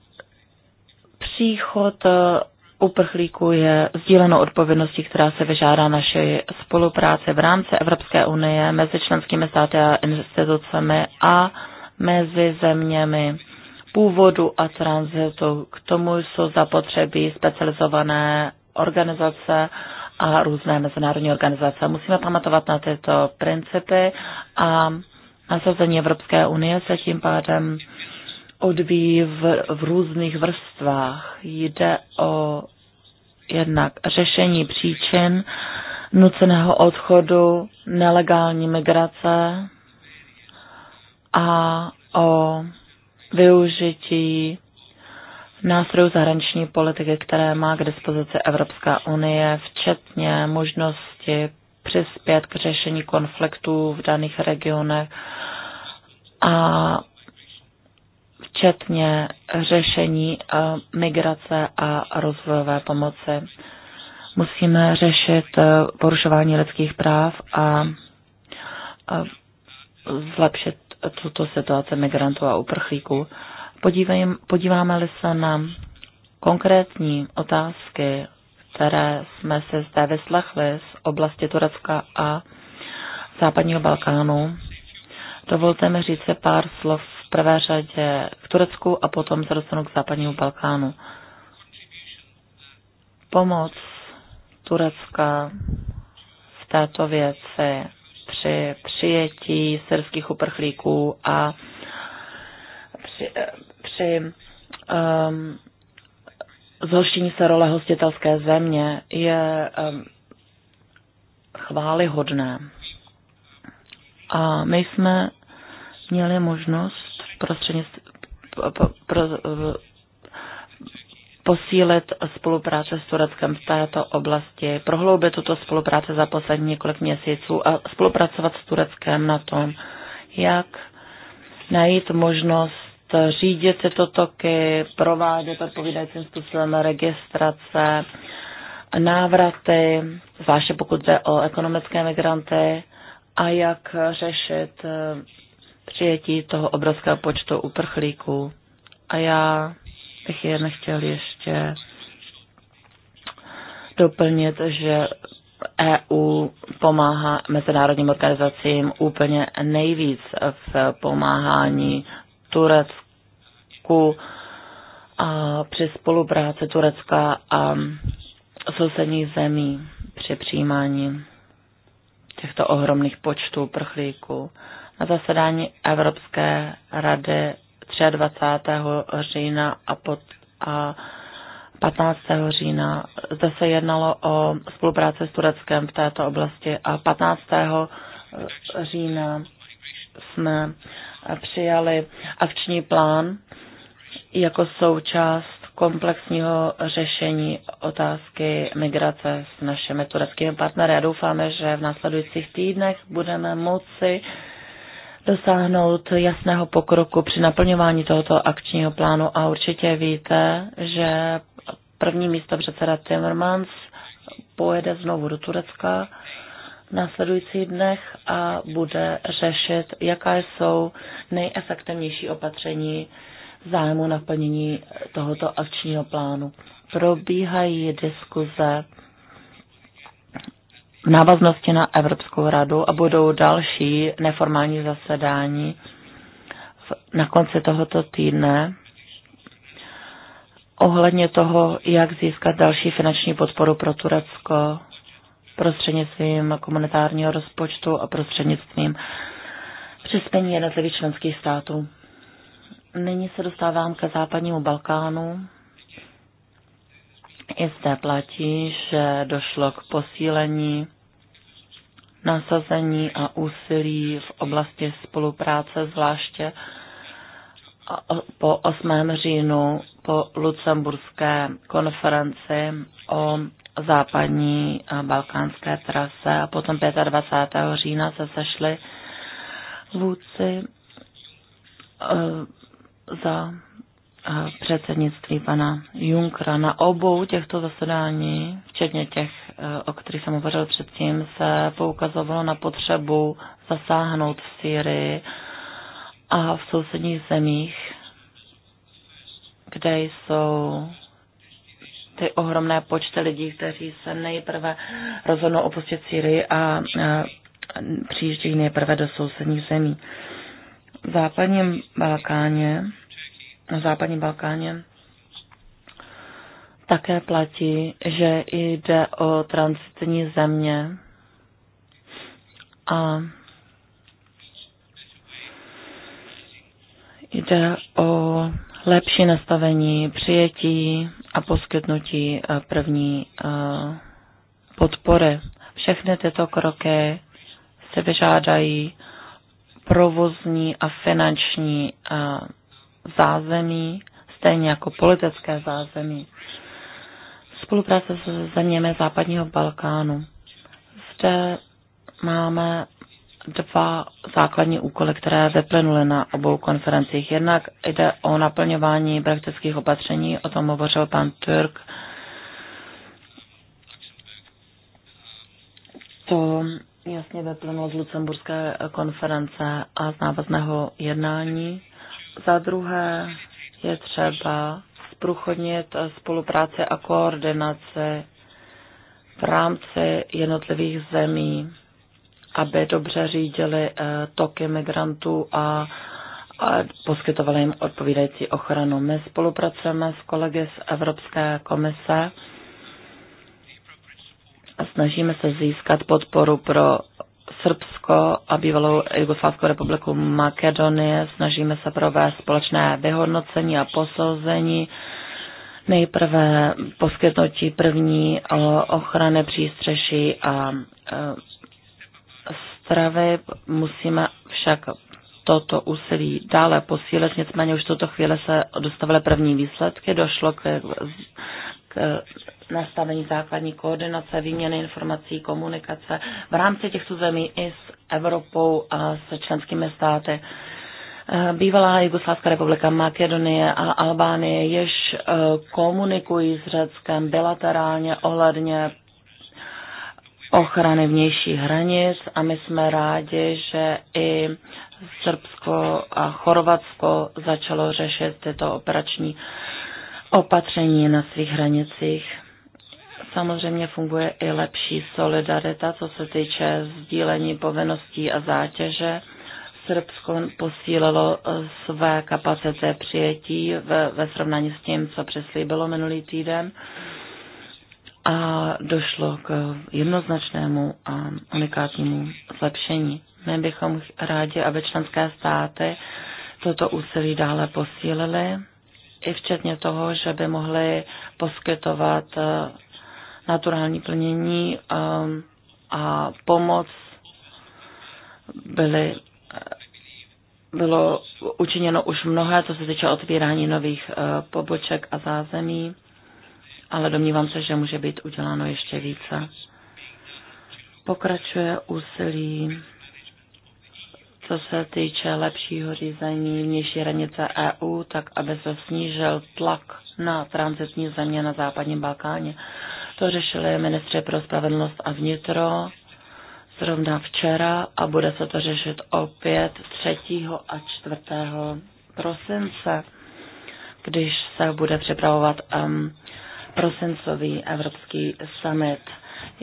příchod eh, uprchlíků je sdílenou odpovědností, která se vyžádá naše spolupráce v rámci Evropské unie mezi členskými státy a institucemi a mezi zeměmi původu a tranzitu. K tomu jsou zapotřebí specializované organizace, a různé mezinárodní organizace. Musíme pamatovat na tyto principy a nasazení Evropské unie se tím pádem odvíjí v, v různých vrstvách. Jde o jednak řešení příčin nuceného odchodu, nelegální migrace a o využití nástrojů zahraniční politiky, které má k dispozici Evropská unie, včetně možnosti přispět k řešení konfliktů v daných regionech a včetně řešení eh, migrace a rozvojové pomoci. Musíme řešit eh, porušování lidských práv a eh, zlepšit tuto situaci migrantů a uprchlíků. Podíváme-li se na konkrétní otázky, které jsme se zde vyslechli z oblasti Turecka a západního Balkánu, dovolte mi říct se pár slov v prvé řadě k Turecku a potom se dostanu k západnímu Balkánu. Pomoc Turecka v této věci při přijetí syrských uprchlíků a při, eh, při um, zhoršení se role hostitelské země je um, chválihodné. A my jsme měli možnost prostřednictvím pro, eh, posílit spolupráce s Tureckem v této oblasti, prohloubit tuto spolupráci za poslední několik měsíců a spolupracovat s Tureckem na tom, jak najít možnost řídit tyto toky, provádět odpovídajícím způsobem registrace, návraty, zvláště pokud jde o ekonomické migranty, a jak řešit eh, přijetí toho obrovského počtu uprchlíků. A já bych jen chtěl ještě doplnit, že EU pomáhá mezinárodním organizacím úplně nejvíc v pomáhání Turecku a při spolupráci Turecka a sousedních zemí při přijímání těchto ohromných počtů prchlíků. Na zasedání Evropské rady 23. října a, pod, a 15. října. Zde se jednalo o spolupráci s Tureckem v této oblasti a 15. října jsme přijali akční plán jako součást komplexního řešení otázky migrace s našimi tureckými partnery a doufáme, že v následujících týdnech budeme moci dosáhnout jasného pokroku při naplňování tohoto akčního plánu a určitě víte, že první místo předseda Timmermans pojede znovu do Turecka následujících dnech a bude řešit, jaká jsou nejefektivnější opatření zájmu naplnění tohoto akčního plánu. Probíhají diskuze v návaznosti na Evropskou radu a budou další neformální zasedání na konci tohoto týdne ohledně toho, jak získat další finanční podporu pro Turecko prostřednictvím komunitárního rozpočtu a prostřednictvím přispění jednotlivých členských států. Nyní se dostávám ke západnímu Balkánu. I zde platí, že došlo k posílení nasazení a úsilí v oblasti spolupráce, zvláště po 8. říjnu po lucemburské konferenci o západní balkánské trase a potom 25. října se sešli vůdci e, za e, předsednictví pana Junkra. Na obou těchto zasedání, včetně těch, e, o kterých jsem hovořil předtím, se poukazovalo na potřebu zasáhnout v Syrii a v sousedních zemích, kde jsou ty ohromné počty lidí, kteří se nejprve rozhodnou opustit Syrii a přijíždějí nejprve do sousedních zemí. V západním Balkáně, na západním Balkáně také platí, že jde o transitní země a Jde o lepší nastavení přijetí a poskytnutí eh, první eh, podpory. Všechny tyto kroky se vyžádají provozní a finanční eh, zázemí, stejně jako politické zázemí. Spolupráce se zeměmi západního Balkánu. Zde máme dva základní úkoly, které vyplynuly na obou konferencích. Jednak jde o naplňování praktických opatření, o tom hovořil pan Turk. To jasně vyplynulo z Lucemburské konference a z návazného jednání. Za druhé je třeba spruchodnit spolupráci a koordinaci v rámci jednotlivých zemí aby dobře řídili eh, toky migrantů a a poskytovali jim odpovídající ochranu. My spolupracujeme s kolegy z Evropské komise a snažíme se získat podporu pro Srbsko a bývalou Jugoslávskou republiku Makedonie. Snažíme se provést společné vyhodnocení a posouzení. Nejprve poskytnutí první eh, ochrany přístřeší a eh, stravy. Musíme však toto úsilí dále posílit, nicméně už v tuto chvíli se dostavily první výsledky, došlo k, k nastavení základní koordinace, výměny informací, komunikace v rámci těchto zemí i s Evropou a se členskými státy. Bývalá Jugoslávská republika Makedonie a Albánie jež eh, komunikují s Řeckem bilaterálně ohledně ochrany vnějších hranic a my jsme rádi, že i Srbsko a Chorvatsko začalo řešit tyto operační opatření na svých hranicích. Samozřejmě funguje i lepší solidarita, co se týče sdílení povinností a zátěže. Srbsko posílilo eh, své kapacity přijetí ve, ve srovnání s tím, co přislíbilo minulý týden a došlo k jednoznačnému a unikátnímu zlepšení. My bychom rádi, aby členské státy toto úsilí dále posílili, i včetně toho, že by mohly poskytovat eh, naturální plnění eh, a pomoc byly, bylo učiněno už mnohé, co se týče otvírání nových eh, poboček a zázemí ale domnívám se, že může být uděláno ještě více. Pokračuje úsilí, co se týče lepšího řízení vnější hranice EU, tak aby se snížil tlak na transitní země na západním Balkáně. To řešili ministři pro spravedlnost a vnitro zrovna včera a bude se to řešit opět 3. a 4. prosince, když se bude připravovat um, prosincový Evropský summit.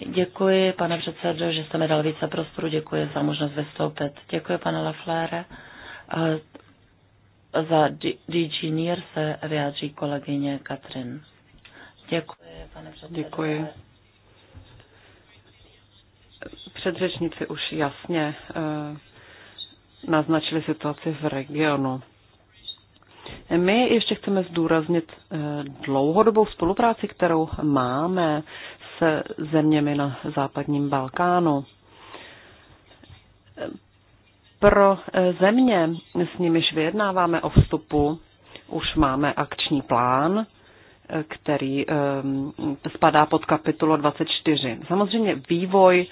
Děkuji, pane předsedo, že jste mi dal více prostoru. Děkuji za možnost vystoupit. Děkuji, pane Laflére. Za DG NIR se vyjádří kolegyně Katrin. Děkuji, pane předsedo. Děkuji. Předřečníci už jasně eh, naznačili situaci v regionu. My ještě chceme zdůraznit eh, dlouhodobou spolupráci, kterou máme se zeměmi na západním Balkánu. Pro eh, země, s nimiž vyjednáváme o vstupu, už máme akční plán, eh, který spadá pod kapitolu 24. Samozřejmě vývoj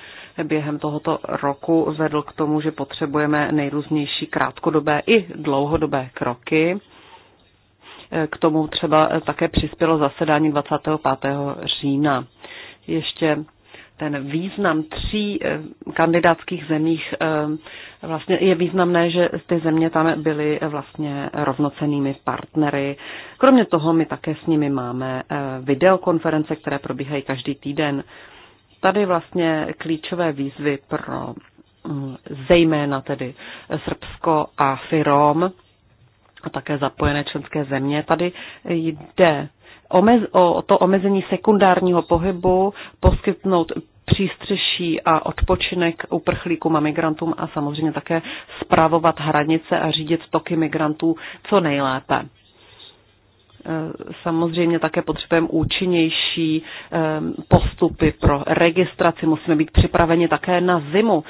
během tohoto roku vedl k tomu, že potřebujeme nejrůznější krátkodobé i dlouhodobé kroky. K tomu třeba také přispělo zasedání 25. října. Ještě ten význam tří eh, kandidátských zemích eh, vlastně je významné, že ty země tam byly vlastně rovnocenými partnery. Kromě toho my také s nimi máme eh, videokonference, které probíhají každý týden. Tady vlastně klíčové výzvy pro mm, zejména tedy Srbsko a Firom, a také zapojené členské země. Tady jde o to omezení sekundárního pohybu, poskytnout přístřeší a odpočinek uprchlíkům a migrantům a samozřejmě také spravovat hranice a řídit toky migrantů co nejlépe. E, samozřejmě také potřebujeme účinnější e, postupy pro registraci. Musíme být připraveni také na zimu.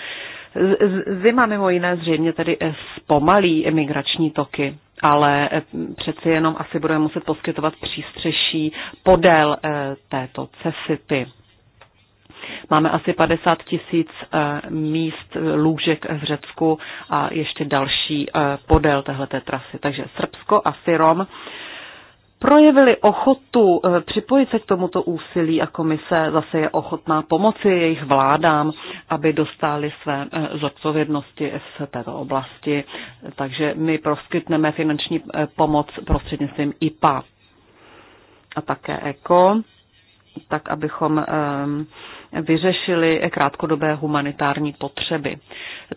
Zima mimo jiné zřejmě tedy e, zpomalí imigrační toky ale eh, přeci jenom asi budeme muset poskytovat přístřeší podél eh, této cesity. Máme asi 50 tisíc eh, míst lůžek v Řecku a ještě další podél téhleté trasy. Takže Srbsko a rom projevili ochotu eh, připojit se k tomuto úsilí a komise zase je ochotná pomoci jejich vládám, aby dostali své eh, zodpovědnosti v této oblasti. Takže my proskytneme finanční eh, pomoc prostřednictvím IPA a také ECO, tak abychom vyřešili krátkodobé humanitární potřeby.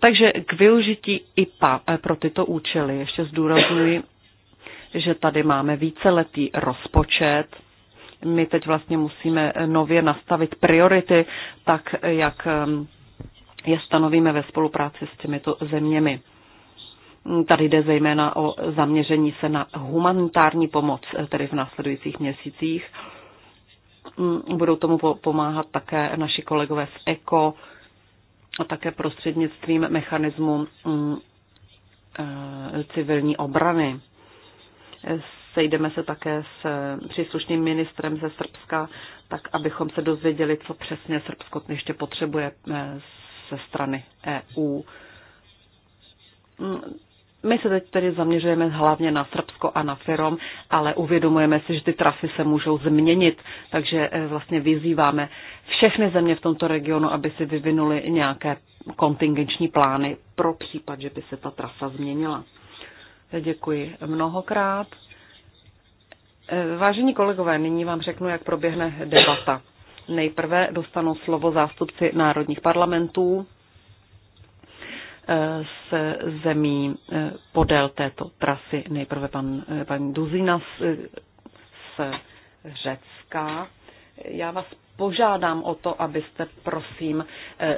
Takže k využití IPA pro tyto účely, ještě zdůraznuju, že tady máme víceletý rozpočet. My teď vlastně musíme nově nastavit priority, tak jak je stanovíme ve spolupráci s těmito zeměmi. Tady jde zejména o zaměření se na humanitární pomoc, eh, tedy v následujících měsících. Mm, budou tomu pomáhat také naši kolegové z ECO a také prostřednictvím mechanismu mm, eh, civilní obrany. Sejdeme se také s příslušným ministrem ze Srbska, tak abychom se dozvěděli, co přesně Srbsko ještě potřebuje eh, ze strany EU. Mm, my se teď tedy zaměřujeme hlavně na Srbsko a na Firom, ale uvědomujeme si, že ty trasy se můžou změnit, takže eh, vlastně vyzýváme všechny země v tomto regionu, aby si vyvinuli nějaké kontingenční plány pro případ, že by se ta trasa změnila. Děkuji mnohokrát. Eh, vážení kolegové, nyní vám řeknu, jak proběhne debata. Nejprve dostanou slovo zástupci národních parlamentů z eh, zemí eh, podél této trasy. Nejprve pan, pan Duzina z, z Řecka. Já vás požádám o to, abyste prosím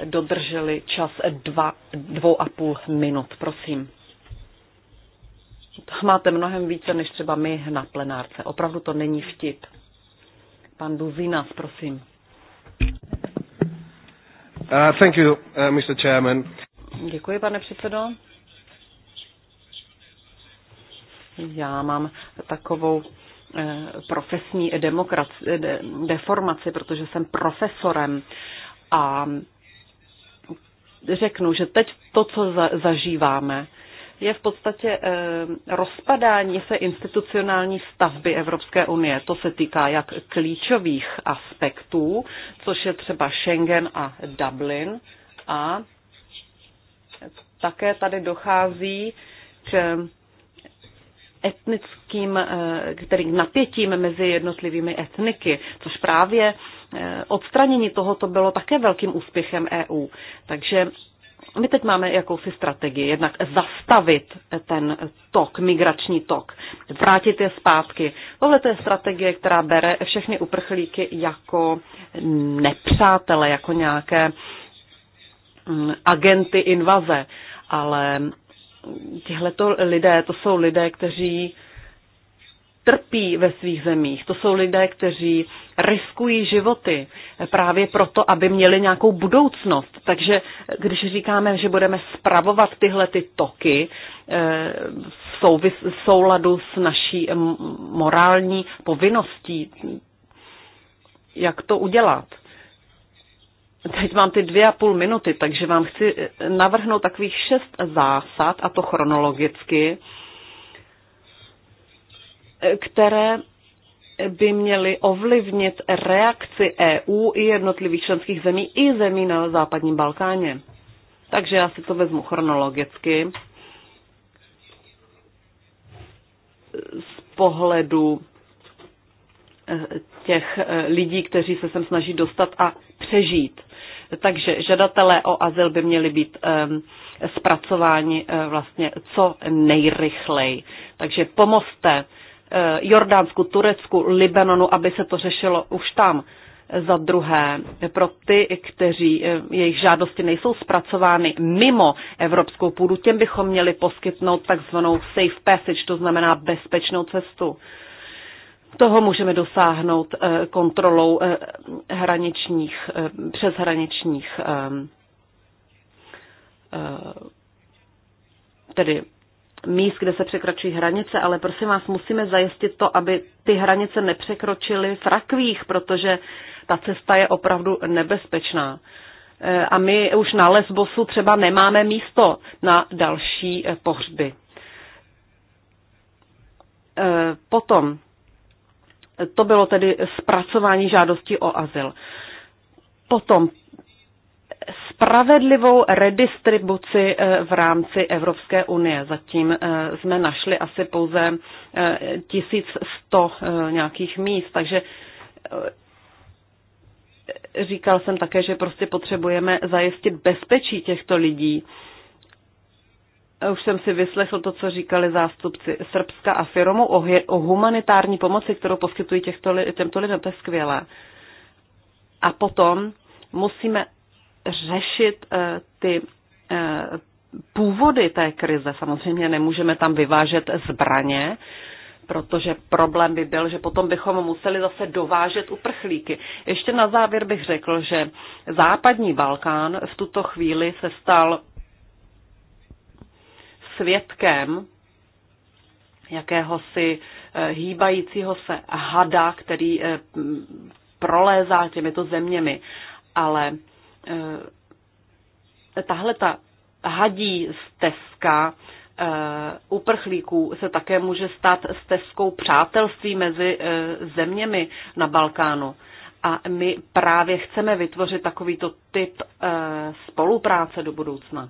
dodrželi čas dva, dvou a půl minut. Prosím máte mnohem více než třeba my na plenárce. Opravdu to není vtip. Pan Duzinas, prosím. Uh, thank you, uh, Mr. Chairman. Děkuji, pane předsedo. Já mám takovou uh, profesní deformaci, protože jsem profesorem a řeknu, že teď to, co zažíváme, je v podstatě eh, rozpadání se institucionální stavby Evropské unie. To se týká jak klíčových aspektů, což je třeba Schengen a Dublin, a také tady dochází k etnickým, eh, který napětím mezi jednotlivými etniky, což právě eh, odstranění tohoto bylo také velkým úspěchem EU. Takže my teď máme jakousi strategii, jednak zastavit ten tok, migrační tok, vrátit je zpátky. Tohle to je strategie, která bere všechny uprchlíky jako nepřátele, jako nějaké mm, agenty invaze, ale tihle lidé, to jsou lidé, kteří trpí ve svých zemích. To jsou lidé, kteří riskují životy právě proto, aby měli nějakou budoucnost. Takže když říkáme, že budeme spravovat tyhle ty toky eh, v, souladu s naší morální povinností, jak to udělat? Teď mám ty dvě a půl minuty, takže vám chci navrhnout takových šest zásad, a to chronologicky, které by měly ovlivnit reakci EU i jednotlivých členských zemí i zemí na západním Balkáně. Takže já si to vezmu chronologicky z pohledu eh, těch eh, lidí, kteří se sem snaží dostat a přežít. Takže žadatelé o azyl by měli být um, zpracováni uh, vlastně co nejrychleji. Takže pomozte uh, Eh, Jordánsku, Turecku, Libanonu, aby se to řešilo už tam. Za druhé, pro ty, kteří eh, jejich žádosti nejsou zpracovány mimo evropskou půdu, těm bychom měli poskytnout takzvanou safe passage, to znamená bezpečnou cestu. Toho můžeme dosáhnout eh, kontrolou hraničních, přeshraničních tedy míst, kde se překračují hranice, ale prosím vás, musíme zajistit to, aby ty hranice nepřekročily v rakvích, protože ta cesta je opravdu nebezpečná. E, a my už na Lesbosu třeba nemáme místo na další e, pohřby. E, potom, to bylo tedy zpracování žádosti o azyl. Potom spravedlivou redistribuci eh, v rámci Evropské unie. Zatím eh, jsme našli asi pouze 1100 eh, nějakých míst, takže říkal jsem také, že prostě potřebujeme zajistit bezpečí těchto lidí. Už jsem si vyslechl to, co říkali zástupci Srbska a Firomu o, o humanitární pomoci, kterou poskytují těchto, těmto lidem. To je skvělé. A potom musíme řešit eh, ty eh, původy té krize. Samozřejmě nemůžeme tam vyvážet zbraně, protože problém by byl, že potom bychom museli zase dovážet uprchlíky. Ještě na závěr bych řekl, že západní Balkán v tuto chvíli se stal svědkem jakéhosi eh, hýbajícího se hada, který prolézá těmito zeměmi. Ale Eh, tahle ta hadí stezka eh, uprchlíků se také může stát stezkou přátelství mezi eh, zeměmi na Balkánu. A my právě chceme vytvořit takovýto typ spolupráce do budoucna.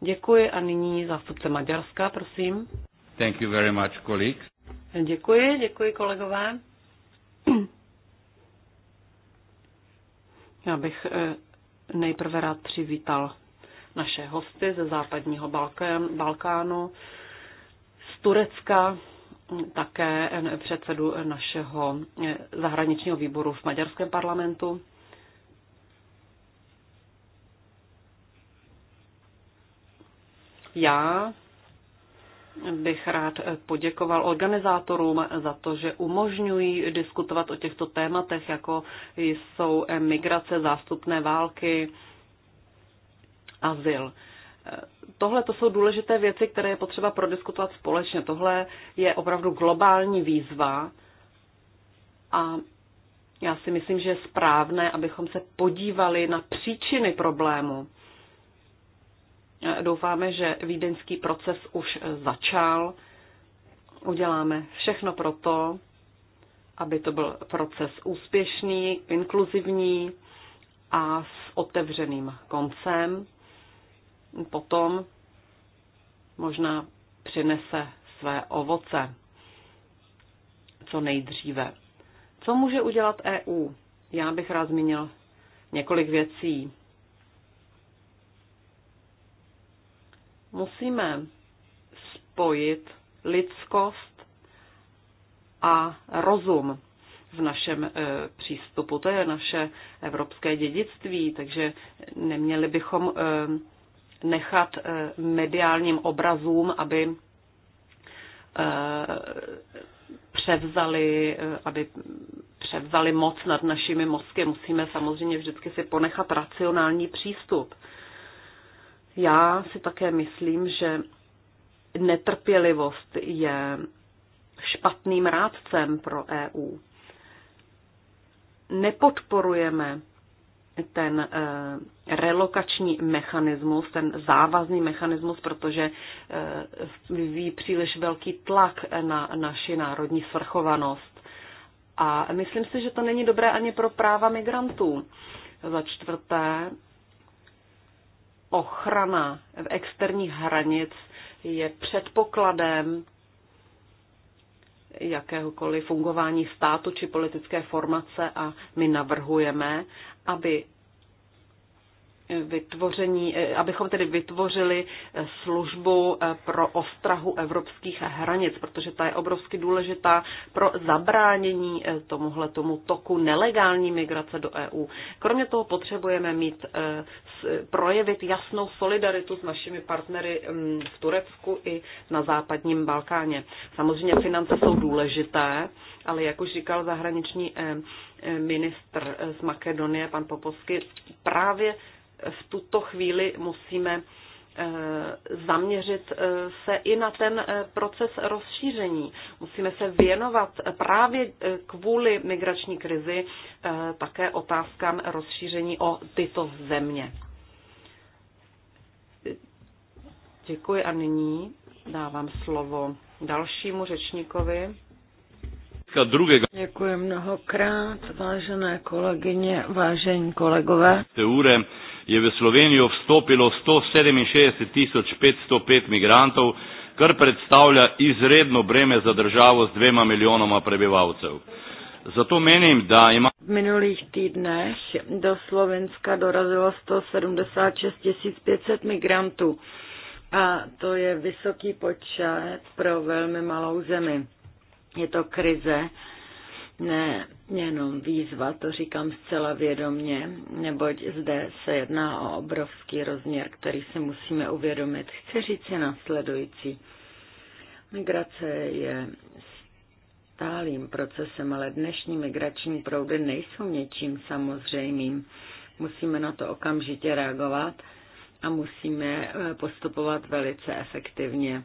Děkuji a nyní zástupce Maďarska, prosím. Thank you very much, colleagues. Děkuji, děkuji kolegové. Já bych nejprve rád přivítal naše hosty ze západního Balkánu, z Turecka, také předsedu našeho eh, zahraničního výboru v maďarském parlamentu. Já bych rád poděkoval organizátorům za to, že umožňují diskutovat o těchto tématech, jako jsou migrace, zástupné války, azyl. Tohle to jsou důležité věci, které je potřeba prodiskutovat společně. Tohle je opravdu globální výzva a já si myslím, že je správné, abychom se podívali na příčiny problému. Doufáme, že vídeňský proces už začal. Uděláme všechno pro to, aby to byl proces úspěšný, inkluzivní a s otevřeným koncem. Potom možná přinese své ovoce co nejdříve. Co může udělat EU? Já bych rád zmínil několik věcí. Musíme spojit lidskost a rozum v našem e, přístupu. To je naše evropské dědictví, takže neměli bychom e, nechat e, mediálním obrazům, aby e, převzali, e, aby převzali moc nad našimi mozky. Musíme samozřejmě vždycky si ponechat racionální přístup. E, já si také myslím, že netrpělivost je špatným rádcem pro EU. Nepodporujeme ten eh, relokační mechanismus, ten závazný mechanismus, protože eh, vyvíjí příliš velký tlak na naši národní svrchovanost. A myslím si, že to není dobré ani pro práva migrantů. Za čtvrté, ochrana v externích hranic je předpokladem jakéhokoliv fungování státu či politické formace a my navrhujeme, aby vytvoření, eh, abychom tedy vytvořili eh, službu eh, pro ostrahu evropských hranic, protože ta je obrovsky důležitá pro zabránění tomuhle tomu toku nelegální migrace do EU. Kromě toho potřebujeme mít projevit jasnou solidaritu s našimi partnery mm, v Turecku i na západním Balkáně. Samozřejmě finance jsou důležité, ale jak už říkal zahraniční ministr z Makedonie, pan Popovsky, právě v tuto chvíli musíme eh, zaměřit eh, se i na ten eh, proces rozšíření. Musíme se věnovat právě kvůli migrační krizi také otázkám rozšíření o tyto země. Děkuji a nyní dávám slovo dalšímu řečníkovi. Děkuji mnohokrát, vážené kolegyně, vážení kolegové. Teure je v Slovenijo vstopilo 167 505 migrantov, kar predstavlja izredno breme za državo s dvema milijonoma prebivalcev. Zato menim, da ima. V minulých týdnech do Slovenska dorazilo 176 500 migrantů a to je vysoký počet pro velmi malou zemi. Je to krize, ne jenom výzva, to říkám zcela vědomně, neboť zde se jedná o obrovský rozměr, který si musíme uvědomit. Chci říct si následující. Migrace je stálým procesem, ale dnešní migrační proudy nejsou něčím samozřejmým. Musíme na to okamžitě reagovat a musíme eh, postupovat velice efektivně.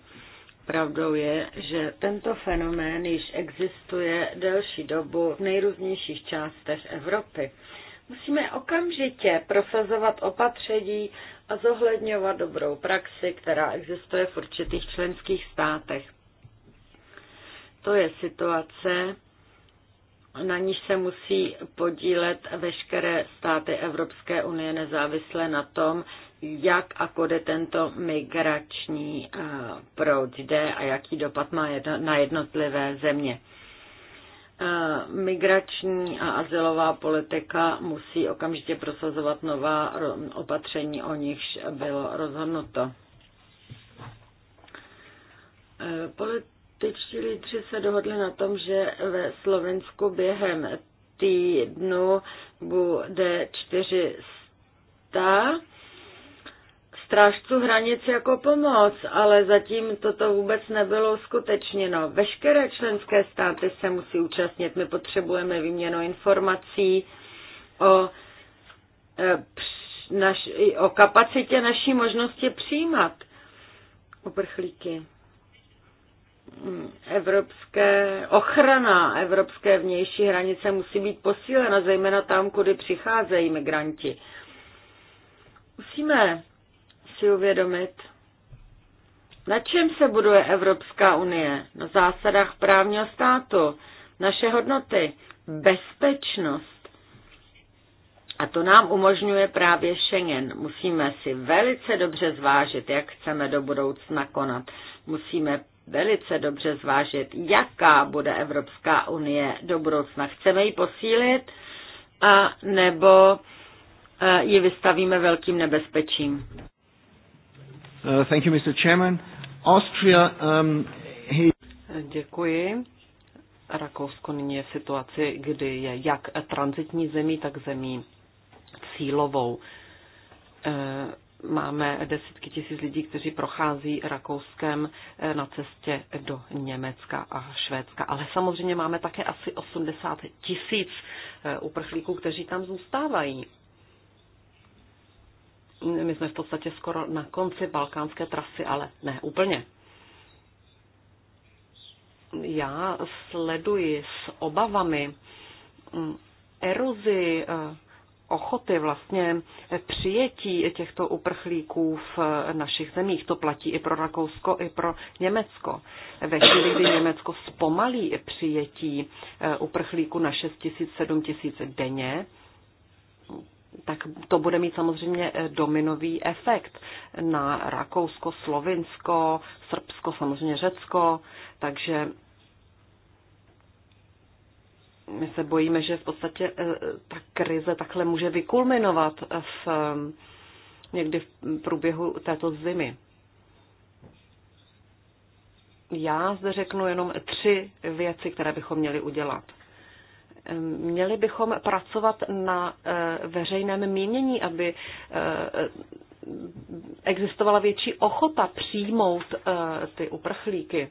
Pravdou je, že tento fenomén již existuje delší dobu v nejrůznějších částech Evropy. Musíme okamžitě prosazovat opatření a zohledňovat dobrou praxi, která existuje v určitých členských státech. To je situace, na níž se musí podílet veškeré státy Evropské unie nezávisle na tom, jak a kde tento migrační eh, proud jde a jaký dopad má na jednotlivé země. Eh, migrační a azylová politika musí okamžitě prosazovat nová opatření, o nichž bylo rozhodnuto. Eh, političtí lídři se dohodli na tom, že ve Slovensku během týdnu bude 400 strážců hranic jako pomoc, ale zatím toto vůbec nebylo skutečněno. Veškeré členské státy se musí účastnit. My potřebujeme výměnu informací o, e, naš, o kapacitě naší možnosti přijímat uprchlíky. Evropské ochrana evropské vnější hranice musí být posílena, zejména tam, kudy přicházejí migranti. Musíme si uvědomit, na čem se buduje Evropská unie? Na zásadách právního státu, naše hodnoty, bezpečnost. A to nám umožňuje právě Schengen. Musíme si velice dobře zvážit, jak chceme do budoucna konat. Musíme velice dobře zvážit, jaká bude Evropská unie do budoucna. Chceme ji posílit a nebo eh, ji vystavíme velkým nebezpečím. Uh, thank you, Mr. Chairman. Austria, um, he... Děkuji. Rakousko nyní je v situaci, kdy je jak transitní zemí, tak zemí cílovou. Uh, máme desítky tisíc lidí, kteří prochází Rakouskem uh, na cestě do Německa a Švédska. Ale samozřejmě máme také asi 80 tisíc uprchlíků, kteří tam zůstávají my jsme v podstatě skoro na konci balkánské trasy, ale ne úplně. Já sleduji s obavami mm, erozi eh, ochoty vlastně přijetí těchto uprchlíků v eh, našich zemích. To platí i pro Rakousko, i pro Německo. Ve chvíli, kdy Německo zpomalí přijetí eh, uprchlíků na 6 000, 7 000 denně, tak to bude mít samozřejmě eh, dominový efekt na Rakousko, Slovinsko, Srbsko, samozřejmě Řecko, takže my se bojíme, že v podstatě eh, ta krize takhle může vykulminovat v, eh, někdy v průběhu této zimy. Já zde řeknu jenom tři věci, které bychom měli udělat. Měli bychom pracovat na eh, veřejném mínění, aby eh, existovala větší ochota přijmout eh, ty uprchlíky.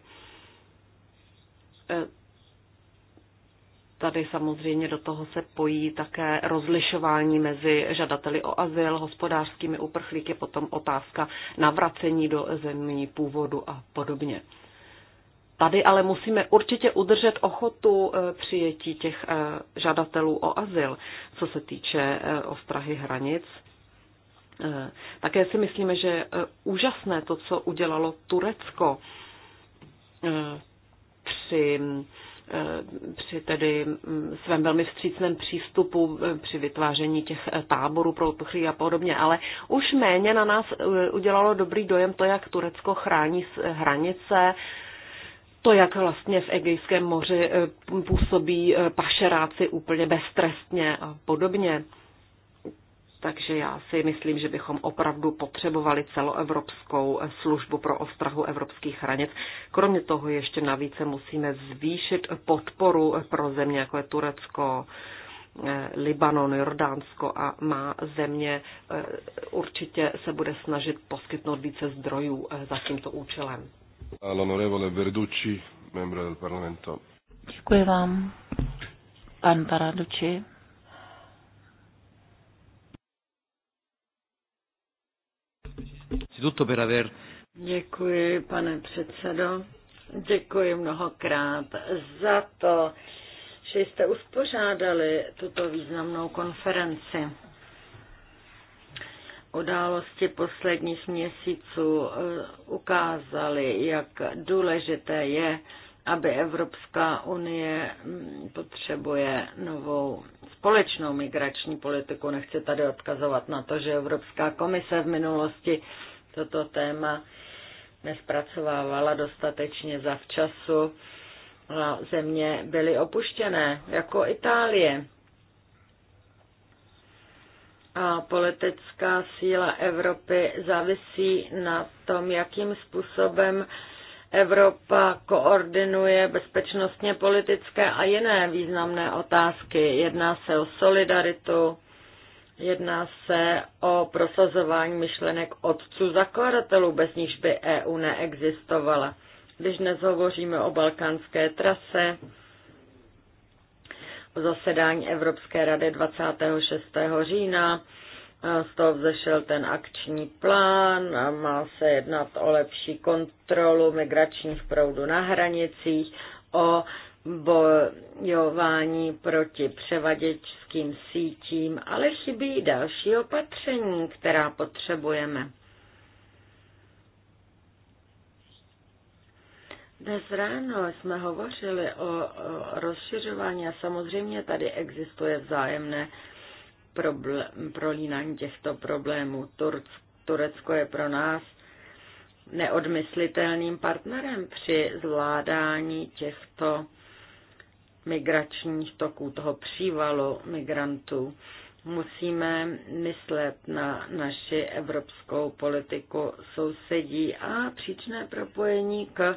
Tady samozřejmě do toho se pojí také rozlišování mezi žadateli o azyl, hospodářskými uprchlíky, potom otázka navracení do zemí původu a podobně. Tady ale musíme určitě udržet ochotu e, přijetí těch e, žadatelů o azyl, co se týče e, ostrahy hranic. Také si myslíme, že je úžasné to, co udělalo Turecko při při tedy svém velmi vstřícném přístupu při vytváření těch táborů pro uprchlí a podobně, ale už méně na nás udělalo dobrý dojem to, jak Turecko chrání hranice, to, jak vlastně v Egejském moři eh, působí eh, pašeráci úplně beztrestně a podobně. Takže já si myslím, že bychom opravdu potřebovali celoevropskou eh, službu pro ostrahu evropských hranic. Kromě toho ještě navíc musíme zvýšit podporu pro země, jako je Turecko, Libanon, Jordánsko a má země určitě se bude snažit poskytnout více zdrojů za tímto účelem. L'onorevole Verducci, membro del Parlamento. Děkuji vám. Pan Paraducci. Děkuji, pane předsedo. Děkuji mnohokrát za to, že jste uspořádali tuto významnou konferenci. Události posledních měsíců eh, ukázaly, jak důležité je, aby Evropská unie mm, potřebuje novou společnou migrační politiku. Nechci tady odkazovat na to, že Evropská komise v minulosti toto téma nespracovávala dostatečně zavčasu. Země byly opuštěné, jako Itálie a politická síla Evropy závisí na tom, jakým způsobem Evropa koordinuje bezpečnostně politické a jiné významné otázky. Jedná se o solidaritu, jedná se o prosazování myšlenek otců zakladatelů, bez nichž by EU neexistovala. Když dnes hovoříme o balkánské trase, zasedání Evropské rady 26. října. Z toho vzešel ten akční plán, a má se jednat o lepší kontrolu migračních proudů na hranicích, o bojování proti převaděčským sítím, ale chybí další opatření, která potřebujeme. Dnes ráno jsme hovořili o, o rozšiřování a samozřejmě tady existuje vzájemné problém, prolínání těchto problémů. Turc, Turecko je pro nás neodmyslitelným partnerem při zvládání těchto migračních toků, toho přívalu migrantů. Musíme myslet na naši evropskou politiku sousedí a příčné propojení k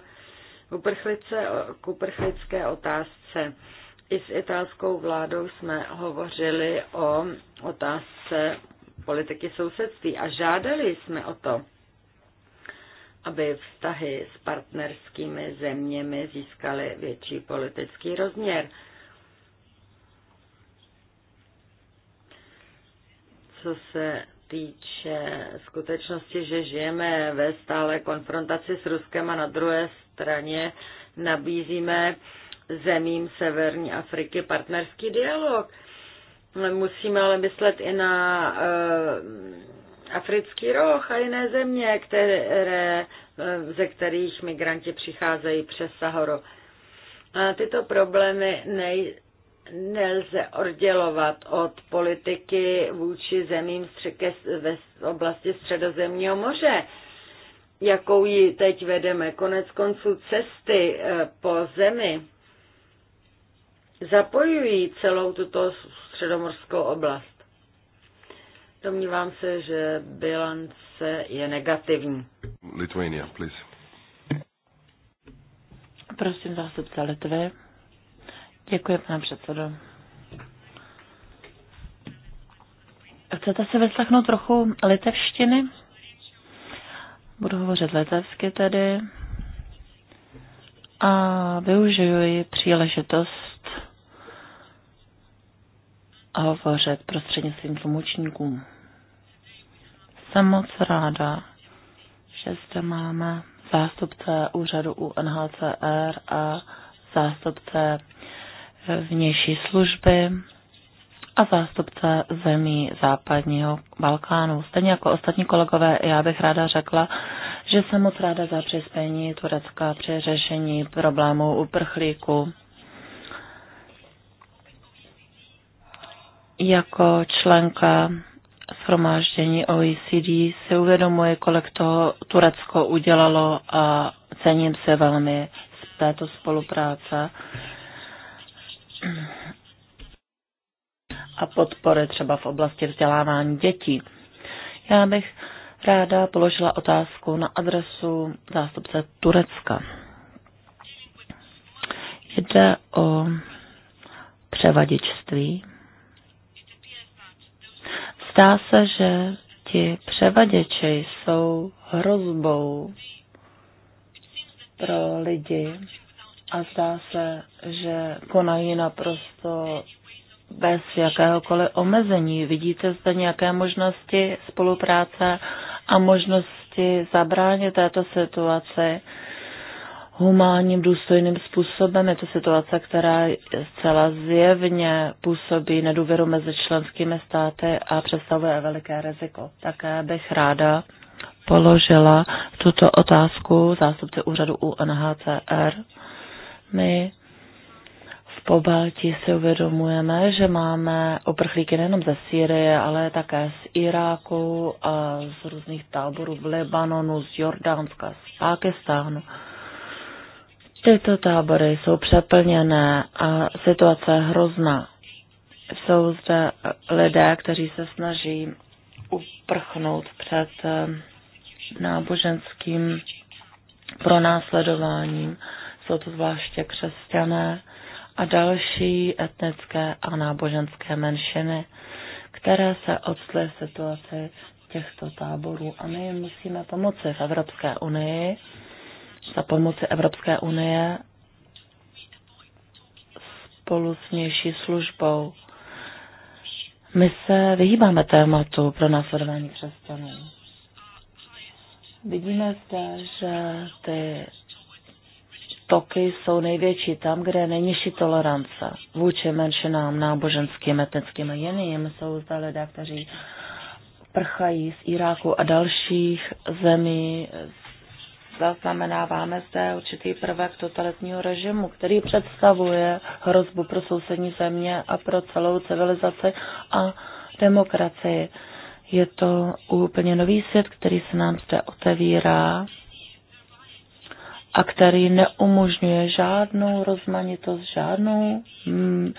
k uprchlické otázce. I s italskou vládou jsme hovořili o otázce politiky sousedství a žádali jsme o to, aby vztahy s partnerskými zeměmi získaly větší politický rozměr. Co se týče skutečnosti, že žijeme ve stále konfrontaci s Ruskem a na druhé straně nabízíme zemím Severní Afriky partnerský dialog. Musíme ale myslet i na uh, africký roh a jiné země, které, eh, ze kterých migranti přicházejí přes Sahoru. A tyto problémy nejsou nelze oddělovat od politiky vůči zemím ve oblasti Středozemního moře, jakou ji teď vedeme. Konec konců cesty eh, po zemi zapojují celou tuto středomorskou oblast. Domnívám se, že bilance je negativní. Lithuania, please. Prosím obce Litvy. Děkuji, pane předsedo. Chcete se vyslechnout trochu litevštiny? Budu hovořit litevsky tedy. A využiju příležitost a hovořit prostřednictvím tlumočníků. Jsem moc ráda, že zde máme zástupce úřadu UNHCR a zástupce vnější služby a zástupce zemí západního Balkánu. Stejně jako ostatní kolegové, já bych ráda řekla, že jsem moc ráda za přispění Turecka při řešení problémů uprchlíků. Jako členka shromáždění OECD si uvědomuji, kolik toho Turecko udělalo a cením se velmi z této spolupráce a podpory třeba v oblasti vzdělávání dětí. Já bych ráda položila otázku na adresu zástupce Turecka. Jde o převaděčství. Zdá se, že ti převaděči jsou hrozbou pro lidi, a zdá se, že konají naprosto bez jakéhokoliv omezení. Vidíte zde nějaké možnosti spolupráce a možnosti zabránit této situaci humánním, důstojným způsobem. Je to situace, která zcela zjevně působí nedůvěru mezi členskými státy a představuje veliké riziko. Také bych ráda položila tuto otázku zástupce úřadu UNHCR my v Pobalti si uvědomujeme, že máme oprchlíky nejenom ze Sýrie, ale také z Iráku a z různých táborů v Libanonu, z Jordánska, z Pakistánu. Tyto tábory jsou přeplněné a situace je hrozná. Jsou zde lidé, kteří se snaží uprchnout před eh, náboženským pronásledováním jsou to zvláště křesťané a další etnické a náboženské menšiny, které se odstly v situaci těchto táborů. A my jim musíme pomoci v Evropské unii, za pomoci Evropské unie spolu s vnější službou. My se vyhýbáme tématu pro následování křesťanů. Vidíme zde, že ty toky jsou největší tam, kde je nejnižší tolerance vůči menšinám náboženským, etnickým a jiným. Jsou zde lidé, kteří prchají z Iráku a dalších zemí. Zaznamenáváme zde určitý prvek totalitního režimu, který představuje hrozbu pro sousední země a pro celou civilizaci a demokracii. Je to úplně nový svět, který se nám zde otevírá a který neumožňuje žádnou rozmanitost, žádnou mm,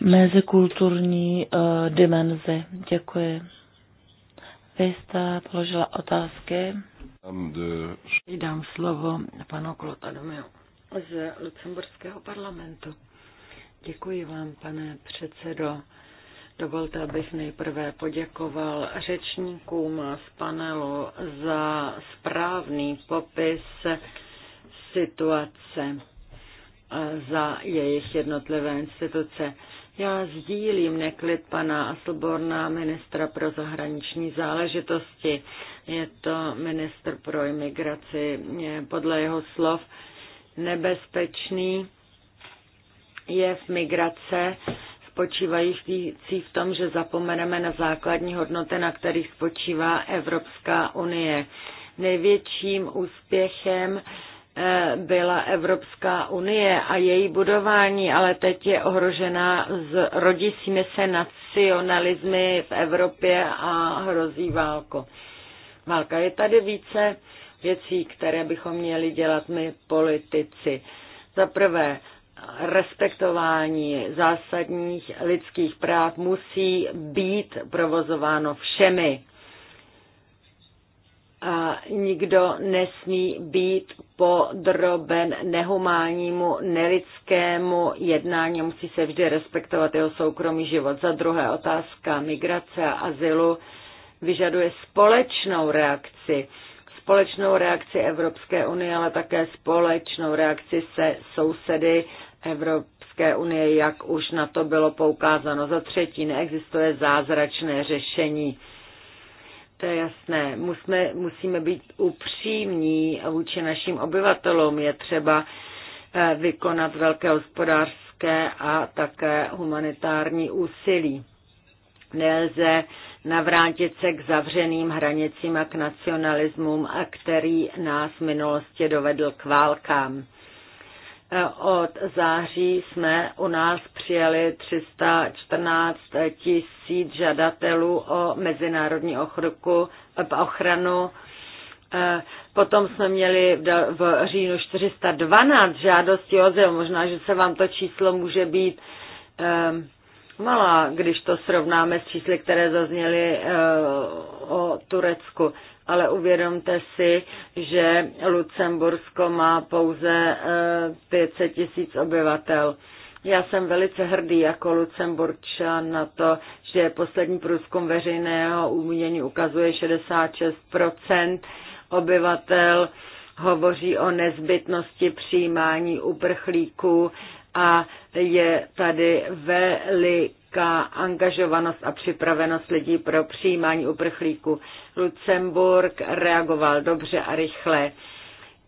mezikulturní uh, dimenzi. Děkuji. Vy jste položila otázky. Dám slovo panu Klotadomiu z Lucemburského parlamentu. Děkuji vám, pane předsedo. Dovolte, abych nejprve poděkoval řečníkům z panelu za správný popis situace za jejich jednotlivé instituce. Já sdílím neklid pana Aslborna, ministra pro zahraniční záležitosti. Je to ministr pro imigraci, je podle jeho slov nebezpečný je v migrace spočívající v tom, že zapomeneme na základní hodnoty, na kterých spočívá Evropská unie. Největším úspěchem byla Evropská unie a její budování, ale teď je ohrožena z rodícími se nacionalismy v Evropě a hrozí válko. Válka je tady více věcí, které bychom měli dělat my politici. Za prvé, respektování zásadních lidských práv musí být provozováno všemi a nikdo nesmí být podroben nehumánnímu, nelidskému jednání. Musí se vždy respektovat jeho soukromý život. Za druhé otázka migrace a azylu vyžaduje společnou reakci. Společnou reakci Evropské unie, ale také společnou reakci se sousedy Evropské unie, jak už na to bylo poukázáno. Za třetí neexistuje zázračné řešení to je jasné. Musíme, musíme být upřímní vůči našim obyvatelům. Je třeba eh, vykonat velké hospodářské a také humanitární úsilí. Nelze navrátit se k zavřeným hranicím a k nacionalismům, a který nás v minulosti dovedl k válkám. Od září jsme u nás přijali 314 tisíc žadatelů o mezinárodní ochruku, eh, ochranu. Eh, potom jsme měli v říjnu 412 žádostí o zem. Možná, že se vám to číslo může být ehm, malá, když to srovnáme s čísly, které zazněly eh, o Turecku ale uvědomte si, že Lucembursko má pouze 500 eh, tisíc obyvatel. Já jsem velice hrdý jako Lucemburčan na to, že poslední průzkum veřejného umění ukazuje 66% obyvatel hovoří o nezbytnosti přijímání uprchlíků a je tady velik obrovská angažovanost a připravenost lidí pro přijímání uprchlíků. Lucemburg reagoval dobře a rychle.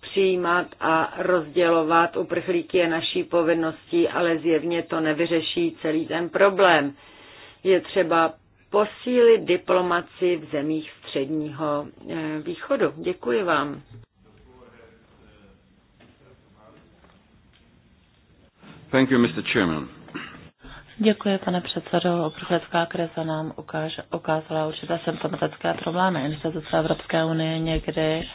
Přijímat a rozdělovat uprchlíky je naší povinností, ale zjevně to nevyřeší celý ten problém. Je třeba posílit diplomaci v zemích středního eh, východu. Děkuji vám. Thank you, Mr. Chairman. Děkuji, pane předsedo. Uprchlická krize nám ukáž, ukázala určité symptomatické problémy. Instituce Evropské unie někdy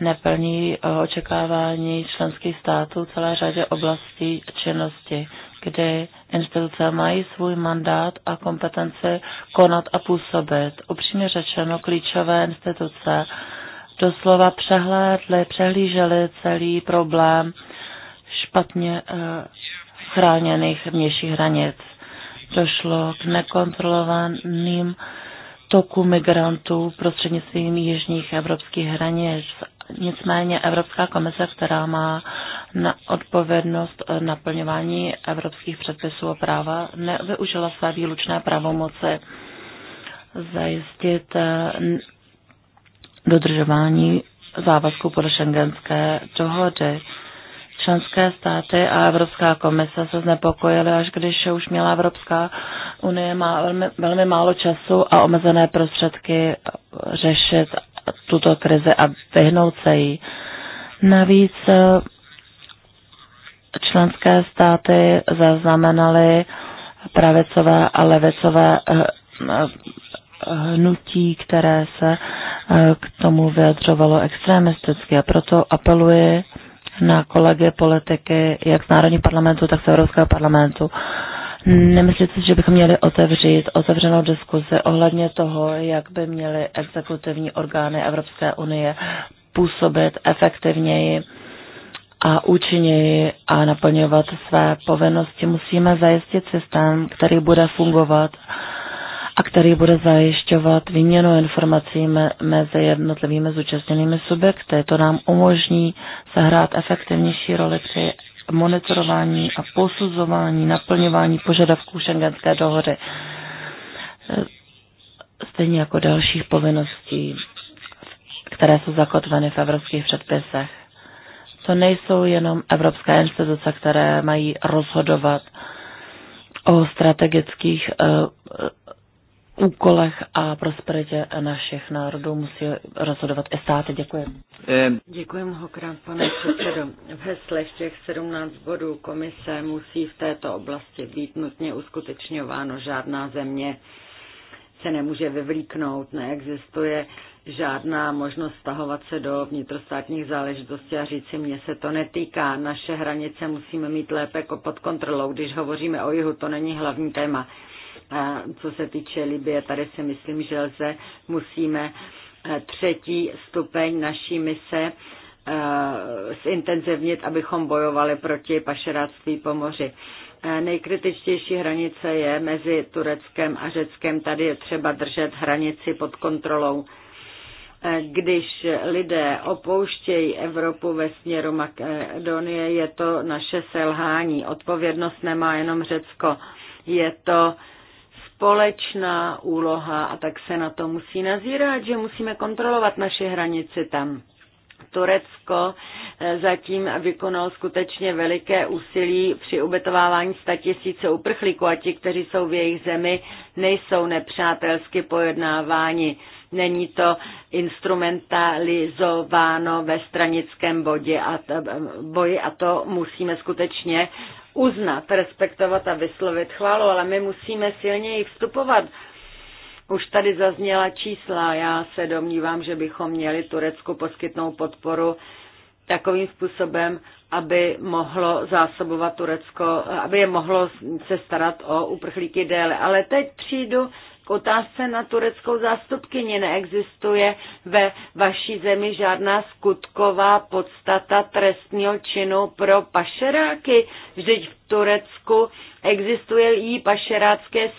neplní eh, očekávání členských států celé řadě oblastí činnosti, kdy instituce mají svůj mandát a kompetenci konat a působit. Upřímně řečeno, klíčové instituce doslova přehlédly, přehlížely celý problém špatně eh, chráněných vnějších hranic došlo k nekontrolovaným toku migrantů prostřednictvím jižních evropských hranic. Nicméně Evropská komise, která má na odpovědnost naplňování evropských předpisů a práva, nevyužila své výlučné pravomoci zajistit eh, dodržování závazků podle šengenské dohody. Členské státy a Evropská komise se znepokojily, až když už měla Evropská unie má velmi, velmi málo času a omezené prostředky řešit tuto krizi a vyhnout se jí. Navíc eh, členské státy zaznamenaly pravicové a levicové eh, eh, hnutí, které se k tomu vyjadřovalo extremisticky. A proto apeluji na kolegy politiky, jak z Národní parlamentu, tak z Evropského parlamentu. Nemyslíte si, že bychom měli otevřít otevřenou diskuzi ohledně toho, jak by měly exekutivní orgány Evropské unie působit efektivněji a účinněji a naplňovat své povinnosti? Musíme zajistit systém, který bude fungovat a který bude zajišťovat výměnu informací mezi jednotlivými zúčastněnými subjekty. To nám umožní sehrát efektivnější roli při monitorování a posuzování, naplňování požadavků šengenské dohody, stejně jako dalších povinností, které jsou zakotveny v evropských předpisech. To nejsou jenom evropské instituce, které mají rozhodovat o strategických eh, úkolech a prosperitě našich národů musí rozhodovat i státy. Děkuji. Děkuji mnohokrát, pane předsedo. V heslech těch 17 bodů komise musí v této oblasti být nutně uskutečňováno. Žádná země se nemůže vyvlíknout, neexistuje žádná možnost stahovat se do vnitrostátních záležitostí a říci, mě se to netýká, naše hranice musíme mít lépe pod kontrolou. Když hovoříme o jihu, to není hlavní téma a co se týče Libie, tady si myslím, že lze, musíme eh, třetí stupeň naší mise eh, zintenzivnit, abychom bojovali proti pašeráctví po moři. Eh, nejkritičtější hranice je mezi Tureckem a Řeckem. Tady je třeba držet hranici pod kontrolou. Když lidé opouštějí Evropu ve směru Makedonie, je to naše selhání. Odpovědnost nemá jenom Řecko. Je to společná úloha a tak se na to musí nazírat, že musíme kontrolovat naše hranice tam. Turecko eh, zatím vykonalo skutečně veliké úsilí při ubytovávání tisíce uprchlíků a ti, kteří jsou v jejich zemi, nejsou nepřátelsky pojednáváni. Není to instrumentalizováno ve stranickém bodě a boji a to musíme skutečně uznat, respektovat a vyslovit chválu, ale my musíme silněji vstupovat. Už tady zazněla čísla, já se domnívám, že bychom měli Turecku poskytnout podporu takovým způsobem, aby mohlo zásobovat Turecko, aby je mohlo se starat o uprchlíky déle. Ale teď přijdu otázce na tureckou zástupkyni neexistuje ve vaší zemi žádná skutková podstata trestního činu pro pašeráky. Vždyť v Turecku existuje i pašerácké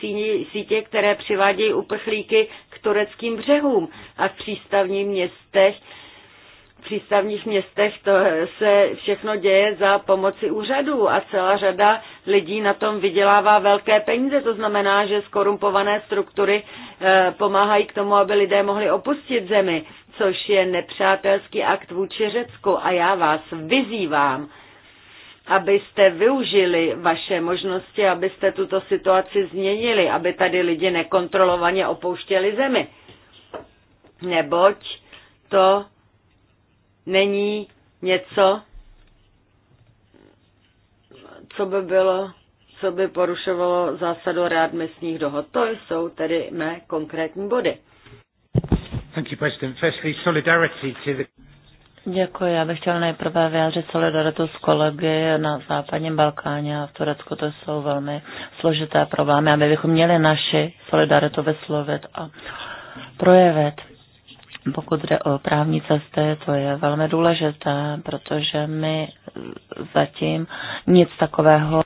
sítě, které přivádějí uprchlíky k tureckým břehům a v přístavním městech přístavních městech to se všechno děje za pomoci úřadů a celá řada lidí na tom vydělává velké peníze. To znamená, že skorumpované struktury eh, pomáhají k tomu, aby lidé mohli opustit zemi, což je nepřátelský akt vůči Řecku. A já vás vyzývám, abyste využili vaše možnosti, abyste tuto situaci změnili, aby tady lidi nekontrolovaně opouštěli zemi. Neboť to není něco, co by bylo, co by porušovalo zásadu místních dohod. To jsou tedy mé konkrétní body. solidarity Děkuji. Já bych chtěl nejprve vyjádřit solidaritu s kolegy na západním Balkáně a v Turecku. To jsou velmi složité problémy Aby bychom měli naši solidaritu vyslovit a projevit. Pokud jde o právní cesty, to je velmi důležité, protože my zatím nic takového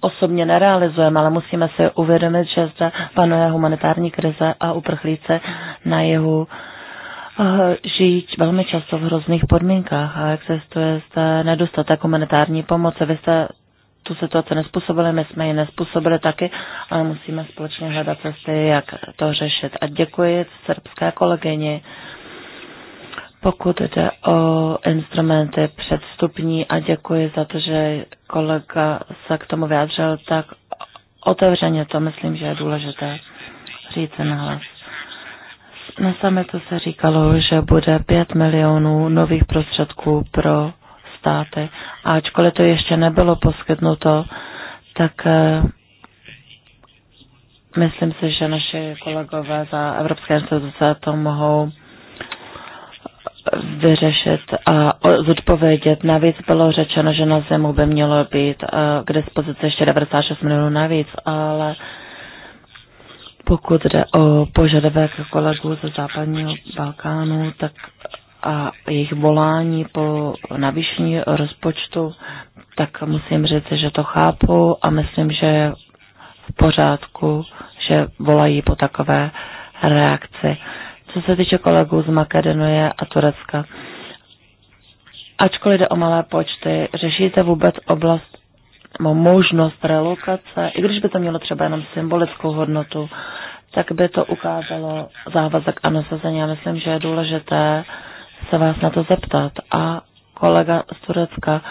osobně nerealizujeme, ale musíme si uvědomit, že zde panuje humanitární krize a uprchlíci na jihu eh, žijí velmi často v hrozných podmínkách a existuje zde nedostatek humanitární pomoci. Vy jste tu situaci nespůsobili, my jsme ji nespůsobili taky, ale musíme společně hledat cesty, jak to řešit. A děkuji srbské kolegyni, pokud jde o instrumenty předstupní a děkuji za to, že kolega se k tomu vyjádřil, tak otevřeně to myslím, že je důležité říct na hlas. Na samé to se říkalo, že bude 5 milionů nových prostředků pro státy. Ačkoliv to ještě nebylo poskytnuto, tak eh, myslím si, že naši kolegové za Evropské instituce to mohou vyřešit a zodpovědět. Navíc bylo řečeno, že na zimu by mělo být eh, k dispozici ještě 96 milionů navíc, ale pokud jde o požadavek kolegů ze západního Balkánu, tak a jejich volání po navýšení rozpočtu, tak musím říct, že to chápu a myslím, že v pořádku, že volají po takové reakci. Co se týče kolegů z Makedonie a Turecka, ačkoliv jde o malé počty, řešíte vůbec oblast no, možnost relokace, i když by to mělo třeba jenom symbolickou hodnotu, tak by to ukázalo závazek a nasazení. Já myslím, že je důležité uh, se vás na to zeptat. A kolega z Turecka,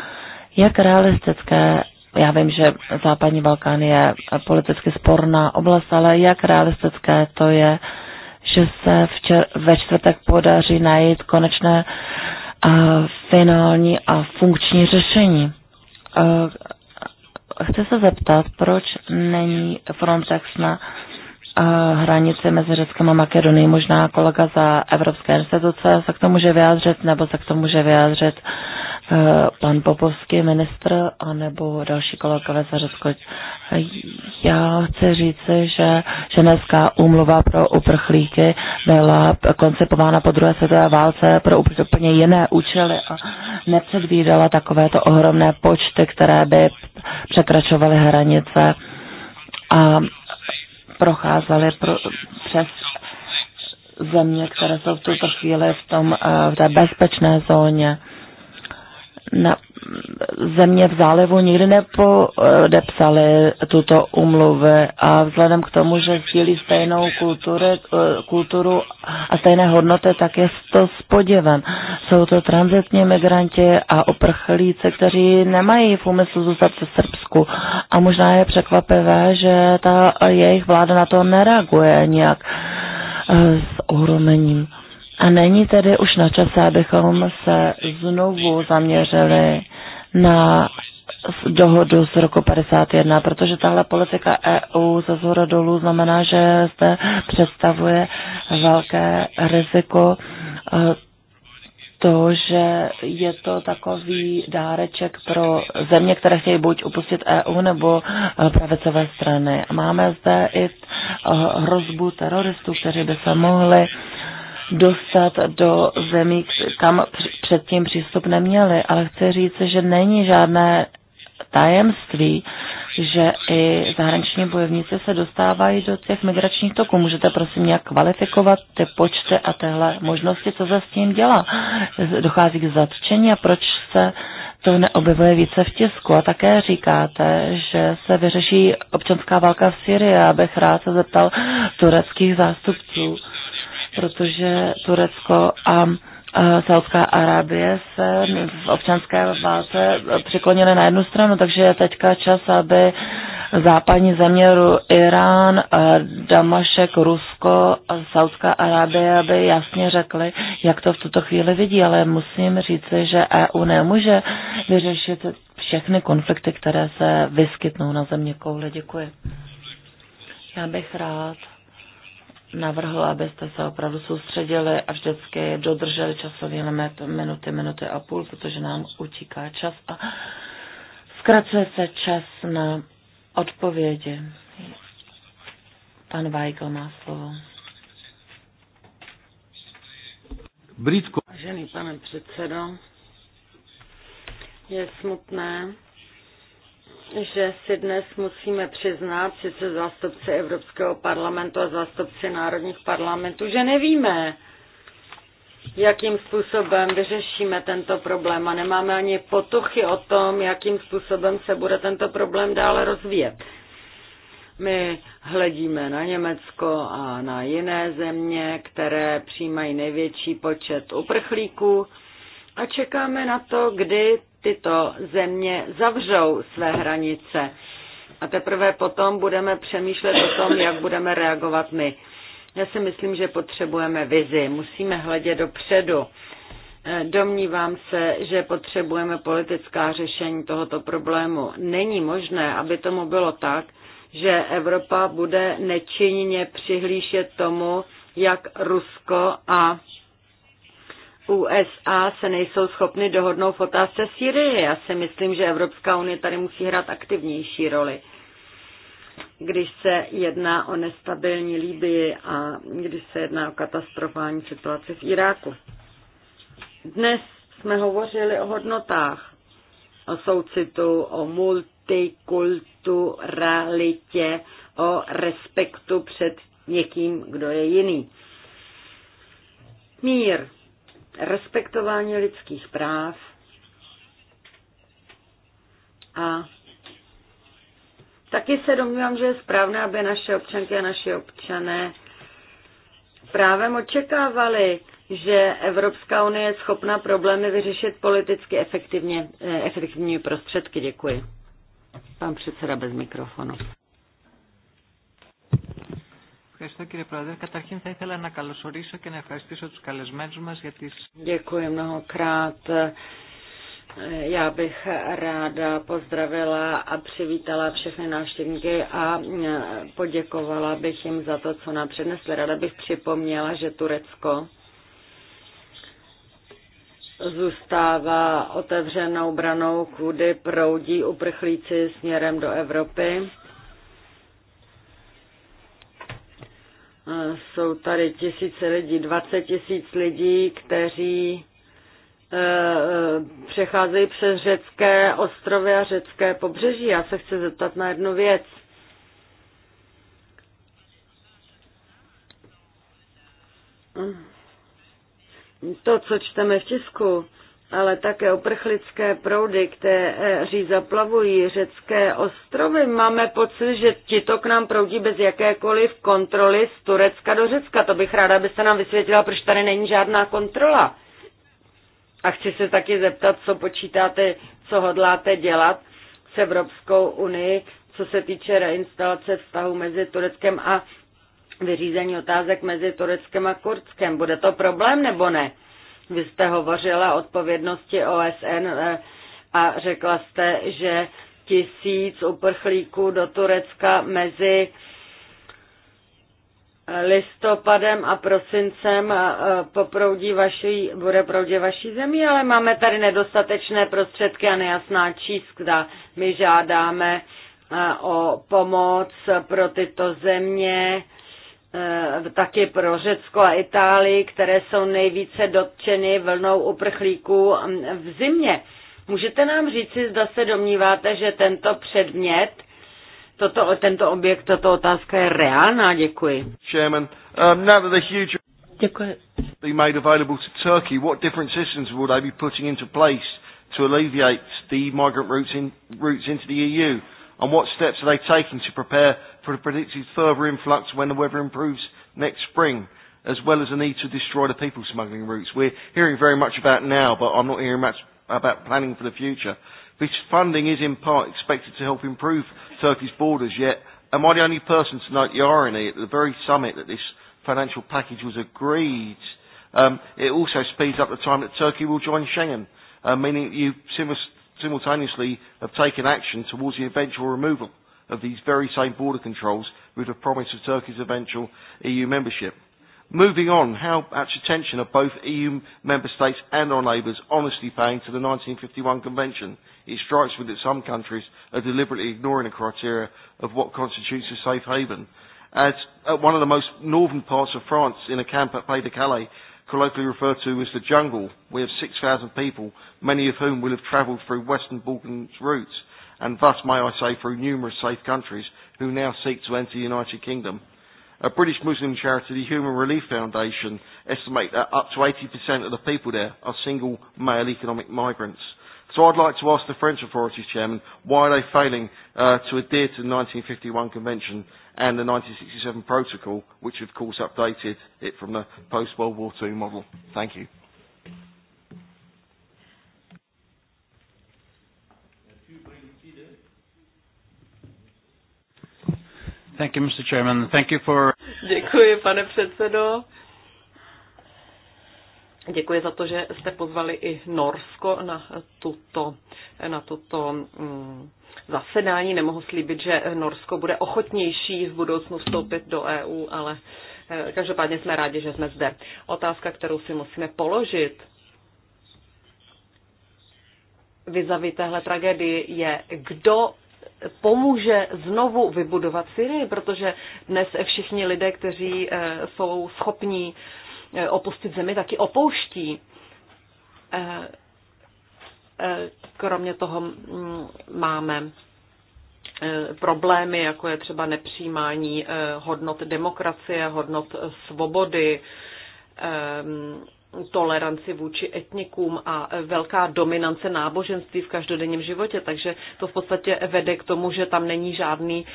jak realistické, já vím, že západní Balkán je politicky sporná oblast, ale jak realistické to je, že se včer, ve čtvrtek podaří najít konečné a eh, finální a funkční řešení. Eh, chci se zeptat, proč není Frontex na hranice mezi Řeckem a Makedonií. Možná kolega za Evropské instituce se k tomu může vyjádřit, nebo se k tomu může vyjádřit eh, pan Popovský, ministr, anebo další kolegové za Řecko. Já chci říct, že ženevská úmluva pro uprchlíky byla koncipována po druhé světové válce pro úplně jiné účely a nepředvídala takovéto ohromné počty, které by překračovaly hranice a procházeli pro, přes země, které jsou v tuto chvíli v, tom, eh, v té bezpečné zóně na země v zálevu nikdy nepodepsali tuto umluvu a vzhledem k tomu, že sdílí stejnou kultury, kulturu a stejné hodnoty, tak je to s podivem. Jsou to transitní migranti a oprchlíci, kteří nemají v úmyslu zůstat se Srbsku a možná je překvapivé, že ta jejich vláda na to nereaguje nějak eh, s ohromením. A není tedy už na čase, abychom se znovu zaměřili na dohodu z roku 51, protože tahle politika EU ze zhora dolů znamená, že zde představuje velké riziko eh, to, že je to takový dáreček pro země, které chtějí buď upustit EU nebo eh, pravicové strany. Máme zde i eh, hrozbu teroristů, kteří by se mohli uh, dostat do zemí, kam předtím přístup neměli. Ale chci říct, že není žádné tajemství, že i zahraniční bojovníci se dostávají do těch migračních toků. Můžete prosím nějak kvalifikovat ty počty a tyhle možnosti, co se s tím dělá. Dochází k zatčení a proč se to neobjevuje více v tisku. A také říkáte, že se vyřeší občanská válka v Syrii. abych rád se zeptal tureckých zástupců protože Turecko a Saudská Arábie se v občanské válce přiklonily na jednu stranu, takže je teďka čas, aby západní země Irán, Damašek, Rusko, Saudská Arábie, aby jasně řekli, jak to v tuto chvíli vidí, ale musím říci, že EU nemůže vyřešit všechny konflikty, které se vyskytnou na země koule. Děkuji. Já bych rád navrhl, abyste se opravdu soustředili a vždycky dodrželi časový limit minuty, minuty a půl, protože nám utíká čas a zkracuje se čas na odpovědi. Pan Weigl má slovo. Britko. Vážený pane předsedo, je smutné, že si dnes musíme přiznat, sice zástupci Evropského parlamentu a zástupci národních parlamentů, že nevíme, jakým způsobem vyřešíme tento problém a nemáme ani potuchy o tom, jakým způsobem se bude tento problém dále rozvíjet. My hledíme na Německo a na jiné země, které přijímají největší počet uprchlíků a čekáme na to, kdy tyto země zavřou své hranice. A teprve potom budeme přemýšlet o tom, jak budeme reagovat my. Já si myslím, že potřebujeme vizi, musíme hledět dopředu. Eh, domnívám se, že potřebujeme politická řešení tohoto problému. Není možné, aby tomu bylo tak, že Evropa bude nečinně přihlíšet tomu, jak Rusko a USA se nejsou schopny dohodnout v otázce Syrie. Já si myslím, že Evropská unie tady musí hrát aktivnější roli. Když se jedná o nestabilní Líbii a když se jedná o katastrofální situaci v Iráku. Dnes jsme hovořili o hodnotách, o soucitu, o multikulturalitě, o respektu před někým, kdo je jiný. Mír, respektování lidských práv a taky se domnívám, že je správné, aby naše občanky a naši občané právem očekávali, že Evropská unie je schopna problémy vyřešit politicky efektivně, eh, efektivní prostředky. Děkuji. Pan předseda bez mikrofonu. Ευχαριστώ κύριε Πρόεδρε. Καταρχήν θα ήθελα να καλωσορίσω και να ευχαριστήσω τους καλεσμένους μας για τις... Děkuji mnohokrát. Já bych ráda pozdravila a přivítala všechny návštěvníky a poděkovala bych jim za to, co nám přednesli. Ráda bych připomněla, že Turecko zůstává otevřenou branou, kudy proudí uprchlíci směrem do Evropy Jsou tady tisíce lidí, 20 tisíc lidí, kteří e, e, přecházejí přes řecké ostrovy a řecké pobřeží. Já se chci zeptat na jednu věc. To, co čteme v tisku, ale také uprchlické proudy, kteří zaplavují řecké ostrovy. Máme pocit, že ti to k nám proudí bez jakékoliv kontroly z Turecka do Řecka. To bych ráda, abyste nám vysvětlila, proč tady není žádná kontrola. A chci se taky zeptat, co počítáte, co hodláte dělat s Evropskou unii, co se týče reinstalace vztahu mezi Tureckem a vyřízení otázek mezi Tureckem a Kurdskem. Bude to problém nebo ne? Vy jste hovořila o odpovědnosti OSN eh, a řekla jste, že tisíc uprchlíků do Turecka mezi eh, listopadem a prosincem eh, poproudí vaší, bude proudě vaší zemí, ale máme tady nedostatečné prostředky a nejasná čísla. My žádáme o pomoc pro tyto země Eh, taky pro Řecko a Itálii, které jsou nejvíce dotčeny vlnou uprchlíků v zimě. Můžete nám říci, zda se domníváte, že tento předmět, toto, tento objekt, tato otázka je reálná? Děkuji. Chairman, um, now that the huge... Děkuji. Be made available to Turkey. What different systems would they be putting into place to alleviate the migrant routes, in, routes into the EU? and what steps are they taking to prepare for the predicted further influx when the weather improves next spring, as well as the need to destroy the people smuggling routes? We're hearing very much about now, but I'm not hearing much about planning for the future. This funding is in part expected to help improve Turkey's borders, yet am I the only person to note the irony at the very summit that this financial package was agreed? Um, it also speeds up the time that Turkey will join Schengen, uh, meaning you simultaneously have taken action towards the eventual removal of these very same border controls with the promise of Turkey's eventual EU membership. Moving on, how much attention are both EU member states and our neighbours honestly paying to the 1951 Convention? It strikes me that some countries are deliberately ignoring the criteria of what constitutes a safe haven. At, at uh, one of the most northern parts of France, in a camp at Pays de Calais, colloquially referred to as the jungle. We have 6,000 people, many of whom will have travelled through Western Balkans routes, and thus, may I say, through numerous safe countries, who now seek to enter the United Kingdom. A British Muslim charity, the Human Relief Foundation, estimate that up to 80% of the people there are single male economic migrants. So I'd like to ask the French authorities, Chairman, why are they failing uh, to adhere to the 1951 Convention and the 1967 Protocol, which of course updated it from the post-World War II model. Thank you. Thank you, Mr. Chairman. Thank you for... Děkuji, pane předsedo. Děkuji za to, že jste pozvali i Norsko na tuto, na tuto mm, zasedání. Nemohu slíbit, že Norsko bude ochotnější v budoucnu vstoupit do EU, ale eh, každopádně jsme rádi, že jsme zde. Otázka, kterou si musíme položit vizavi téhle tragédie, je, kdo pomůže znovu vybudovat Syrii, protože dnes všichni lidé, kteří eh, jsou schopní Eh, opustit zemi, taky opouští. Eh, eh, kromě toho mm, máme problémy, jako je třeba nepřijímání hodnot demokracie, hodnot svobody, toleranci vůči etnikům a velká dominance náboženství v každodenním životě, takže to v podstatě vede k tomu, že tam není žádný,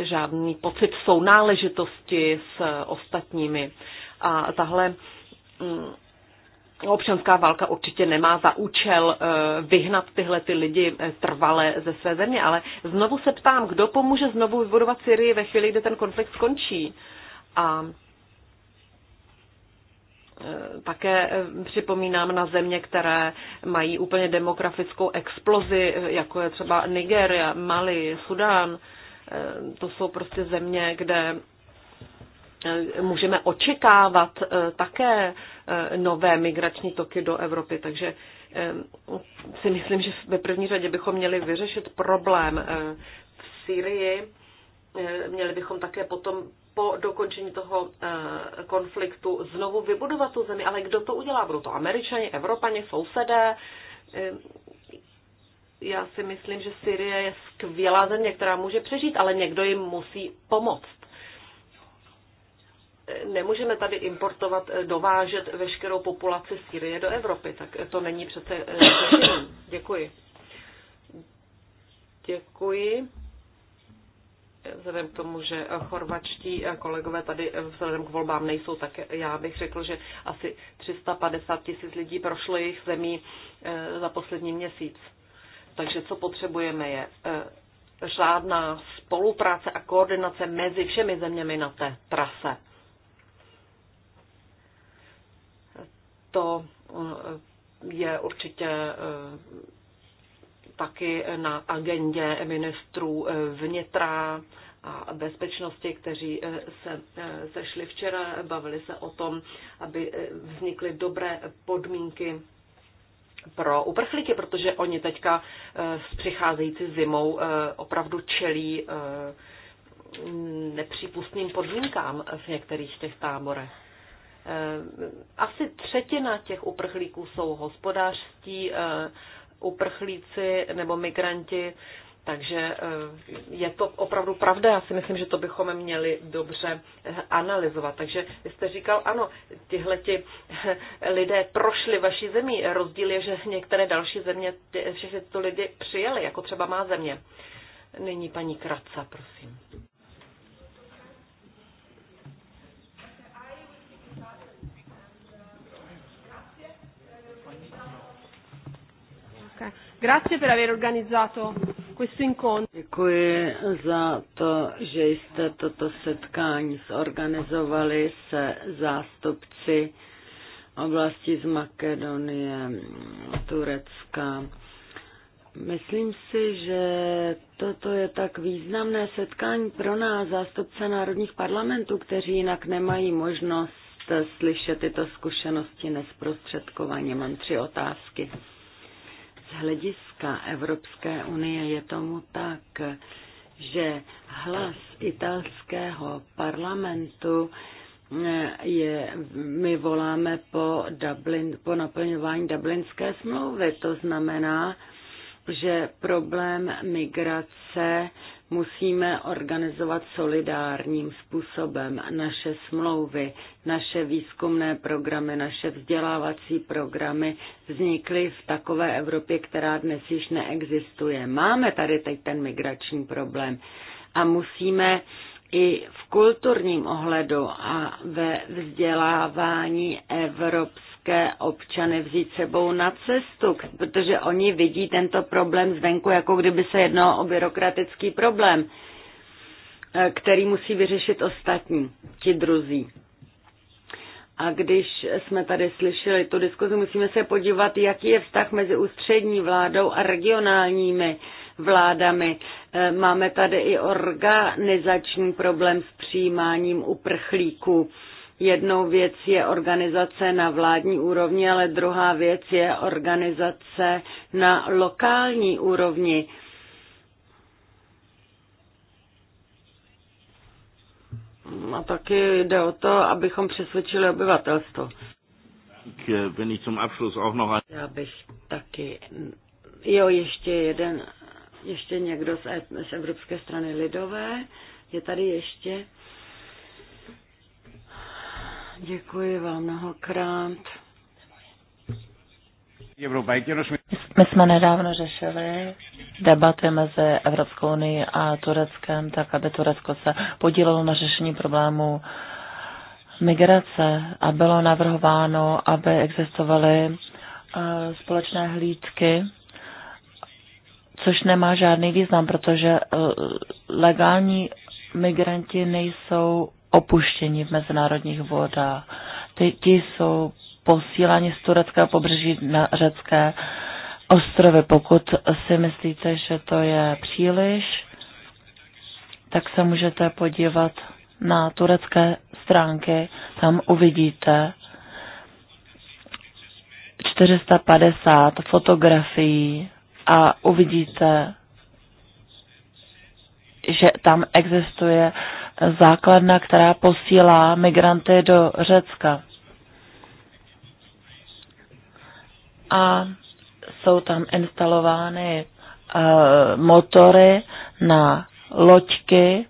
žádný pocit sounáležitosti s ostatními. A tahle mm, občanská válka určitě nemá za účel e, vyhnat tyhle ty lidi e, trvale ze své země, ale znovu se ptám, kdo pomůže znovu vybudovat Syrii ve chvíli, kdy ten konflikt skončí. A e, také připomínám na země, které mají úplně demografickou explozi, jako je třeba Nigeria, Mali, Sudán. To jsou prostě země, kde Eh, můžeme očekávat eh, také eh, nové migrační toky do Evropy, takže si myslím, že ve první řadě bychom měli vyřešit problém v Syrii. Měli bychom také potom po dokončení toho konfliktu znovu vybudovat tu zemi, ale kdo to udělá? Budou to američani, evropani, sousedé? Já si myslím, že Syrie je skvělá země, která může přežít, ale někdo jim musí pomoct nemůžeme tady importovat, eh, dovážet veškerou populaci Sýrie do Evropy, tak eh, to není přece eh, řešení. Děkuji. Děkuji. Vzhledem k tomu, že chorvačtí kolegové tady vzhledem k volbám nejsou, tak já bych řekl, že asi 350 tisíc lidí prošlo jejich zemí za poslední měsíc. Takže co potřebujeme je řádná spolupráce a koordinace mezi všemi zeměmi na té trase to eh, je určitě eh, taky na agendě ministrů eh, vnitra a bezpečnosti, kteří se sešli včera, bavili se o tom, aby vznikly dobré podmínky pro uprchlíky, protože oni teďka s přicházející zimou opravdu čelí nepřípustným podmínkám v některých těch táborech. Eh, asi třetina těch uprchlíků jsou hospodářští eh, uprchlíci nebo migranti, takže eh, je to opravdu pravda. Já si myslím, že to bychom měli dobře analyzovat. Takže vy jste říkal, ano, tihleti lidé prošli vaší zemí. Rozdíl je, že některé další země všechny tyto lidi přijeli, jako třeba má země. Nyní paní Kratca, prosím. Grazie per aver organizzato questo incontro. Děkuji za to, že jste toto setkání zorganizovali se zástupci oblasti z Makedonie, Turecka. Myslím si, že toto je tak významné setkání pro nás, zástupce národních parlamentů, kteří jinak nemají možnost slyšet tyto zkušenosti nesprostředkovaně. Mám tři otázky. Z hlediska Evropské unie je tomu tak, že hlas italského parlamentu eh, je, my voláme po, Dublin, po naplňování Dublinské smlouvy. To znamená, že problém migrace musíme organizovat solidárním způsobem. Naše smlouvy, naše výzkumné programy, naše vzdělávací programy vznikly v takové Evropě, která dnes již neexistuje. Máme tady teď ten migrační problém a musíme i v kulturním ohledu a ve vzdělávání Evropské české občany vzít sebou na cestu, protože oni vidí tento problém zvenku, jako kdyby se jednalo o byrokratický problém, eh, který musí vyřešit ostatní, ti druzí. A když jsme tady slyšeli tu diskuzi, musíme se podívat, jaký je vztah mezi ústřední vládou a regionálními vládami. Eh, máme tady i organizační problém s přijímáním uprchlíků. Jednou věc je organizace na vládní úrovni, ale druhá věc je organizace na lokální úrovni. A taky jde o to, abychom přesvědčili obyvatelstvo. Já bych taky... Jo, ještě jeden, ještě někdo z, e- z Evropské strany lidové. Je tady ještě Děkuji vám mnohokrát. My jsme nedávno řešili debaty mezi Evropskou unii a Tureckem, tak aby Turecko se podílelo na řešení problému migrace a bylo navrhováno, aby existovaly eh, společné hlídky, což nemá žádný význam, protože eh, legální migranti nejsou opuštění v mezinárodních vodách. Ty, ti jsou posíláni z tureckého pobřeží na řecké ostrovy. Pokud si myslíte, že to je příliš, tak se můžete podívat na turecké stránky. Tam uvidíte 450 fotografií a uvidíte, že tam existuje základna, která posílá migranty do Řecka. A jsou tam instalovány eh, motory na loďky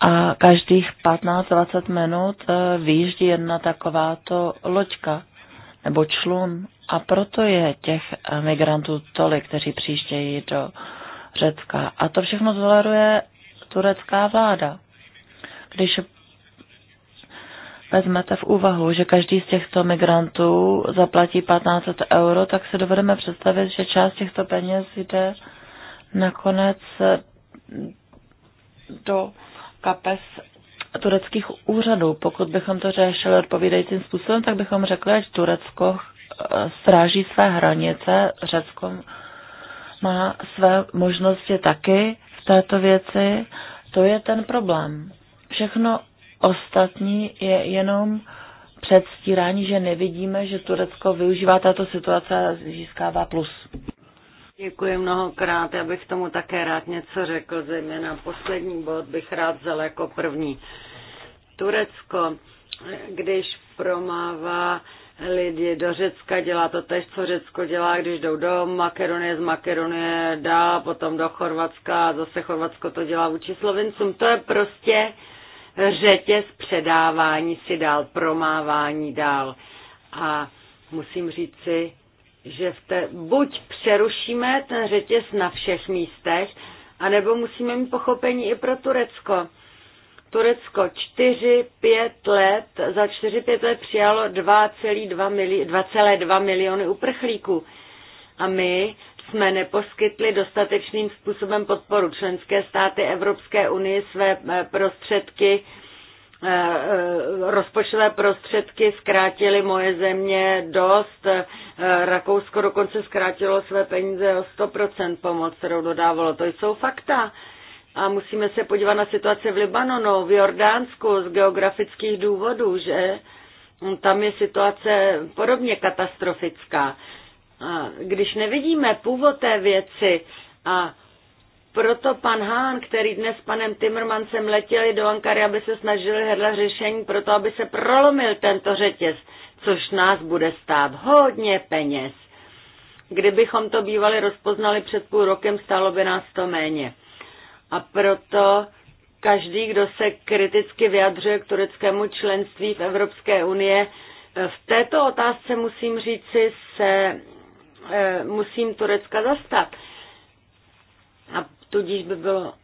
a každých 15-20 minut eh, výjíždí jedna takováto loďka nebo člun. A proto je těch eh, migrantů tolik, kteří přijíždějí do Řecka. A to všechno toleruje turecká vláda. Když vezmete v úvahu, že každý z těchto migrantů zaplatí 1500 euro, tak se dovedeme představit, že část těchto peněz jde nakonec eh, do kapes tureckých úřadů. Pokud bychom to řešili odpovídajícím způsobem, tak bychom řekli, že Turecko eh, stráží své hranice, Řecko má své možnosti taky v této věci. To je ten problém. Všechno ostatní je jenom předstírání, že nevidíme, že Turecko využívá tato situace a získává plus. Děkuji mnohokrát. Já bych tomu také rád něco řekl, zejména poslední bod bych rád vzal jako první. Turecko, když promává lidi do Řecka, dělá to tež, co Řecko dělá, když jdou do Makedonie, z Makedonie dá, potom do Chorvatska zase Chorvatsko to dělá vůči Slovencům. To je prostě řetěz předávání si dál, promávání dál. A musím říci, že v té, buď přerušíme ten řetěz na všech místech, anebo musíme mít pochopení i pro Turecko. Turecko 4-5 let, za 4-5 let přijalo 2,2 mili, miliony uprchlíků. A my jsme neposkytli dostatečným způsobem podporu. Členské státy Evropské unie své eh, prostředky eh, eh, rozpočtové prostředky zkrátily moje země dost. Rakousko dokonce zkrátilo své peníze o 100% pomoc, kterou dodávalo. To jsou fakta. A musíme se podívat na situaci v Libanonu, v Jordánsku z geografických důvodů, že tam je situace podobně katastrofická když nevidíme původ té věci a proto pan Hán, který dnes s panem Timmermansem letěli do Ankary, aby se snažili hledat řešení pro to, aby se prolomil tento řetěz, což nás bude stát hodně peněz. Kdybychom to bývali rozpoznali před půl rokem, stálo by nás to méně. A proto každý, kdo se kriticky vyjadřuje k tureckému členství v Evropské unie, v této otázce musím říci, se Eh, musím Turecka zastat. A tudíž by bylo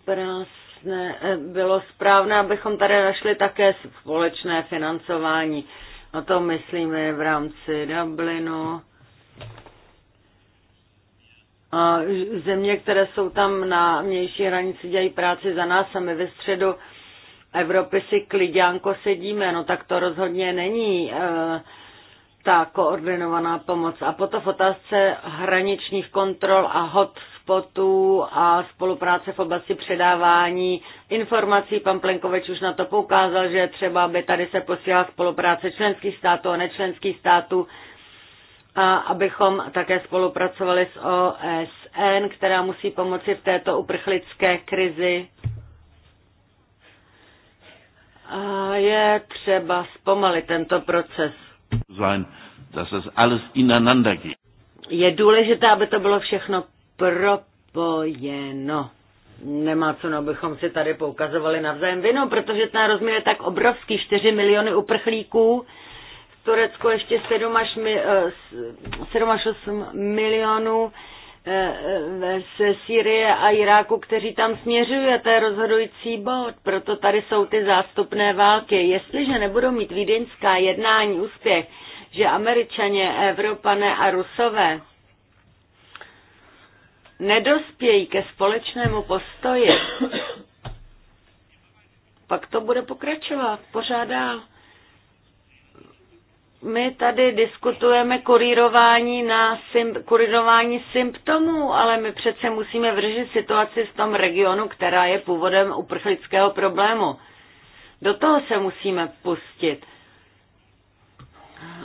správné, eh, bylo správné, abychom tady našli také společné financování. O tom myslíme v rámci Dublinu. A země, které jsou tam na vnější hranici, dělají práci za nás a my ve středu Evropy si klidňánko sedíme. No tak to rozhodně není. E, ta koordinovaná pomoc. A potom v otázce hraničních kontrol a hotspotů a spolupráce v oblasti předávání informací. Pan Plenkovič už na to poukázal, že třeba by tady se posílala spolupráce členských států a nečlenských států, a abychom také spolupracovali s OSN, která musí pomoci v této uprchlické krizi. A je třeba zpomalit tento proces Sein, dass das alles ineinander geht. Je důležité, aby to bylo všechno propojeno. Nemá co, no, bychom si tady poukazovali navzájem vinu, protože ten rozměr je tak obrovský, 4 miliony uprchlíků, v Turecku ještě 7 až, mi, 7 eh, až 8 milionů ze eh, Sýrie a Iráku, kteří tam směřují to je rozhodující bod. Proto tady jsou ty zástupné války. Jestliže nebudou mít vídeňská jednání úspěch, že američané, Evropané a Rusové nedospějí ke společnému postoji, pak to bude pokračovat pořád dál my tady diskutujeme kurírování, na sym, kurírování symptomů, ale my přece musíme vržit situaci v tom regionu, která je původem uprchlického problému. Do toho se musíme pustit.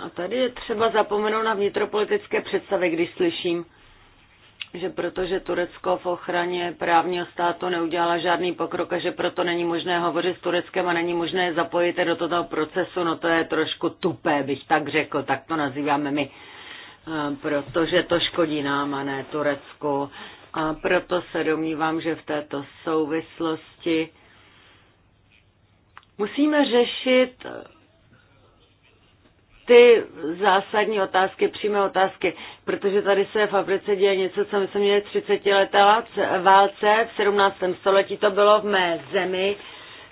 A tady je třeba zapomenout na vnitropolitické představy, když slyším, že protože Turecko v ochraně právního státu neudělala žádný pokrok a že proto není možné hovořit s Tureckem a není možné zapojit do toho procesu, no to je trošku tupé, bych tak řekl, tak to nazýváme my, protože to škodí nám a ne Turecku. A proto se domnívám, že v této souvislosti musíme řešit ty zásadní otázky, přímé otázky, protože tady se v Africe děje něco, co my jsme měli 30 leté válce, v 17. století to bylo v mé zemi,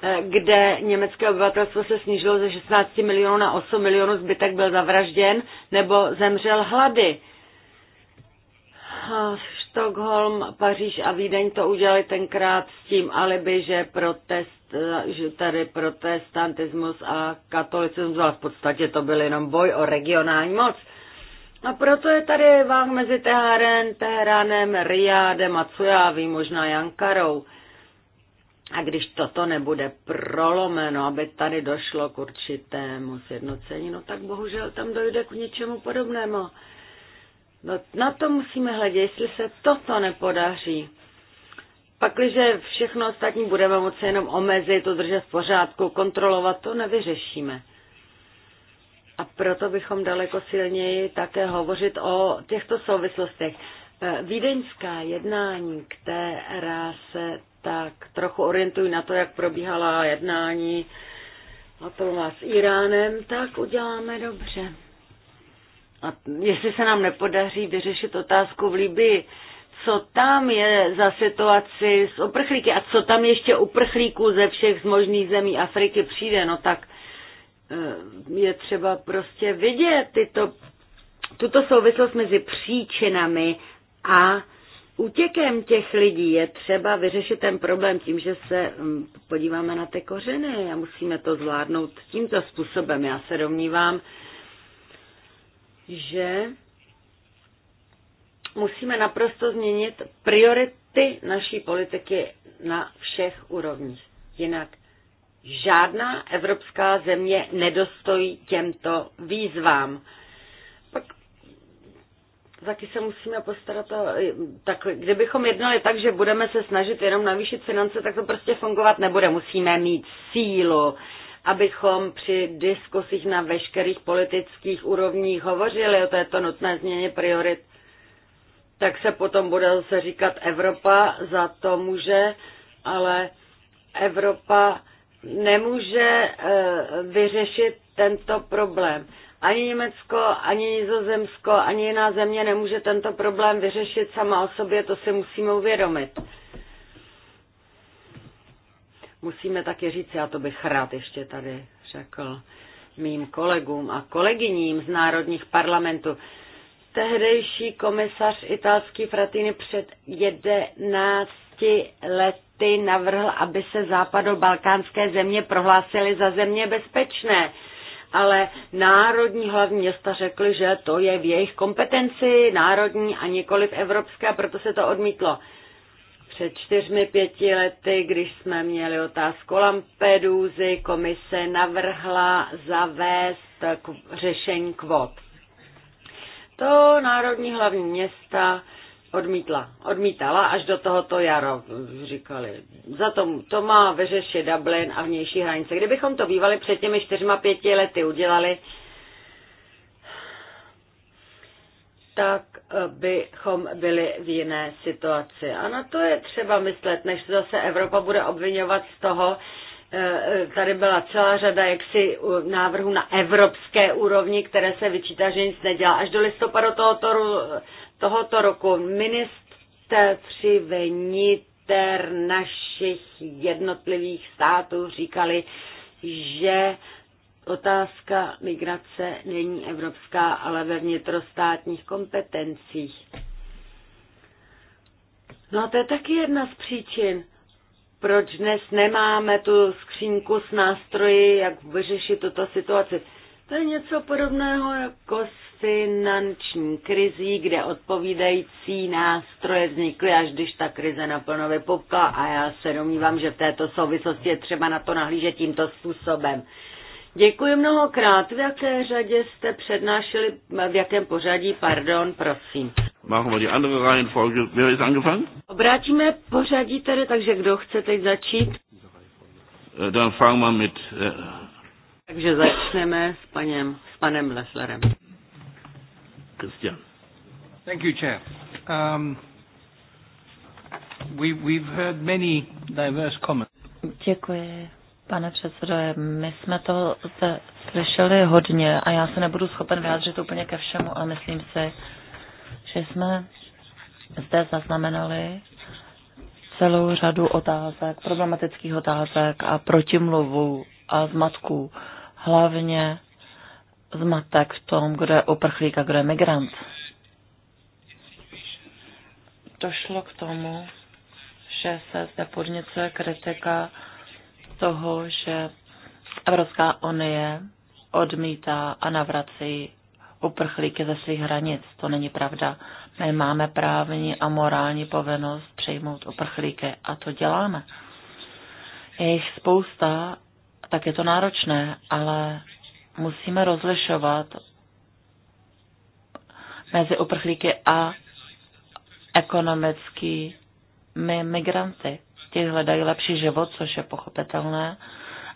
eh, kde německé obyvatelstvo se snížilo ze 16 milionů na 8 milionů, zbytek byl zavražděn nebo zemřel hlady. Stockholm, Paříž a Vídeň to udělali tenkrát s tím alibi, že, protest, že tady protestantismus a katolicismus, ale v podstatě to byl jenom boj o regionální moc. A proto je tady vám mezi Teherán, Teheránem, Riádem a co já vím, možná Jankarou. A když toto nebude prolomeno, aby tady došlo k určitému sjednocení, no tak bohužel tam dojde k něčemu podobnému. No, na to musíme hledět, jestli se toto nepodaří. Pakliže všechno ostatní budeme moci jenom omezit, udržet v pořádku, kontrolovat, to nevyřešíme. A proto bychom daleko silněji také hovořit o těchto souvislostech. E, vídeňská jednání, která se tak trochu orientují na to, jak probíhala jednání o tom s Iránem, tak uděláme dobře a jestli se nám nepodaří vyřešit otázku v Libii, co tam je za situaci s uprchlíky a co tam ještě uprchlíků ze všech z možných zemí Afriky přijde, no tak eh, je třeba prostě vidět tyto, tuto souvislost mezi příčinami a útěkem těch lidí je třeba vyřešit ten problém tím, že se hm, podíváme na ty kořeny a musíme to zvládnout tímto způsobem. Já se domnívám, že musíme naprosto změnit priority naší politiky na všech úrovních. Jinak žádná evropská země nedostojí těmto výzvám. Pak taky se musíme postarat o... Tak kdybychom jednali tak, že budeme se snažit jenom navýšit finance, tak to prostě fungovat nebude. Musíme mít sílu, abychom při diskusích na veškerých politických úrovních hovořili o této nutné změně priorit, tak se potom bude zase říkat Evropa za to může, ale Evropa nemůže eh, vyřešit tento problém. Ani Německo, ani Nizozemsko, ani jiná země nemůže tento problém vyřešit sama o sobě, to si musíme uvědomit. Musíme taky říct, já to bych rád ještě tady řekl mým kolegům a kolegyním z národních parlamentů. Tehdejší komisař italský Fratini před 11 lety navrhl, aby se západobalkánské země prohlásily za země bezpečné ale národní hlavní města řekly, že to je v jejich kompetenci národní a nikoli v evropské, a proto se to odmítlo před čtyřmi, pěti lety, když jsme měli otázku Lampedusy, komise navrhla zavést k řešení kvot. To národní hlavní města odmítla, odmítala až do tohoto jaro, říkali. Za to, to má vyřešit Dublin a vnější hranice. Kdybychom to bývali před těmi čtyřma pěti lety udělali, tak bychom byli v jiné situaci. A na to je třeba myslet, než zase Evropa bude obvinovat z toho, eh, tady byla celá řada jaksi návrhů na evropské úrovni, které se vyčítá, že nic nedělá. Až do listopadu tohoto, tohoto roku ministři vnitr našich jednotlivých států říkali, že Otázka migrace není evropská, ale ve vnitrostátních kompetencích. No a to je taky jedna z příčin, proč dnes nemáme tu skřínku s nástroji, jak vyřešit tuto situaci. To je něco podobného jako s finanční krizí, kde odpovídající nástroje vznikly, až když ta krize naplno vypukla a já se domnívám, že v této souvislosti je třeba na to nahlížet tímto způsobem. Děkuji mnohokrát. V jaké řadě jste přednášeli, v jakém pořadí, pardon, prosím. Machen wir die andere Reihenfolge. Wer ist angefangen? Obrátíme pořadí tedy, takže kdo chce teď začít? Äh, dann fangen wir mit... Äh, takže začneme s panem, s panem Leslerem. Christian. Thank you, Chair. Um, we, we've heard many diverse comments. Děkuji Pane předsedo, my jsme to zde slyšeli hodně a já se nebudu schopen vyjádřit úplně ke všemu, ale myslím si, že jsme zde zaznamenali celou řadu otázek, problematických otázek a protimluvů a zmatků. Hlavně zmatek v tom, kdo je uprchlík a kdo je migrant. Došlo k tomu, že se zde podněcuje kritika toho, že Evropská unie odmítá a navrací uprchlíky ze svých hranic. To není pravda. My máme právní a morální povinnost přejmout uprchlíky a to děláme. Je jich spousta, tak je to náročné, ale musíme rozlišovat mezi uprchlíky a ekonomickými migranty možnosti, hledají lepší život, což je pochopitelné,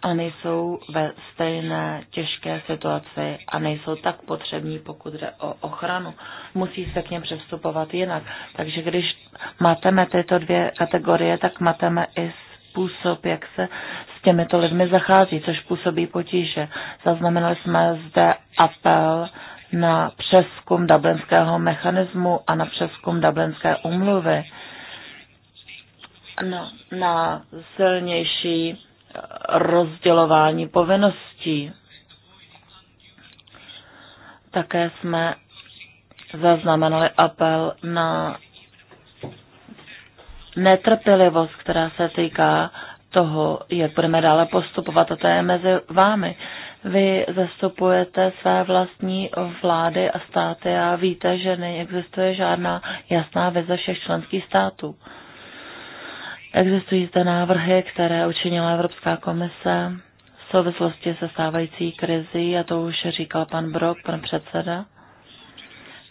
a nejsou ve stejné těžké situaci a nejsou tak potřební, pokud jde o ochranu. Musí se k něm přestupovat jinak. Takže když mateme tyto dvě kategorie, tak máte i způsob, jak se s těmito lidmi zachází, což působí potíže. Zaznamenali jsme zde apel na přeskum dublinského mechanismu a na přeskum dublinské umluvy na, no, na silnější eh, rozdělování povinností. Také jsme zaznamenali apel na netrpělivost, která se týká toho, jak budeme dále postupovat, a to je mezi vámi. Vy zastupujete své vlastní vlády a státy a víte, že neexistuje žádná jasná vize všech členských států. Existují zde návrhy, které učinila Evropská komise v souvislosti se stávající krizi, a to už říkal pan Brok, pan předseda.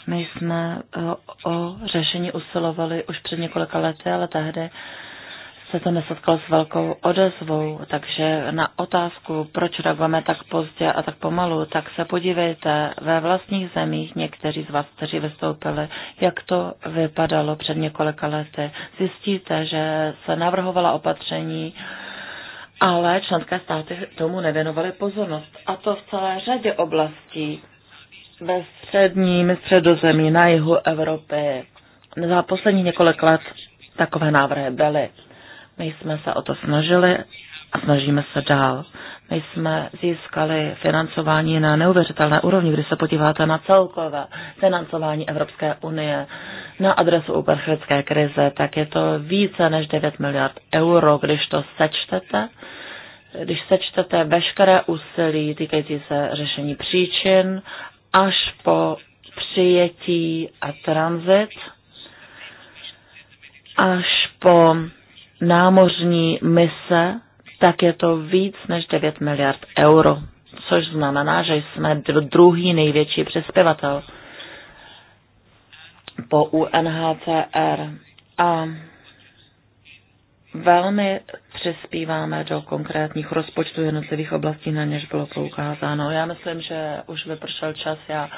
My jsme eh, o řešení usilovali už před několika lety, ale tehdy se to nesetkalo s velkou odezvou, takže na otázku, proč reagujeme tak pozdě a tak pomalu, tak se podívejte ve vlastních zemích, někteří z vás, kteří vystoupili, jak to vypadalo před několika lety. Zjistíte, že se navrhovala opatření, ale členské státy tomu nevěnovaly pozornost. A to v celé řadě oblastí ve středním středozemí na jihu Evropy. Za poslední několik let takové návrhy byly. My jsme se o to snažili a snažíme se dál. My jsme získali financování na neuvěřitelné úrovni, když se podíváte na celkové financování Evropské unie na adresu uprchlické krize, tak je to více než 9 miliard euro, když to sečtete. Když sečtete veškeré úsilí týkající se řešení příčin až po přijetí a tranzit, až po námořní mise, tak je to víc než 9 miliard euro, což znamená, že jsme druhý největší přispěvatel po UNHCR. A velmi přispíváme do konkrétních rozpočtů jednotlivých oblastí, na něž bylo poukázáno. Já myslím, že už vypršel čas, já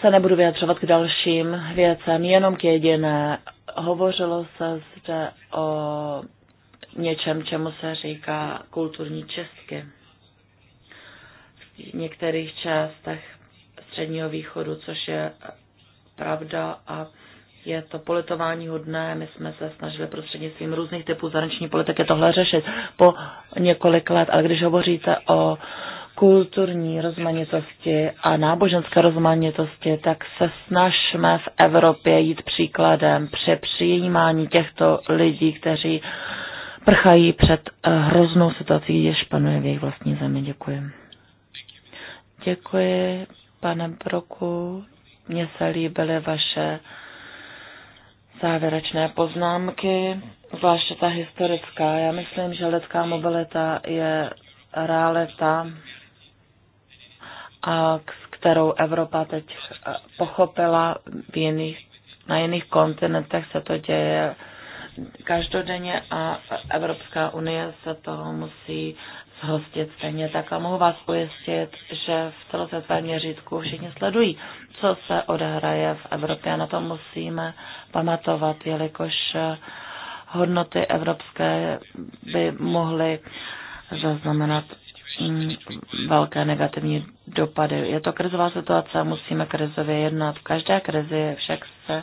se nebudu vyjadřovat k dalším věcem, jenom k jediné. Hovořilo se zde o něčem, čemu se říká kulturní čistky. V některých částech Středního východu, což je pravda a je to politování hodné. My jsme se snažili prostřednictvím různých typů zahraniční politiky tohle řešit po několik let, ale když hovoříte o uh, kulturní rozmanitosti a náboženské rozmanitosti, tak se snažme v Evropě jít příkladem při přijímání těchto lidí, kteří prchají před eh, hroznou situací, jež panuje v jejich vlastní zemi. Děkuji. Děkuji, pane Broku. Mně se líbily vaše závěrečné poznámky, zvláště ta historická. Já myslím, že lidská mobilita je realita, a kterou Evropa teď eh, pochopila v jiných, na jiných kontinentech se to děje každodenně a Evropská unie se toho musí zhostit stejně tak a mohu vás ujistit, že v celosvětovém měřítku všichni sledují, co se odehraje v Evropě a na to musíme pamatovat, jelikož eh, hodnoty evropské by mohly zaznamenat Mm, velké negativní dopady. Je to krizová situace, musíme krizově jednat. V každé krizi však se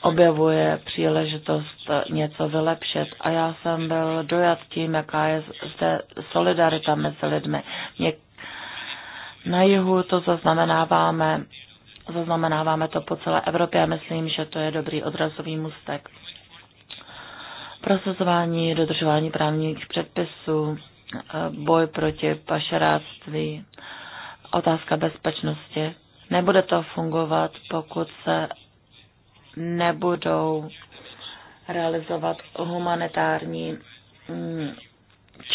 objevuje příležitost něco vylepšit. A já jsem byl dojat tím, jaká je zde solidarita mezi lidmi. na jihu to zaznamenáváme, zaznamenáváme to po celé Evropě a myslím, že to je dobrý odrazový mustek. Prosazování, dodržování právních předpisů, Eh, boj proti pašeráctví, otázka bezpečnosti. Nebude to fungovat, pokud se nebudou realizovat humanitární mm,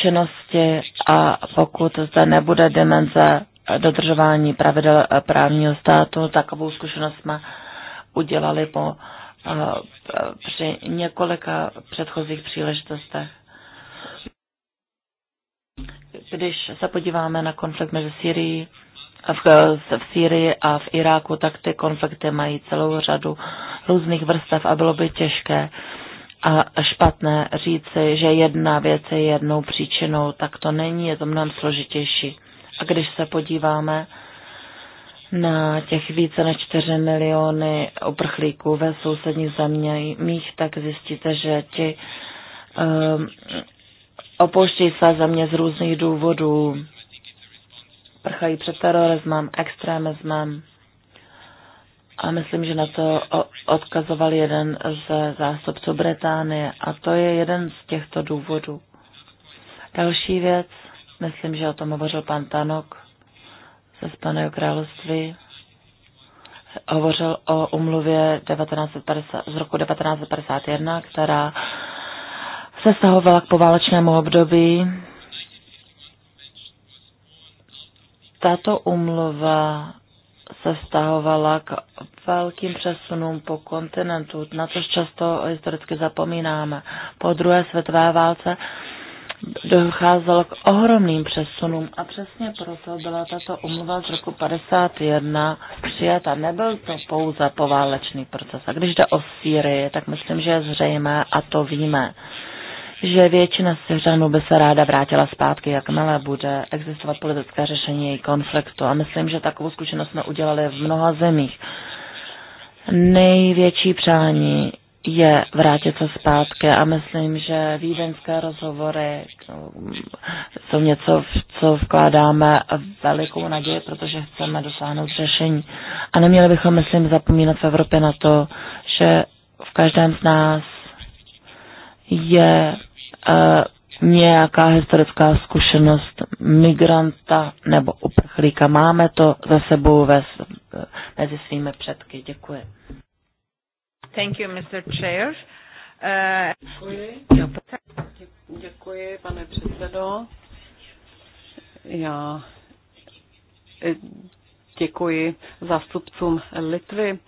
činnosti a pokud zde nebude dimenze dodržování pravidel eh, právního státu, takovou zkušenost jsme udělali po, eh, při několika předchozích příležitostech. Když se podíváme na konflikt mezi Syrií, v, v Syrii a v Iráku, tak ty konflikty mají celou řadu různých vrstev a bylo by těžké a špatné říci, že jedna věc je jednou příčinou, tak to není, je to mnohem složitější. A když se podíváme na těch více než 4 miliony uprchlíků ve sousedních zeměch, tak zjistíte, že ti opouští své země z různých důvodů, prchají před terorismem, extremismem. A myslím, že na to odkazoval jeden z zástupců Británie a to je jeden z těchto důvodů. Další věc, myslím, že o tom hovořil pan Tanok ze Spaného království, hovořil o umluvě 1950, z roku 1951, která se stahovala k poválečnému období. Tato umluva se stahovala k velkým přesunům po kontinentu, na což často historicky zapomínáme. Po druhé světové válce docházelo k ohromným přesunům a přesně proto byla tato umluva z roku 51 přijata. Nebyl to pouze poválečný proces. A když jde o Sýrii, tak myslím, že je zřejmé a to víme, že většina Syřanů by se ráda vrátila zpátky, jakmile bude existovat politické řešení její konfliktu. A myslím, že takovou zkušenost jsme udělali v mnoha zemích. Největší přání je vrátit se zpátky a myslím, že vídeňské rozhovory mm, jsou něco, v co vkládáme velikou naději, protože chceme dosáhnout řešení. A neměli bychom, myslím, zapomínat v Evropě na to, že v každém z nás je Eh, nějaká historická zkušenost migranta nebo uprchlíka. Máme to za sebou ve, eh, mezi svými předky. Děkuji. Thank you, Mr. Chair. Uh, děkuji. děkuji, pane předsedo. Já děkuji zástupcům Litvy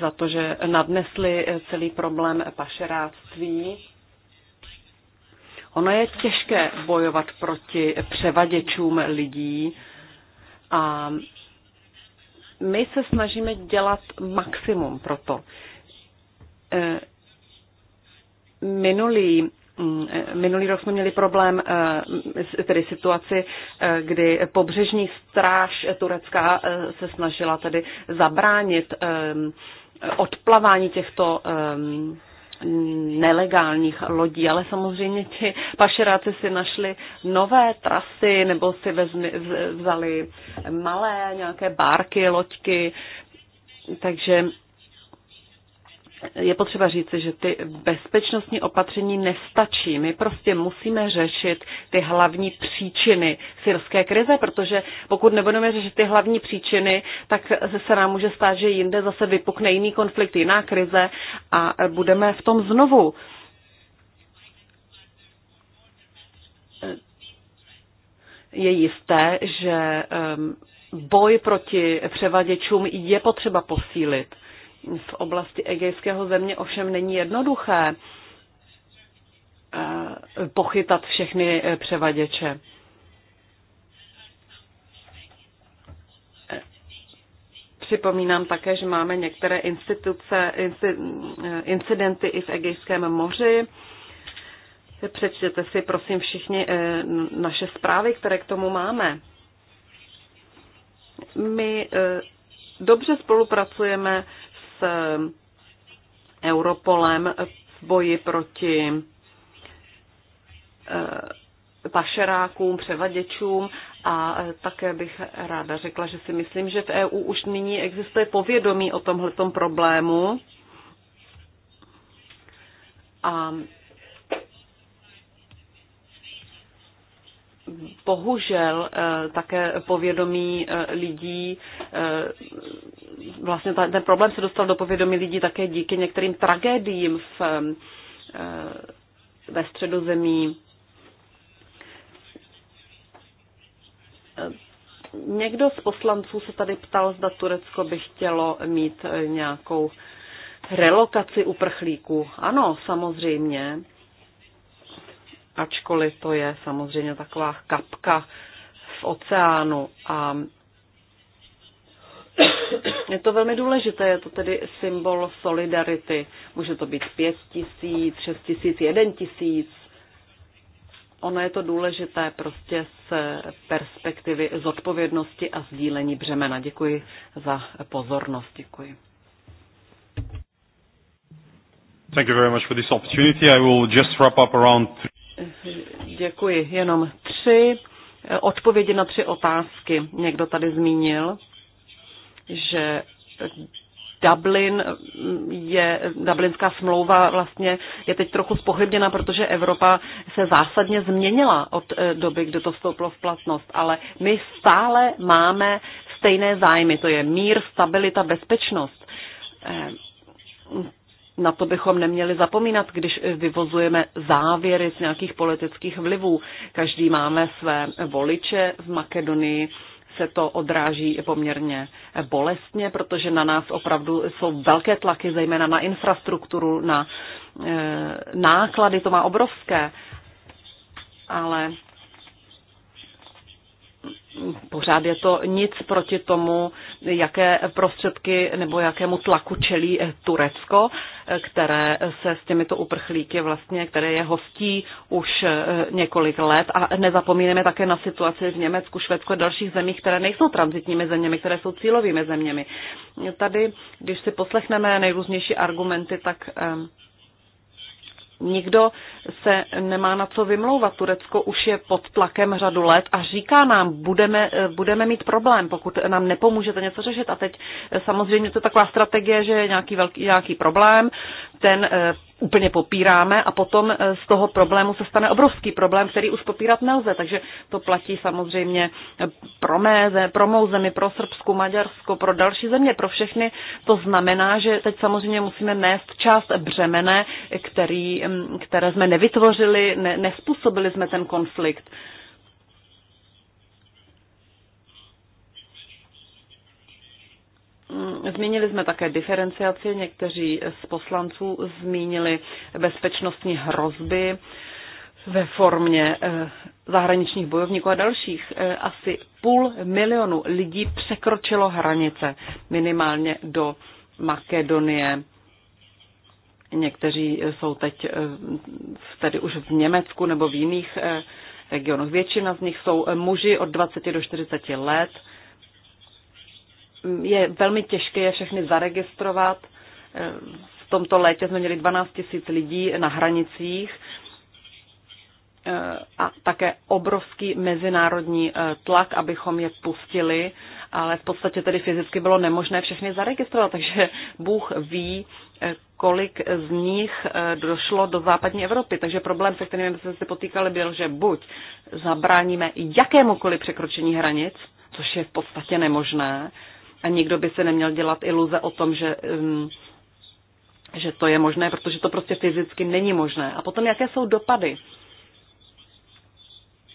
za to, že nadnesli celý problém pašeráctví Ono je těžké bojovat proti převaděčům lidí a my se snažíme dělat maximum pro to. Eh, minulý mm, Minulý rok jsme měli problém, eh, tedy situaci, eh, kdy pobřežní stráž turecká se snažila tedy zabránit odplavání těchto nelegálních lodí, ale samozřejmě ti pašeráci si našli nové trasy nebo si vezmi, vzali malé nějaké bárky, loďky, takže je potřeba říci, že ty bezpečnostní opatření nestačí. My prostě musíme řešit ty hlavní příčiny syrské krize, protože pokud nebudeme řešit ty hlavní příčiny, tak se nám může stát, že jinde zase vypukne jiný konflikt, jiná krize a budeme v tom znovu. Je jisté, že ehm, boj proti převaděčům je potřeba posílit v oblasti Egejského země ovšem není jednoduché eh, pochytat všechny eh, převaděče. Připomínám také, že máme některé instituce, eh, incidenty i v Egejském moři. Přečtěte si, prosím, všichni naše zprávy, které k tomu máme. My dobře spolupracujeme s eh, Europolem v boji proti eh, pašerákům, převaděčům a eh, také bych ráda řekla, že si myslím, že v EU už nyní existuje povědomí o tomhletom problému a bohužel eh, také povědomí eh, lidí, eh, vlastně ten problém se dostal do povědomí lidí také díky některým tragédiím v, ve středozemí. Někdo z poslanců se tady ptal, zda Turecko by chtělo mít nějakou relokaci uprchlíků. Ano, samozřejmě ačkoliv to je samozřejmě taková kapka v oceánu a je to velmi důležité, je to tedy symbol solidarity. Může to být pět tisíc, šest tisíc, jeden tisíc. Ono je to důležité prostě z perspektivy zodpovědnosti a sdílení břemena. Děkuji za pozornost. Děkuji. Thank you very much for this opportunity. I will just wrap up around Děkuji. Jenom tři eh, odpovědi na tři otázky. Někdo tady zmínil, že Dublin mm, je, Dublinská smlouva vlastně je teď trochu spochybněna, protože Evropa se zásadně změnila od eh, doby, kdy to vstoupilo v platnost, ale my stále máme stejné zájmy, to je mír, stabilita, bezpečnost eh, na to bychom neměli zapomínat, když vyvozujeme závěry z nějakých politických vlivů. Každý máme své voliče v Makedonii, se to odráží poměrně bolestně, protože na nás opravdu jsou velké tlaky, zejména na infrastrukturu, na eh, náklady, to má obrovské. Ale pořád je to nic proti tomu, jaké prostředky nebo jakému tlaku čelí Turecko, které se s těmito uprchlíky vlastně, které je hostí už eh, několik let a nezapomínáme také na situaci v Německu, Švédsku a dalších zemích, které nejsou transitními zeměmi, které jsou cílovými zeměmi. Tady, když si poslechneme nejrůznější argumenty, tak eh, Nikdo se nemá na co vymlouvat. Turecko už je pod tlakem řadu let a říká nám, budeme, budeme mít problém, pokud nám nepomůžete něco řešit. A teď samozřejmě to je taková strategie, že je nějaký, velký, nějaký problém, ten eh, úplně popíráme a potom eh, z toho problému se stane obrovský problém, který už popírat nelze. Takže to platí samozřejmě eh, pro mé, pro mou zemi, pro Srbsku, Maďarsko, pro další země, pro všechny. To znamená, že teď samozřejmě musíme nést část břemene, který, mm, které jsme nevytvořili, ne, nespůsobili jsme ten konflikt. Zmínili jsme také diferenciaci, někteří z poslanců zmínili bezpečnostní hrozby ve formě eh, zahraničních bojovníků a dalších. Eh, asi půl milionu lidí překročilo hranice minimálně do Makedonie. Někteří eh, jsou teď tedy už v Německu nebo v jiných regionech. Většina z nich jsou muži od 20 do 40 let je velmi těžké je všechny zaregistrovat. Eh, v tomto létě jsme měli 12 tisíc lidí na hranicích eh, a také obrovský mezinárodní eh, tlak, abychom je pustili, ale v podstatě tedy fyzicky bylo nemožné všechny zaregistrovat, takže Bůh ví, kolik z nich došlo do západní Evropy. Takže problém, se kterým jsme se potýkali, byl, že buď zabráníme jakémukoliv překročení hranic, což je v podstatě nemožné, a nikdo by se neměl dělat iluze o tom, že, um, že to je možné, protože to prostě fyzicky není možné. A potom, jaké jsou dopady?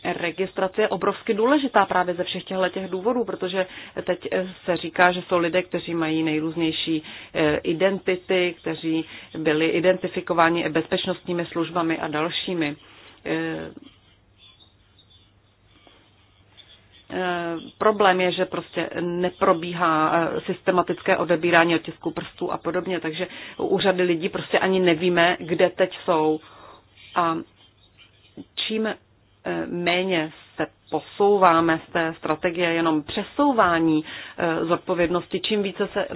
Registrace je obrovsky důležitá právě ze všech těchto těch důvodů, protože teď se říká, že jsou lidé, kteří mají nejrůznější eh, identity, kteří byli identifikováni bezpečnostními službami a dalšími eh, Eh, problém je, že prostě neprobíhá eh, systematické odebírání otisků prstů a podobně, takže úřady lidí prostě ani nevíme, kde teď jsou. A čím eh, méně se posouváme z té strategie jenom přesouvání zodpovědnosti, čím více, se,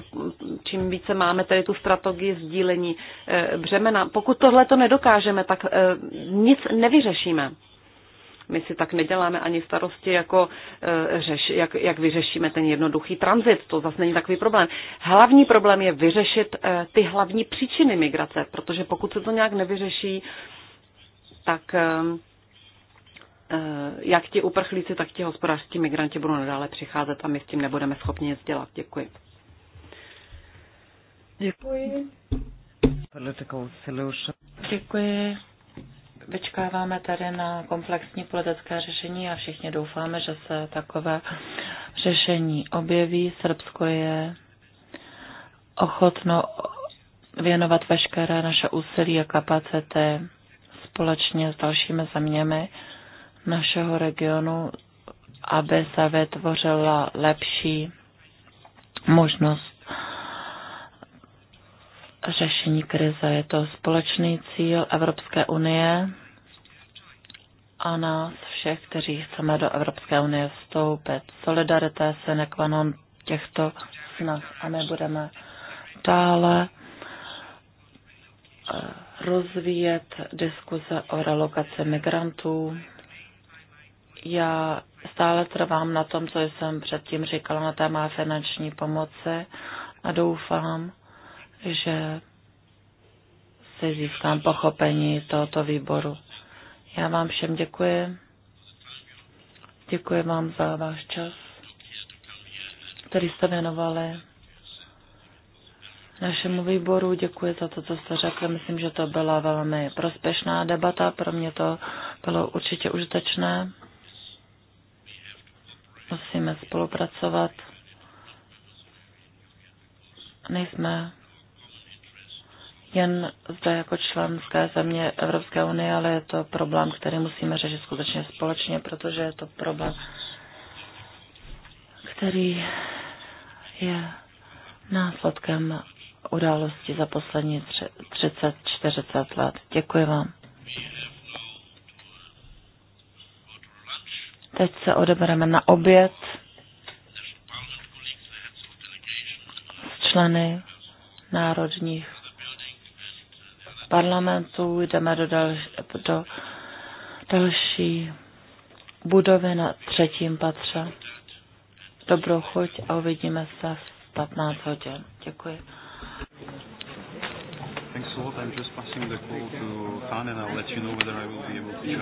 čím více máme tady tu strategii sdílení břemena. Pokud tohle to nedokážeme, tak nic nevyřešíme. My si tak neděláme ani starosti, jako, e, řeš, jak, jak vyřešíme ten jednoduchý tranzit. To zase není takový problém. Hlavní problém je vyřešit e, ty hlavní příčiny migrace, protože pokud se to nějak nevyřeší, tak e, jak ti uprchlíci, tak ti hospodářští migranti budou nadále přicházet a my s tím nebudeme schopni nic dělat. Děkuji. Děkuji. Political solution. Děkuji vyčkáváme tady na komplexní politické řešení a všichni doufáme, že se takové řešení objeví. Srbsko je ochotno věnovat veškeré naše úsilí a kapacity společně s dalšími zeměmi našeho regionu, aby se vytvořila lepší možnost řešení krize. Je to společný cíl Evropské unie a nás všech, kteří chceme do Evropské unie vstoupit. Solidarita se nekvanon těchto snah a my budeme dále eh, rozvíjet diskuze o relokaci migrantů. Já stále trvám na tom, co jsem předtím říkala na téma finanční pomoci a doufám, že se získám pochopení tohoto výboru. Já vám všem děkuji. Děkuji vám za váš čas, který jste věnovali našemu výboru. Děkuji za to, co jste řekli. Myslím, že to byla velmi prospěšná debata. Pro mě to bylo určitě užitečné. Musíme spolupracovat. Nejsme jen zde jako členské země Evropské unie, ale je to problém, který musíme řešit skutečně společně, protože je to problém, který je následkem události za poslední 30-40 let. Děkuji vám. Teď se odebereme na oběd s členy národních parlamentu, jdeme do, dal, do další budovy na třetím patře. Dobrou chuť a uvidíme se v 15 hodin. Děkuji. Thanks a lot. I'm just passing the call to and I'll let you know whether I will be able to join.